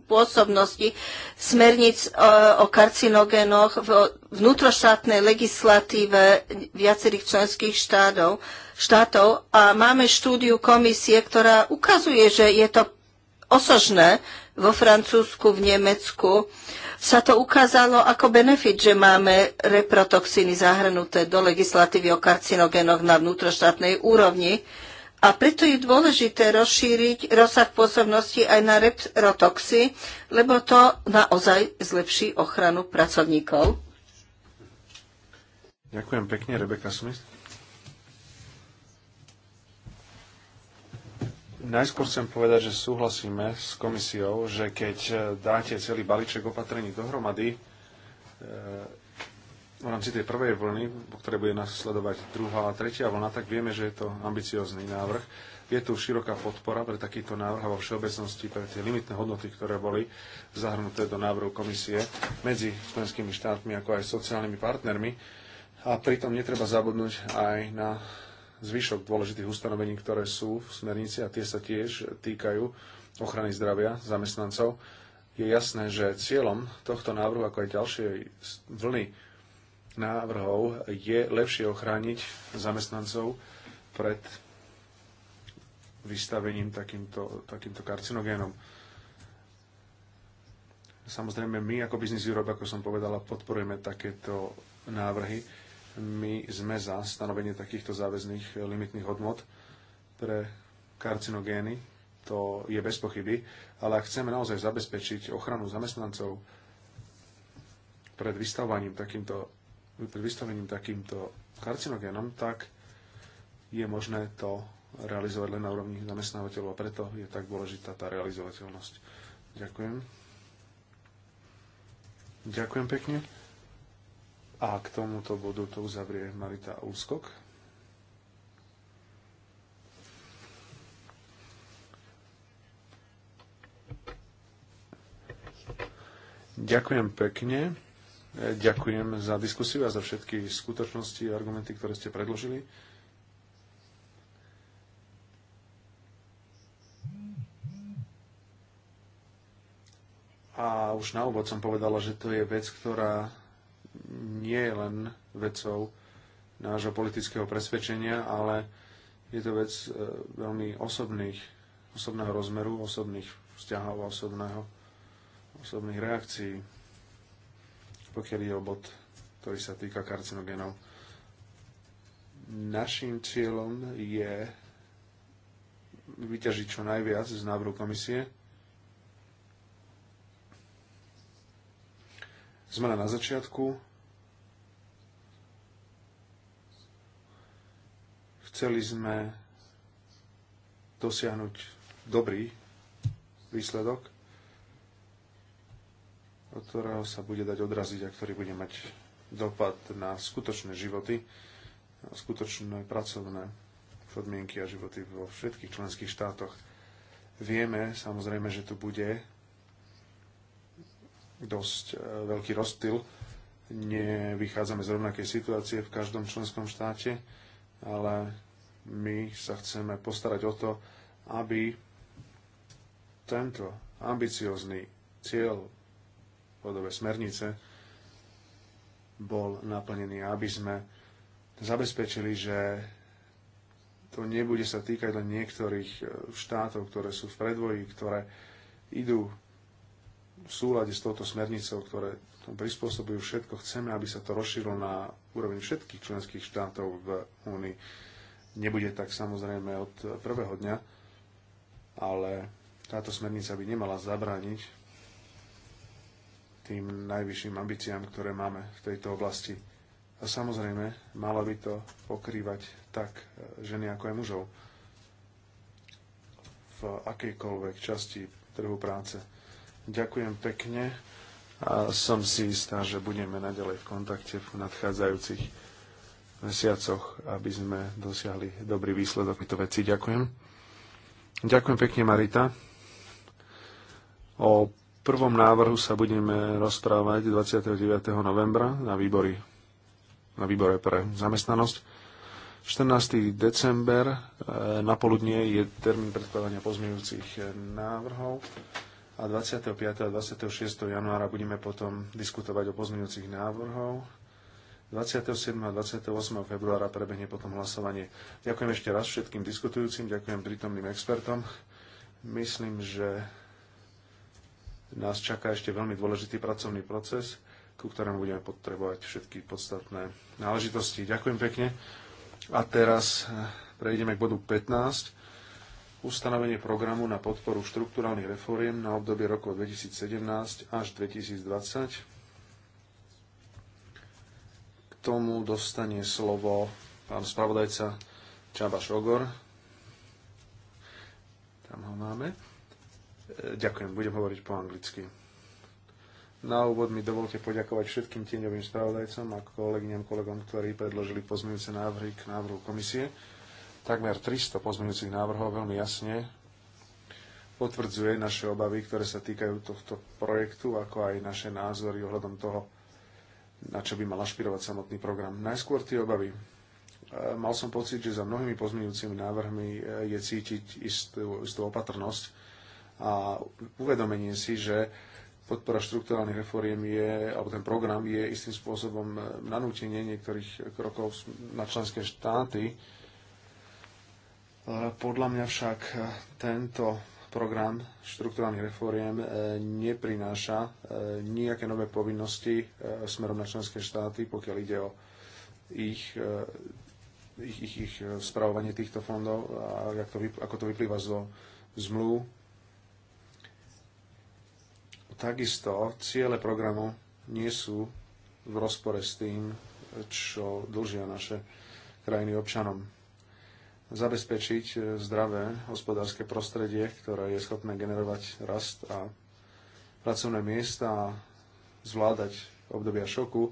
C: pôsobnosti smerníc e, o karcinogénoch v vnútroštátnej legislatíve viacerých členských štátov, štátov a máme štúdiu komisie, ktorá ukazuje, že je to osožné vo Francúzsku, v Nemecku, sa to ukázalo ako benefit, že máme reprotoxiny zahrnuté do legislatívy o karcinogénoch na vnútroštátnej úrovni. A preto je dôležité rozšíriť rozsah pôsobnosti aj na reprotoxy, lebo to naozaj zlepší ochranu pracovníkov.
B: Ďakujem pekne, Rebeka Smith. Najskôr chcem povedať, že súhlasíme s komisiou, že keď dáte celý balíček opatrení dohromady, v rámci tej prvej vlny, po ktorej bude nasledovať druhá a tretia vlna, tak vieme, že je to ambiciózny návrh. Je tu široká podpora pre takýto návrh a vo všeobecnosti pre tie limitné hodnoty, ktoré boli zahrnuté do návrhu komisie medzi členskými štátmi ako aj sociálnymi partnermi. A pritom netreba zabudnúť aj na zvyšok dôležitých ustanovení, ktoré sú v smernici a tie sa tiež týkajú ochrany zdravia zamestnancov. Je jasné, že cieľom tohto návrhu, ako aj ďalšej vlny návrhov je lepšie ochrániť zamestnancov pred vystavením takýmto, takýmto karcinogénom. Samozrejme, my ako Business Europe, ako som povedala, podporujeme takéto návrhy. My sme za stanovenie takýchto záväzných limitných hodnot pre karcinogény. To je bez pochyby. Ale ak chceme naozaj zabezpečiť ochranu zamestnancov pred vystavovaním takýmto pred vystavením takýmto karcinogénom, tak je možné to realizovať len na úrovni zamestnávateľov a preto je tak dôležitá tá realizovateľnosť. Ďakujem. Ďakujem pekne. A k tomuto bodu to uzavrie Marita Úskok. Ďakujem pekne. Ďakujem za diskusiu a za všetky skutočnosti a argumenty, ktoré ste predložili. A už na úvod som povedala, že to je vec, ktorá nie je len vecou nášho politického presvedčenia, ale je to vec e, veľmi osobných, osobného rozmeru, osobných vzťahov, osobného, osobných reakcií pokiaľ je o bod, ktorý sa týka karcinogénov. Naším cieľom je vyťažiť čo najviac z návrhu komisie. Sme na začiatku. Chceli sme dosiahnuť dobrý výsledok ktorého sa bude dať odraziť a ktorý bude mať dopad na skutočné životy, na skutočné pracovné podmienky a životy vo všetkých členských štátoch. Vieme samozrejme, že tu bude dosť e, veľký rozstyl. Nevychádzame z rovnakej situácie v každom členskom štáte, ale my sa chceme postarať o to, aby tento ambiciózny cieľ podobe smernice bol naplnený, aby sme zabezpečili, že to nebude sa týkať len niektorých e, štátov, ktoré sú v predvoji, ktoré idú v súlade s touto smernicou, ktoré tomu prispôsobujú všetko. Chceme, aby sa to rozšírilo na úroveň všetkých členských štátov v Únii. Nebude tak samozrejme od prvého dňa, ale táto smernica by nemala zabrániť tým najvyšším ambíciám, ktoré máme v tejto oblasti. A samozrejme, malo by to pokrývať tak e, ženy ako aj mužov v akejkoľvek časti trhu práce. Ďakujem pekne a som si istá, že budeme naďalej v kontakte v nadchádzajúcich mesiacoch, aby sme dosiahli dobrý výsledok tejto veci Ďakujem. Ďakujem pekne, Marita. O prvom návrhu sa budeme rozprávať 29. novembra na, výbory, na výbore pre zamestnanosť. 14. december e, na poludnie je termín predkladania pozmeňujúcich návrhov a 25. a 26. januára budeme potom diskutovať o pozmeňujúcich návrhov. 27. a 28. februára prebehne potom hlasovanie. Ďakujem ešte raz všetkým diskutujúcim, ďakujem prítomným expertom. Myslím, že nás čaká ešte veľmi dôležitý pracovný proces, ku ktorému budeme potrebovať všetky podstatné náležitosti. Ďakujem pekne. A teraz eh, prejdeme k bodu 15. Ustanovenie programu na podporu štrukturálnych reforiem na obdobie rokov 2017 až 2020. K tomu dostane slovo pán spravodajca Čaba Šogor. Tam ho máme. Ďakujem, budem hovoriť po anglicky. Na úvod mi dovolte poďakovať všetkým tieňovým spravodajcom a kolegyňam, kolegom, ktorí predložili pozmeňujúce návrhy k návrhu komisie. Takmer 300 pozmeňujúcich návrhov veľmi jasne potvrdzuje naše obavy, ktoré sa týkajú tohto projektu, ako aj naše názory ohľadom toho, na čo by mal ašpirovať samotný program. Najskôr tie obavy. Mal som pocit, že za mnohými pozmeňujúcimi návrhmi e, je cítiť istú, istú opatrnosť, a uvedomenie si, že podpora štruktúrálnych reforiem je, alebo ten program je istým spôsobom nanútenie niektorých krokov na členské štáty. E, podľa mňa však tento program štruktúrálnych reforiem e, neprináša e, nejaké nové povinnosti smerom na členské štáty, pokiaľ ide o ich, ich, ich, ich spravovanie týchto fondov a to, ako to vyplýva zo zmluv Takisto ciele programu nie sú v rozpore s tým, čo dlžia naše krajiny občanom. Zabezpečiť zdravé hospodárske prostredie, ktoré je schopné generovať rast a pracovné miesta a zvládať obdobia šoku,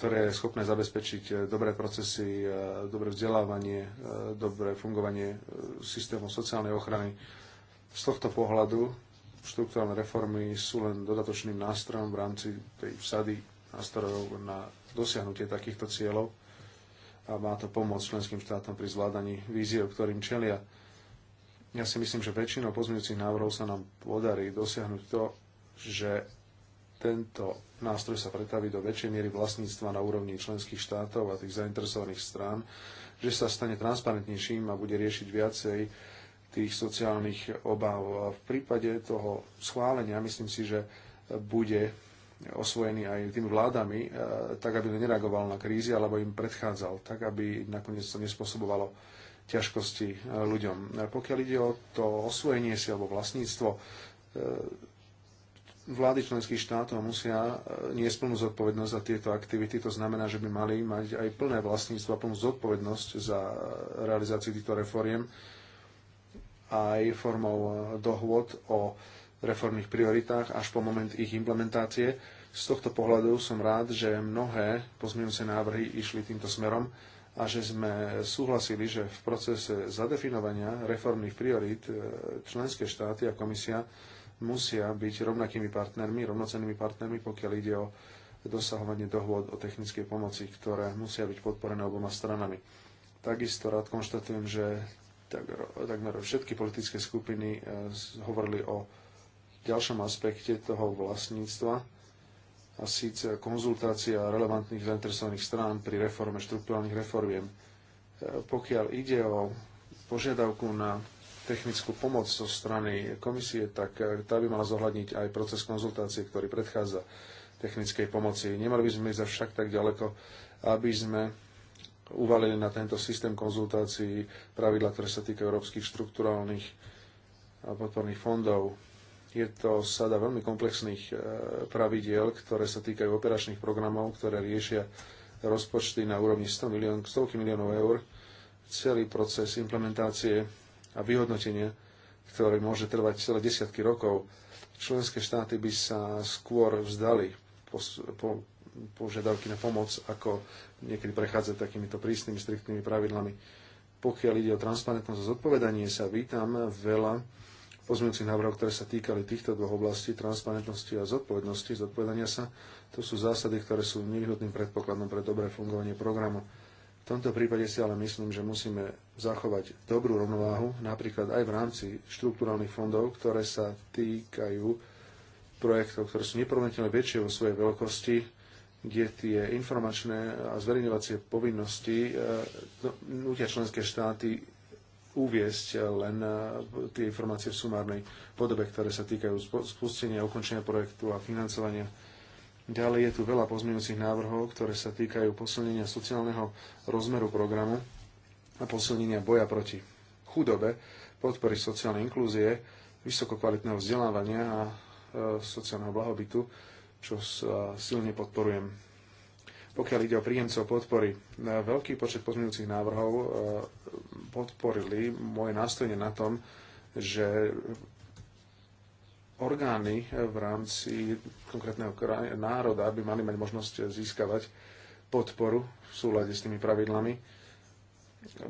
B: ktoré je schopné zabezpečiť eh, dobré procesy, eh, dobré vzdelávanie, eh, dobré fungovanie systému sociálnej ochrany. Z tohto pohľadu štruktúrálne reformy sú len dodatočným nástrojom v rámci tej vsady nástrojov na dosiahnutie takýchto cieľov a má to pomôcť členským štátom pri zvládaní víziev, ktorým čelia. Ja si myslím, že väčšinou pozmeňujúcich návrhov sa nám podarí dosiahnuť to, že tento nástroj sa pretaví do väčšej miery vlastníctva na úrovni členských štátov a tých zainteresovaných strán, že sa stane transparentnejším a bude riešiť viacej tých sociálnych obáv. V prípade toho schválenia myslím si, že bude osvojený aj tými vládami, e, tak aby nereagoval na krízy, alebo im predchádzal, tak aby nakoniec to nespôsobovalo ťažkosti e, ľuďom. E, pokiaľ ide o to osvojenie si alebo vlastníctvo, vlády členských štátov musia niesť plnú zodpovednosť za tieto aktivity. To znamená, že by mali mať aj plné vlastníctvo a plnú zodpovednosť za realizáciu týchto reforiem aj formou e, dohôd o reformných prioritách až po moment ich implementácie. Z tohto pohľadu som rád, že mnohé pozmeňujúce návrhy išli týmto smerom a že sme súhlasili, že v procese zadefinovania reformných priorít e, členské štáty a komisia musia byť rovnakými partnermi, rovnocennými partnermi, pokiaľ ide o dosahovanie dohôd o technickej pomoci, ktoré musia byť podporené oboma stranami. Takisto rád konštatujem, že takmer, takmer všetky politické skupiny eh, hovorili o ďalšom aspekte toho vlastníctva a síce konzultácia relevantných zainteresovaných strán pri reforme štruktúrálnych reformiem. Eh, pokiaľ ide o požiadavku na technickú pomoc zo strany komisie, tak eh, tá by mala zohľadniť aj proces konzultácie, ktorý predchádza technickej pomoci. Nemali by sme ísť však tak ďaleko, aby sme uvalili na tento systém konzultácií pravidla, ktoré sa týka európskych štrukturálnych a podporných fondov. Je to sada veľmi komplexných e, pravidiel, ktoré sa týkajú operačných programov, ktoré riešia rozpočty na úrovni 100 milión, stovky miliónov eur. Celý proces implementácie a vyhodnotenia, ktoré môže trvať celé desiatky rokov, členské štáty by sa skôr vzdali po, po požiadavky na pomoc, ako niekedy prechádzať takýmito prísnymi, striktnými pravidlami. Pokiaľ ide o transparentnosť a zodpovedanie, sa vítam veľa pozmeňujúcich návrhov, ktoré sa týkali týchto dvoch oblastí, transparentnosti a zodpovednosti, zodpovedania sa, to sú zásady, ktoré sú nevyhnutným predpokladom pre dobré fungovanie programu. V tomto prípade si ale myslím, že musíme zachovať dobrú rovnováhu, napríklad aj v rámci štruktúrálnych fondov, ktoré sa týkajú projektov, ktoré sú neporovnateľne väčšie vo svojej veľkosti, kde tie informačné a zverejňovacie povinnosti e, no, nutia členské štáty uviesť len e, tie informácie v sumárnej podobe, ktoré sa týkajú spustenia, ukončenia projektu a financovania. Ďalej je tu veľa pozmeňujúcich návrhov, ktoré sa týkajú posilnenia sociálneho rozmeru programu a posilnenia boja proti chudobe, podpory sociálnej inklúzie, vysokokvalitného vzdelávania a e, sociálneho blahobytu čo sa silne podporujem. Pokiaľ ide o príjemcov podpory, e, veľký počet pozmeňujúcich návrhov e, podporili moje nástojenie na tom, že orgány v rámci konkrétneho národa by mali mať možnosť získavať podporu v súlade s tými pravidlami.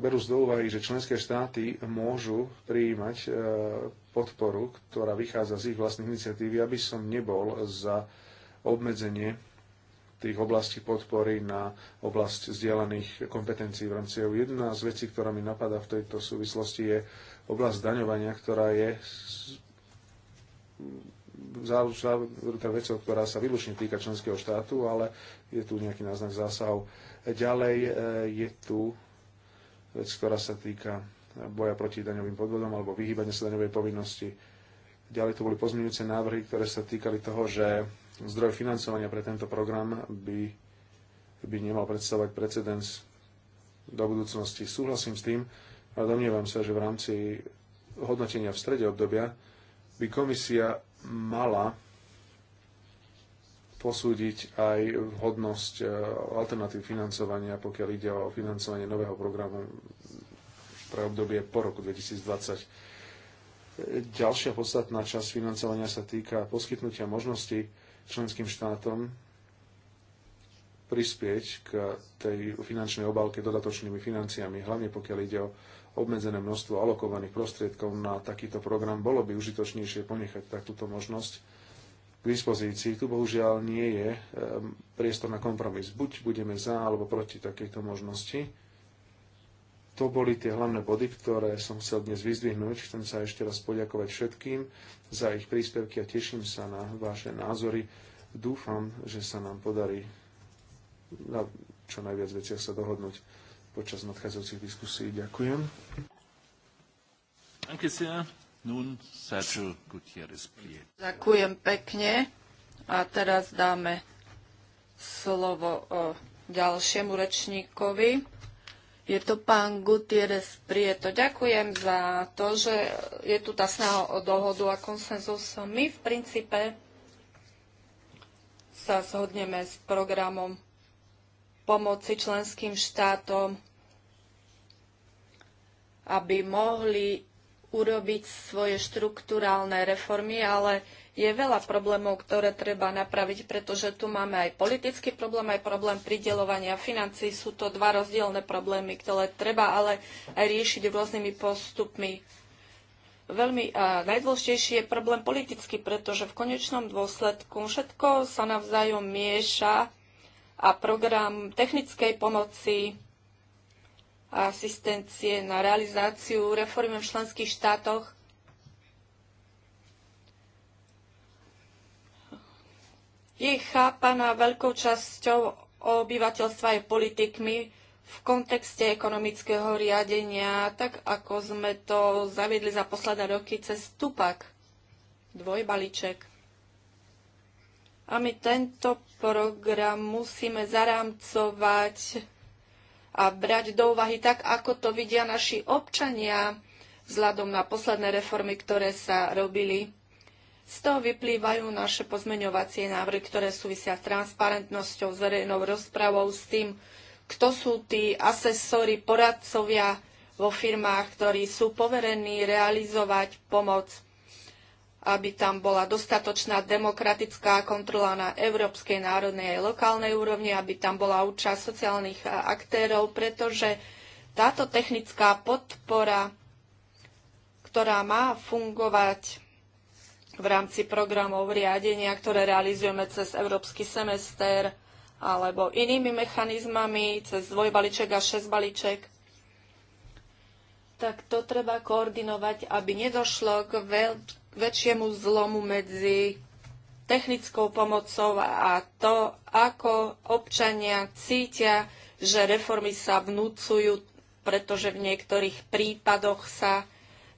B: Berú z dôvahy, úvahy, že členské štáty môžu prijímať e, podporu, ktorá vychádza z ich vlastných iniciatívy, aby som nebol za obmedzenie tých oblastí podpory na oblasť zdieľaných kompetencií v rámci EU. Jedna z vecí, ktorá mi napadá v tejto súvislosti, je oblasť daňovania, ktorá je záležitá vecou, ktorá sa výlučne týka členského štátu, ale je tu nejaký náznak zásahov. Ďalej e, je tu vec, ktorá sa týka boja proti daňovým podvodom alebo vyhýbania sa daňovej povinnosti. Ďalej tu boli pozmeňujúce návrhy, ktoré sa týkali toho, že zdroj financovania pre tento program by, by nemal predstavovať precedens do budúcnosti. Súhlasím s tým a domnievam sa, že v rámci hodnotenia v strede obdobia by komisia mala posúdiť aj vhodnosť e, alternatív financovania, pokiaľ ide o financovanie nového programu pre obdobie po roku 2020. E, ďalšia podstatná časť financovania sa týka poskytnutia možnosti členským štátom prispieť k tej finančnej obálke dodatočnými financiami, hlavne pokiaľ ide o obmedzené množstvo alokovaných prostriedkov na takýto program, bolo by užitočnejšie ponechať takúto možnosť k dispozícii. Tu bohužiaľ nie je ehm, priestor na kompromis. Buď budeme za alebo proti takejto možnosti to boli tie hlavné body, ktoré som chcel dnes vyzdvihnúť. Chcem sa ešte raz poďakovať všetkým za ich príspevky a teším sa na vaše názory. Dúfam, že sa nám podarí na čo najviac veciach sa dohodnúť počas nadchádzajúcich diskusí. Ďakujem.
A: Ďakujem
D: pekne. A teraz dáme slovo ďalšiemu rečníkovi. Je to pán Gutierrez Prieto. Ďakujem za to, že je tu tá snaha o dohodu a konsenzus. My v princípe sa zhodneme s programom pomoci členským štátom, aby mohli urobiť svoje štruktúrálne reformy, ale je veľa problémov, ktoré treba napraviť, pretože tu máme aj politický problém, aj problém pridelovania financí. Sú to dva rozdielne problémy, ktoré treba ale aj riešiť rôznymi postupmi. Veľmi a najdôležitejší je problém politický, pretože v konečnom dôsledku všetko sa navzájom mieša a program technickej pomoci a asistencie na realizáciu reformy v členských štátoch je chápaná veľkou časťou obyvateľstva aj politikmi v kontexte ekonomického riadenia, tak ako sme to zaviedli za posledné roky cez Tupak, dvojbalíček. A my tento program musíme zarámcovať a brať do úvahy tak, ako to vidia naši občania vzhľadom na posledné reformy, ktoré sa robili z toho vyplývajú naše pozmeňovacie návrhy, ktoré súvisia s transparentnosťou, s verejnou rozpravou, s tým, kto sú tí asesori, poradcovia vo firmách, ktorí sú poverení realizovať pomoc aby tam bola dostatočná demokratická kontrola na európskej, národnej aj lokálnej úrovni, aby tam bola účasť sociálnych aktérov, pretože táto technická podpora, ktorá má fungovať v rámci programov riadenia, ktoré realizujeme cez európsky semester alebo inými mechanizmami, cez dvojbaliček a šesťbaliček,
A: tak to treba
D: koordinovať, aby nedošlo k väčšiemu zlomu medzi technickou pomocou a to, ako občania cítia, že reformy sa vnúcujú, pretože v niektorých prípadoch sa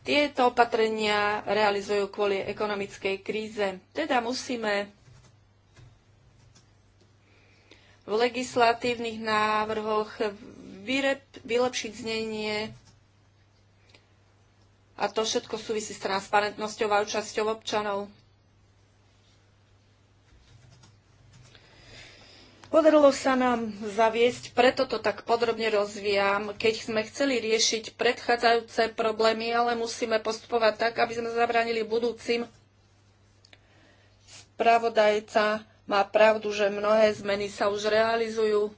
D: tieto opatrenia realizujú kvôli ekonomickej kríze. Teda musíme v legislatívnych návrhoch vylepšiť znenie a to všetko súvisí s transparentnosťou a účasťou občanov. Podarilo sa nám zaviesť, preto to tak podrobne rozvíjam, keď sme chceli riešiť predchádzajúce problémy, ale musíme postupovať tak, aby sme zabránili budúcim. Spravodajca má pravdu, že mnohé zmeny sa už realizujú.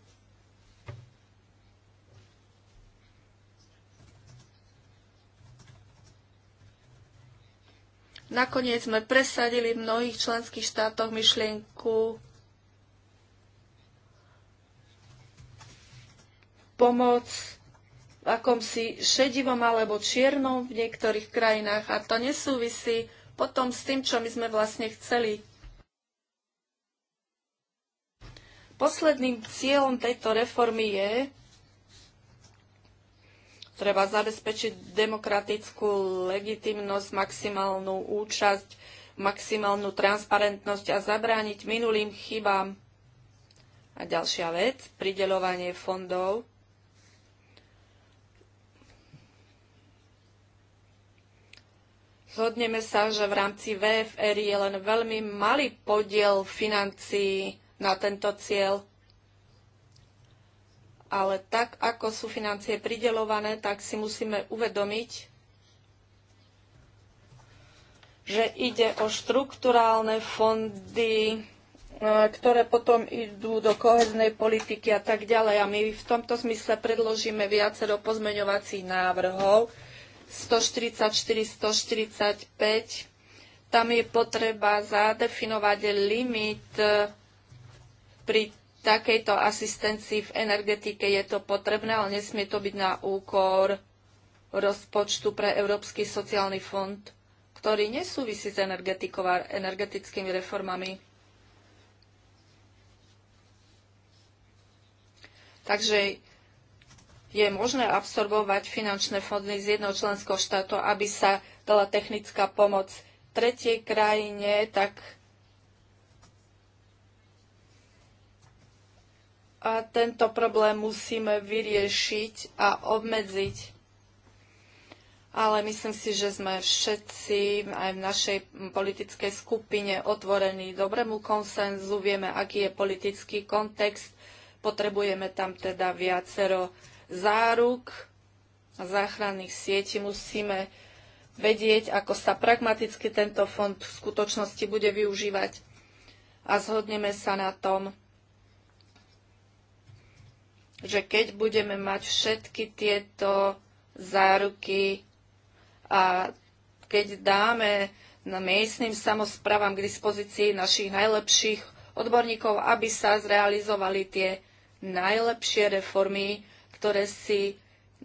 D: Nakoniec sme presadili v mnohých členských štátoch myšlienku pomoc v akomsi šedivom alebo čiernom v niektorých krajinách a to nesúvisí potom s tým, čo my sme vlastne chceli. Posledným cieľom tejto reformy je treba zabezpečiť demokratickú legitimnosť, maximálnu účasť, maximálnu transparentnosť a zabrániť minulým chybám. A ďalšia vec, prideľovanie fondov Zhodneme sa, že v rámci VFR je len veľmi malý podiel financií na tento cieľ. Ale tak, ako sú financie pridelované, tak si musíme uvedomiť, že ide o štrukturálne fondy, e, ktoré potom idú do koheznej politiky a tak ďalej. A my v tomto smysle predložíme viacero pozmeňovacích návrhov, 144, 145. Tam je potreba zadefinovať limit e, pri takejto asistencii v energetike. Je to potrebné, ale nesmie to byť na úkor rozpočtu pre Európsky sociálny fond, ktorý nesúvisí s energetikou a energetickými reformami. Takže je možné absorbovať finančné fondy z jedného členského štátu, aby sa dala technická pomoc tretej krajine, tak a tento problém musíme vyriešiť a obmedziť. Ale myslím si, že sme všetci aj v našej politickej skupine otvorení dobrému konsenzu, vieme, aký je politický kontext, potrebujeme tam teda viacero záruk a záchranných sietí musíme vedieť, ako sa pragmaticky tento fond v skutočnosti bude využívať. A zhodneme sa na tom, že keď budeme mať všetky tieto záruky a keď dáme na miestnym samozprávam k dispozícii našich najlepších odborníkov, aby sa zrealizovali tie najlepšie reformy, ktoré si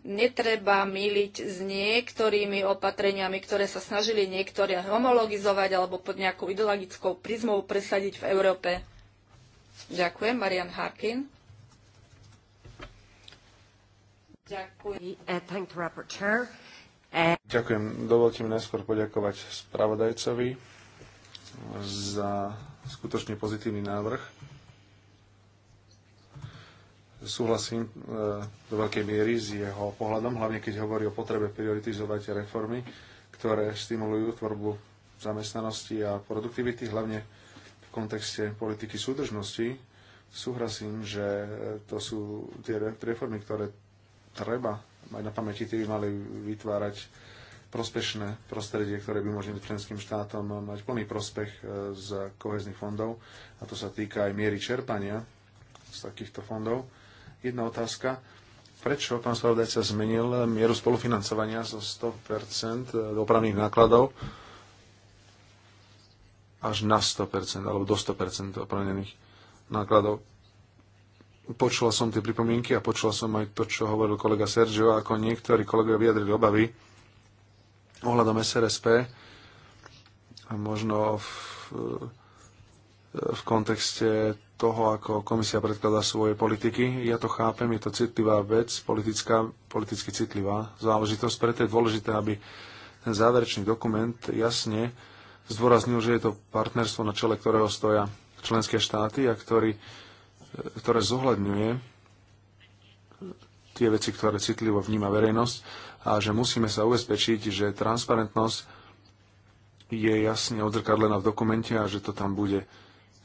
D: netreba myliť s niektorými opatreniami, ktoré sa snažili niektoré homologizovať alebo pod nejakou ideologickou prizmou presadiť v Európe. Ďakujem, Marian Harkin. Ďakujem.
B: Ďakujem. Dovolte mi najskôr poďakovať spravodajcovi za skutočne pozitívny návrh súhlasím e, do veľkej miery s jeho pohľadom, hlavne keď hovorí o potrebe prioritizovať reformy, ktoré stimulujú tvorbu zamestnanosti a produktivity, hlavne v kontexte politiky súdržnosti. Súhlasím, že to sú tie reformy, ktoré treba mať na pamäti, tie by mali vytvárať prospešné prostredie, ktoré by umožnili členským štátom mať plný prospech e, z kohezných fondov. A to sa týka aj miery čerpania z takýchto fondov. Jedna otázka. Prečo pán spravodajca zmenil mieru spolufinancovania zo 100% dopravných nákladov až na 100% alebo do 100% opravnených nákladov? Počul som tie pripomienky a počul som aj to, čo hovoril kolega Sergio, ako niektorí kolegovia vyjadrili obavy ohľadom SRSP a možno v v kontexte toho, ako komisia predkladá svoje politiky. Ja to chápem, je to citlivá vec, politická, politicky citlivá záležitosť, preto je dôležité, aby ten záverečný dokument jasne zdôraznil, že je to partnerstvo, na čele ktorého stoja členské štáty a ktorý, ktoré zohľadňuje tie veci, ktoré citlivo vníma verejnosť a že musíme sa ubezpečiť, že transparentnosť je jasne odzrkadlená v dokumente a že to tam bude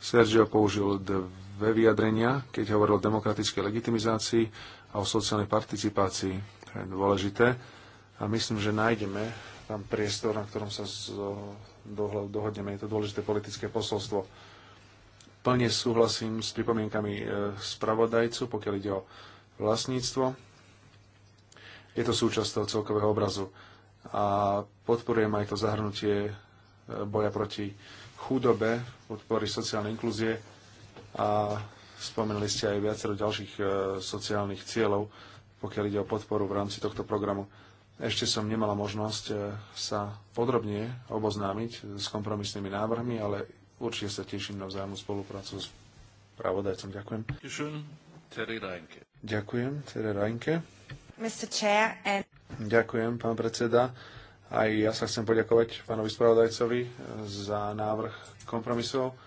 B: Sergio použil dve vyjadrenia, keď hovoril o demokratickej legitimizácii a o sociálnej participácii. To je dôležité. A myslím, že nájdeme tam priestor, na ktorom sa dohodneme. Je to dôležité politické posolstvo. Plne súhlasím s pripomienkami e, spravodajcu, pokiaľ ide o vlastníctvo. Je to súčasť toho celkového obrazu. A podporujem aj to zahrnutie e, boja proti chudobe, podpory sociálnej inklúzie a spomenuli ste aj viacero ďalších e, sociálnych cieľov, pokiaľ ide o podporu v rámci tohto programu. Ešte som nemala možnosť e, sa podrobne oboznámiť s kompromisnými návrhmi, ale určite sa teším na vzájomnú spoluprácu s pravodajcom. Ďakujem. Ďakujem, Tere Reinke. Ďakujem, pán predseda. Aj ja sa chcem poďakovať pánovi spravodajcovi eh, za návrh kompromisov.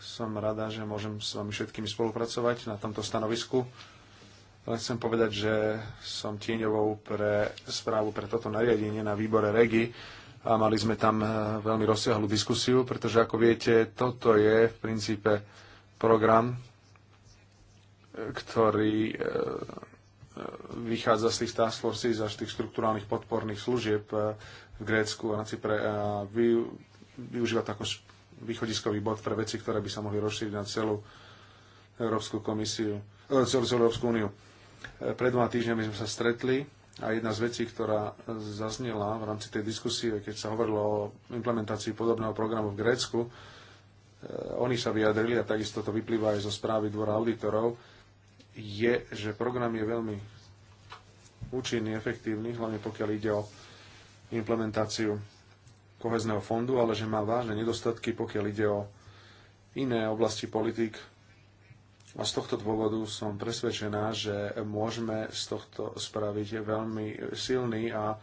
B: Som rada, že môžem s vami všetkými spolupracovať na tomto stanovisku. Len chcem povedať, že som tieňovou pre správu pre toto nariadenie na výbore REGI a mali sme tam eh, veľmi rozsiahlu diskusiu, pretože ako viete, toto je v princípe program, eh, ktorý vychádza z tých task forces a z tých štruktúrálnych podporných služieb eh, v Grécku a na Cypre a vy, to ako východiskový bod pre veci, ktoré by sa mohli rozšíriť na celú Európsku komisiu, eh, celú, celú Európsku úniu. Eh, pred dvoma týždňami sme sa stretli a jedna z vecí, ktorá zaznela v rámci tej diskusie, keď sa hovorilo o implementácii podobného programu v Grécku, oni sa vyjadrili a takisto to vyplýva aj zo správy dvora auditorov, je, že program je veľmi účinný, efektívny, hlavne pokiaľ ide o implementáciu kohezného fondu, ale že má vážne nedostatky, pokiaľ ide o iné oblasti politik A z tohto dôvodu som presvedčená, že môžeme z tohto spraviť veľmi silný a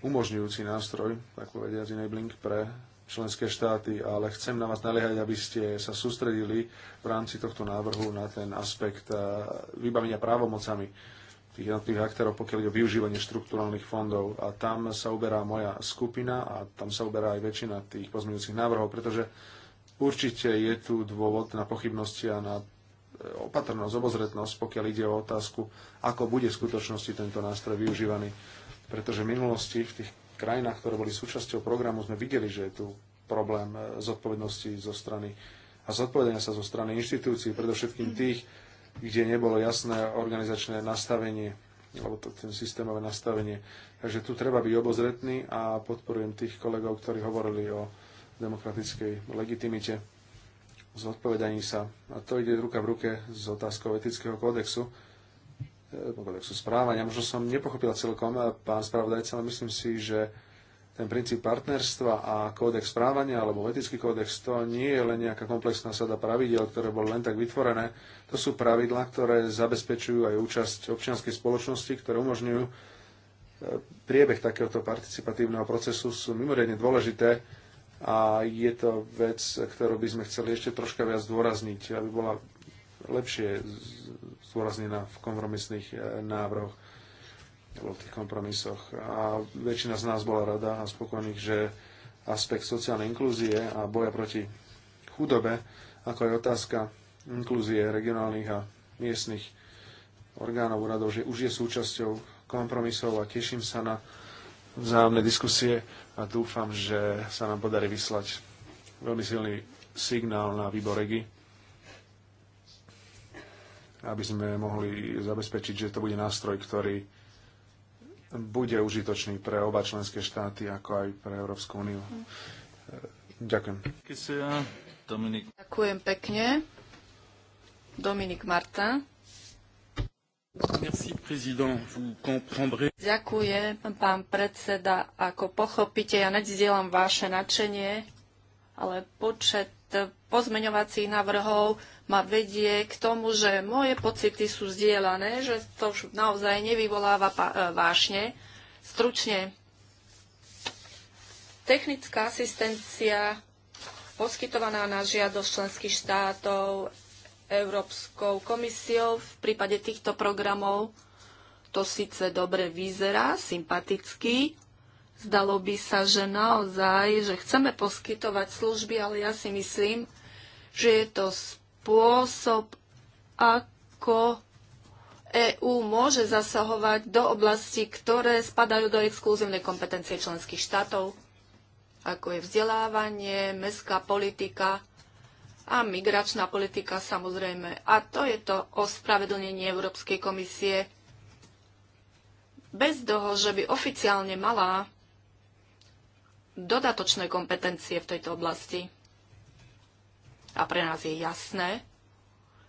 B: umožňujúci nástroj, tak povediať enabling, pre členské štáty, ale chcem na vás naliehať, aby ste sa sústredili v rámci tohto návrhu na ten aspekt eh, vybavenia právomocami tých jednotlivých aktérov, pokiaľ ide o využívanie štruktúrnych fondov. A tam sa uberá moja skupina a tam sa uberá aj väčšina tých pozmeňujúcich návrhov, pretože určite je tu dôvod na pochybnosti a na eh, opatrnosť, obozretnosť, pokiaľ ide o otázku, ako bude v skutočnosti tento nástroj využívaný. Pretože v minulosti v tých krajinách, ktoré boli súčasťou programu, sme videli, že je tu problém e, zodpovednosti zo strany a zodpovedania sa zo strany inštitúcií, predovšetkým mhm. tých, kde nebolo jasné organizačné nastavenie alebo to, ten systémové nastavenie. Takže tu treba byť obozretný a podporujem tých kolegov, ktorí hovorili o demokratickej legitimite, zodpovedaní sa. A to ide ruka v ruke s otázkou etického kódexu sú správania. Možno som nepochopila celkom, eh, pán spravodajca, ale myslím si, že ten princíp partnerstva a kódex správania alebo etický kódex to nie je len nejaká komplexná sada pravidiel, ktoré boli len tak vytvorené. To sú pravidlá, ktoré zabezpečujú aj účasť občianskej spoločnosti, ktoré umožňujú eh, priebeh takéhoto participatívneho procesu sú mimoriadne dôležité a je to vec, ktorú by sme chceli ešte troška viac zdôrazniť, aby bola lepšie zdôraznená v kompromisných e, návrhoch alebo v tých kompromisoch. A väčšina z nás bola rada a spokojných, že aspekt sociálnej inklúzie a boja proti chudobe, ako aj otázka inklúzie regionálnych a miestnych orgánov úradov, že už je súčasťou kompromisov a teším sa na vzájomné diskusie a dúfam, že sa nám podarí vyslať veľmi silný signál na výbor REGI aby sme mohli zabezpečiť, že to bude nástroj, ktorý bude užitočný pre oba členské štáty, ako aj pre Európsku úniu. Ďakujem.
D: Ďakujem pekne. Dominik Martin. Merci, Ďakujem, pán predseda. Ako pochopíte, ja nedzielam vaše nadšenie, ale počet pozmeňovací návrhov ma vedie k tomu, že moje pocity sú zdieľané, že to naozaj nevyvoláva e, vášne. Stručne, technická asistencia poskytovaná na žiadosť členských štátov Európskou komisiou v prípade týchto programov, to síce dobre vyzerá, sympaticky, Zdalo by sa, že naozaj, že chceme poskytovať služby, ale ja si myslím, že je to spôsob, ako EÚ môže zasahovať do oblasti, ktoré spadajú do exkluzívnej kompetencie členských štátov, ako je vzdelávanie, mestská politika a migračná politika samozrejme. A to je to ospravedlnenie Európskej komisie bez toho, že by oficiálne mala dodatočné kompetencie v tejto oblasti. A pre nás je jasné,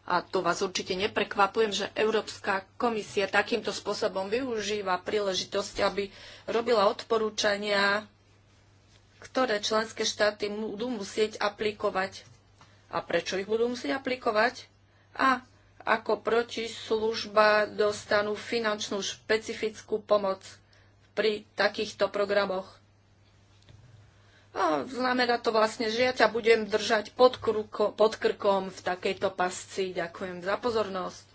D: a to vás určite neprekvapujem, že Európska komisia takýmto spôsobom využíva príležitosť, aby robila odporúčania, ktoré členské štáty budú musieť aplikovať. A prečo ich budú musieť aplikovať? A ako protislužba dostanú finančnú špecifickú pomoc pri takýchto programoch. A znamená to vlastne, že ja ťa budem držať pod, kruko, pod krkom v takejto pasci. Ďakujem za pozornosť.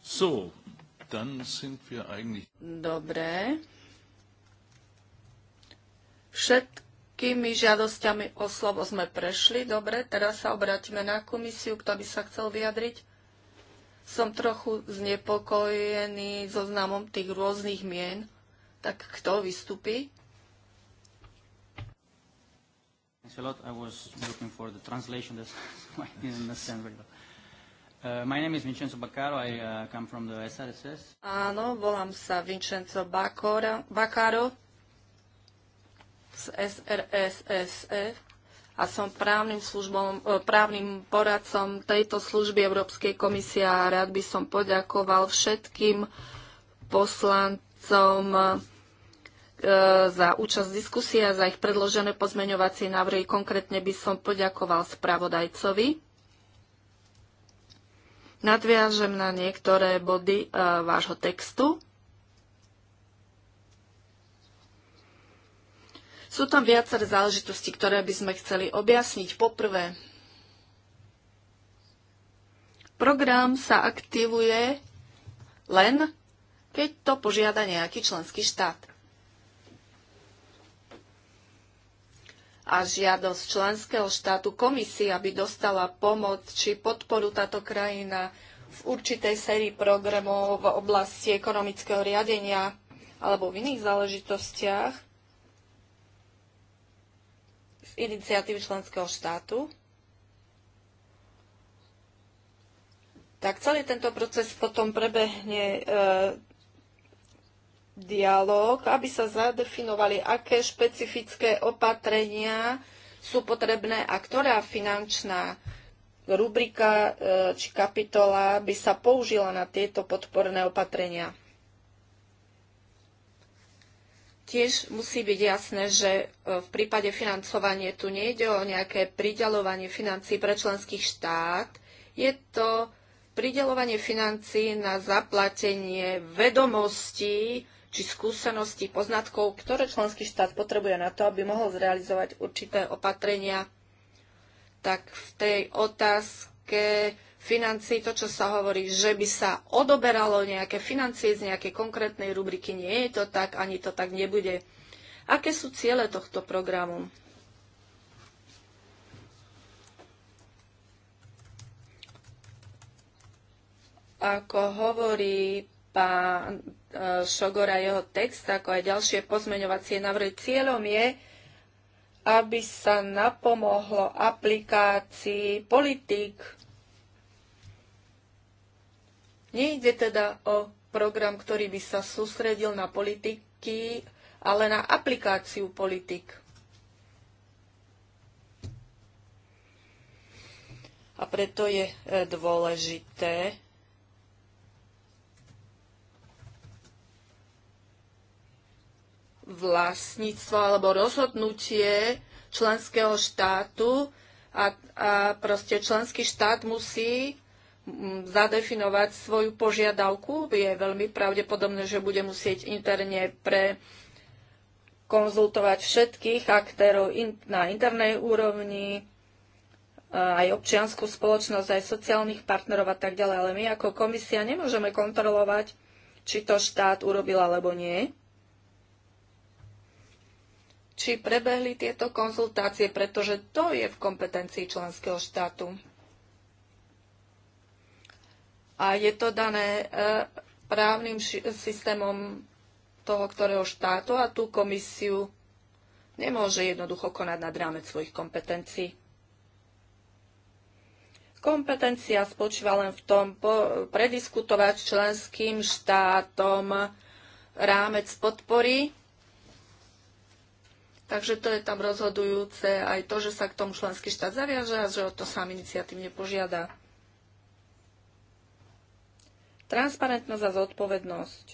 A: So, dann sind wir eigentlich...
D: Dobre. Všetkými žiadosťami o slovo sme prešli. Dobre, teraz sa obrátime na komisiu. Kto by sa chcel vyjadriť? som trochu znepokojený zoznamom so tých rôznych mien. Tak kto vystupí? Thanks a lot. I was looking for the translation, that's why I didn't understand very well. Uh, my name is Vincenzo Baccaro, I uh, come from the SRSS. Áno, volám sa Vincenzo Baccaro, Baccaro z SRSSF e a som právnym, službom, e, právnym poradcom tejto služby Európskej komisie a rád by som poďakoval všetkým poslancom e, za účasť diskusie a za ich predložené pozmeňovacie návrhy. Konkrétne by som poďakoval spravodajcovi. Nadviažem na niektoré body e, vášho textu. Sú tam viaceré záležitosti, ktoré by sme chceli objasniť. Poprvé, program sa aktivuje len, keď to požiada nejaký členský štát. A žiadosť členského štátu komisii, aby dostala pomoc či podporu táto krajina v určitej sérii programov v oblasti ekonomického riadenia alebo v iných záležitostiach, iniciatívy členského štátu, tak celý tento proces potom prebehne e, dialog, aby sa zadefinovali, aké špecifické opatrenia sú potrebné a ktorá finančná rubrika e, či kapitola by sa použila na tieto podporné opatrenia. Tiež musí byť jasné, že e, v prípade financovanie tu nejde o nejaké pridelovanie financí pre členských štát. Je to pridelovanie financí na zaplatenie vedomostí či skúseností, poznatkov, ktoré členský štát potrebuje na to, aby mohol zrealizovať určité opatrenia. Tak v tej otázke financií, to, čo sa hovorí, že by sa odoberalo nejaké financie z nejakej konkrétnej rubriky, nie je to tak, ani to tak nebude. Aké sú ciele tohto programu? Ako hovorí pán e, Šogora jeho text, ako aj ďalšie pozmeňovacie návrhy, cieľom je, aby sa napomohlo aplikácii politik Nejde teda o program, ktorý by sa sústredil na politiky, ale na aplikáciu politik. A preto je e, dôležité, vlastníctvo alebo rozhodnutie členského štátu a, a proste členský štát musí zadefinovať svoju požiadavku. Je veľmi pravdepodobné, že bude musieť interne pre konzultovať všetkých aktérov in, na internej úrovni, e, aj občianskú spoločnosť, aj sociálnych partnerov a tak ďalej. Ale my ako komisia nemôžeme kontrolovať, či to štát urobil alebo nie. Či prebehli tieto konzultácie, pretože to je v kompetencii členského štátu a je to dané e, právnym systémom toho, ktorého štátu a tú komisiu nemôže jednoducho konať nad rámec svojich kompetencií. Kompetencia spočíva len v tom prediskutovať členským štátom rámec podpory. Takže to je tam rozhodujúce aj to, že sa k tomu členský štát zaviaže a že o to sám iniciatívne požiada. Transparentnosť a zodpovednosť.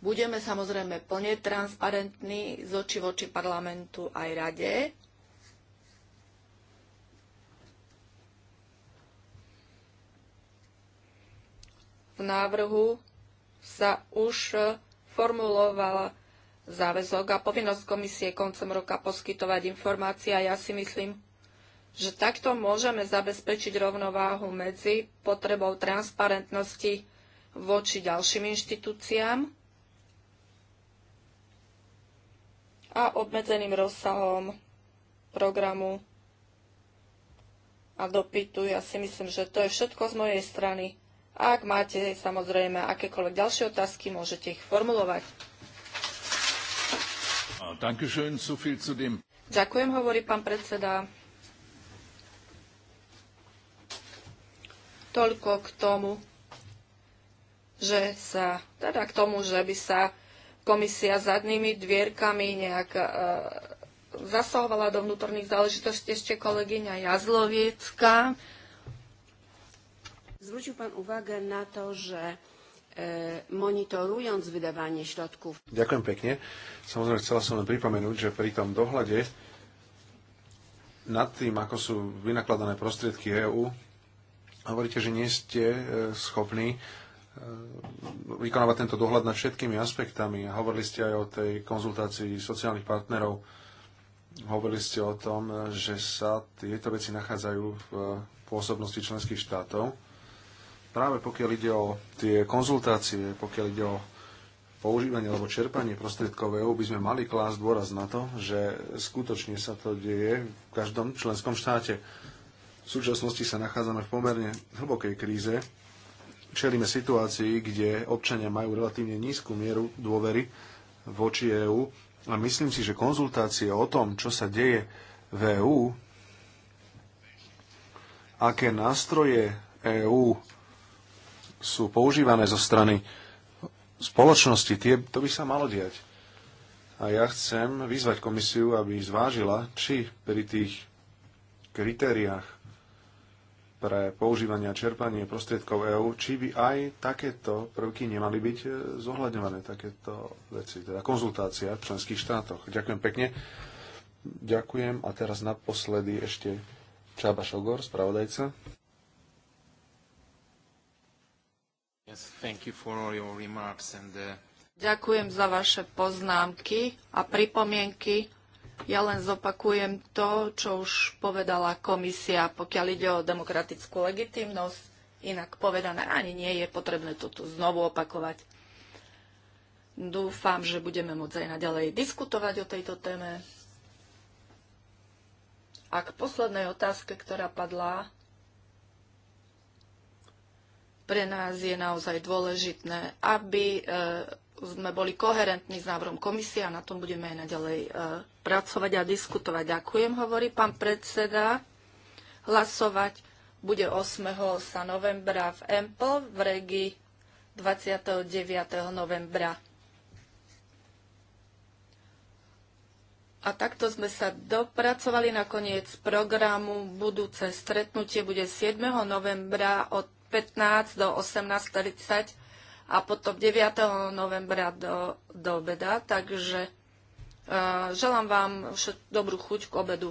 D: Budeme samozrejme plne transparentní z oči voči parlamentu aj rade. V návrhu sa už formuloval záväzok a povinnosť komisie koncom roka poskytovať informácie a ja si myslím, že takto môžeme zabezpečiť rovnováhu medzi potrebou transparentnosti voči ďalším inštitúciám a obmedzeným rozsahom programu a dopytu. Ja si myslím, že to je všetko z mojej strany. A ak máte samozrejme akékoľvek ďalšie otázky, môžete ich formulovať. Ďakujem, hovorí pán predseda. Toľko k tomu, že sa, teda k tomu, že by sa komisia zadnými dvierkami nejak e, zasahovala do vnútorných záležitostí ešte kolegyňa Jazloviecka. Zwrócił Pan uwagę na to, že e, monitorując vydávanie środków.
B: Ďakujem pekne. Samozrejme, chcela som len pripomenúť, že pri tom dohľade nad tým, ako sú vynakladané prostriedky EÚ, Hovoríte, že nie ste e, schopní e, vykonávať tento dohľad nad všetkými aspektami. Hovorili ste aj o tej konzultácii sociálnych partnerov. Hovorili ste o tom, že sa tieto veci nachádzajú v pôsobnosti členských štátov. Práve pokiaľ ide o tie konzultácie, pokiaľ ide o používanie alebo čerpanie prostriedkov EU, by sme mali klásť dôraz na to, že skutočne sa to deje v každom členskom štáte v súčasnosti sa nachádzame v pomerne hlbokej kríze. Čelíme situácii, kde občania majú relatívne nízku mieru dôvery voči EÚ a myslím si, že konzultácie o tom, čo sa deje v EÚ, aké nástroje EÚ sú používané zo strany spoločnosti, tie, to by sa malo diať. A ja chcem vyzvať komisiu, aby zvážila, či pri tých kritériách pre používanie a čerpanie prostriedkov EÚ, či by aj takéto prvky nemali byť e, zohľadňované, takéto veci, teda konzultácia v členských štátoch. Ďakujem pekne. Ďakujem a teraz naposledy ešte Čába Šogor, spravodajca. Yes, thank you for all your remarks and, uh...
D: Ďakujem za vaše poznámky a pripomienky ja len zopakujem to, čo už povedala komisia, pokiaľ ide o demokratickú legitimnosť. Inak povedané, ani nie je potrebné to tu znovu opakovať. Dúfam, že budeme môcť aj naďalej diskutovať o tejto téme. A k poslednej otázke, ktorá padla, pre nás je naozaj dôležitné, aby e, sme boli koherentní s návrhom komisie a na tom budeme aj naďalej e, pracovať a diskutovať. Ďakujem, hovorí pán predseda. Hlasovať bude 8. sa novembra v EMPL, v REGI 29. novembra. A takto sme sa dopracovali na koniec programu. Budúce stretnutie bude 7. novembra od 15 do 18.30 a potom 9. novembra do, do obeda. Takže eh, želám vám všet, dobrú chuť k obedu.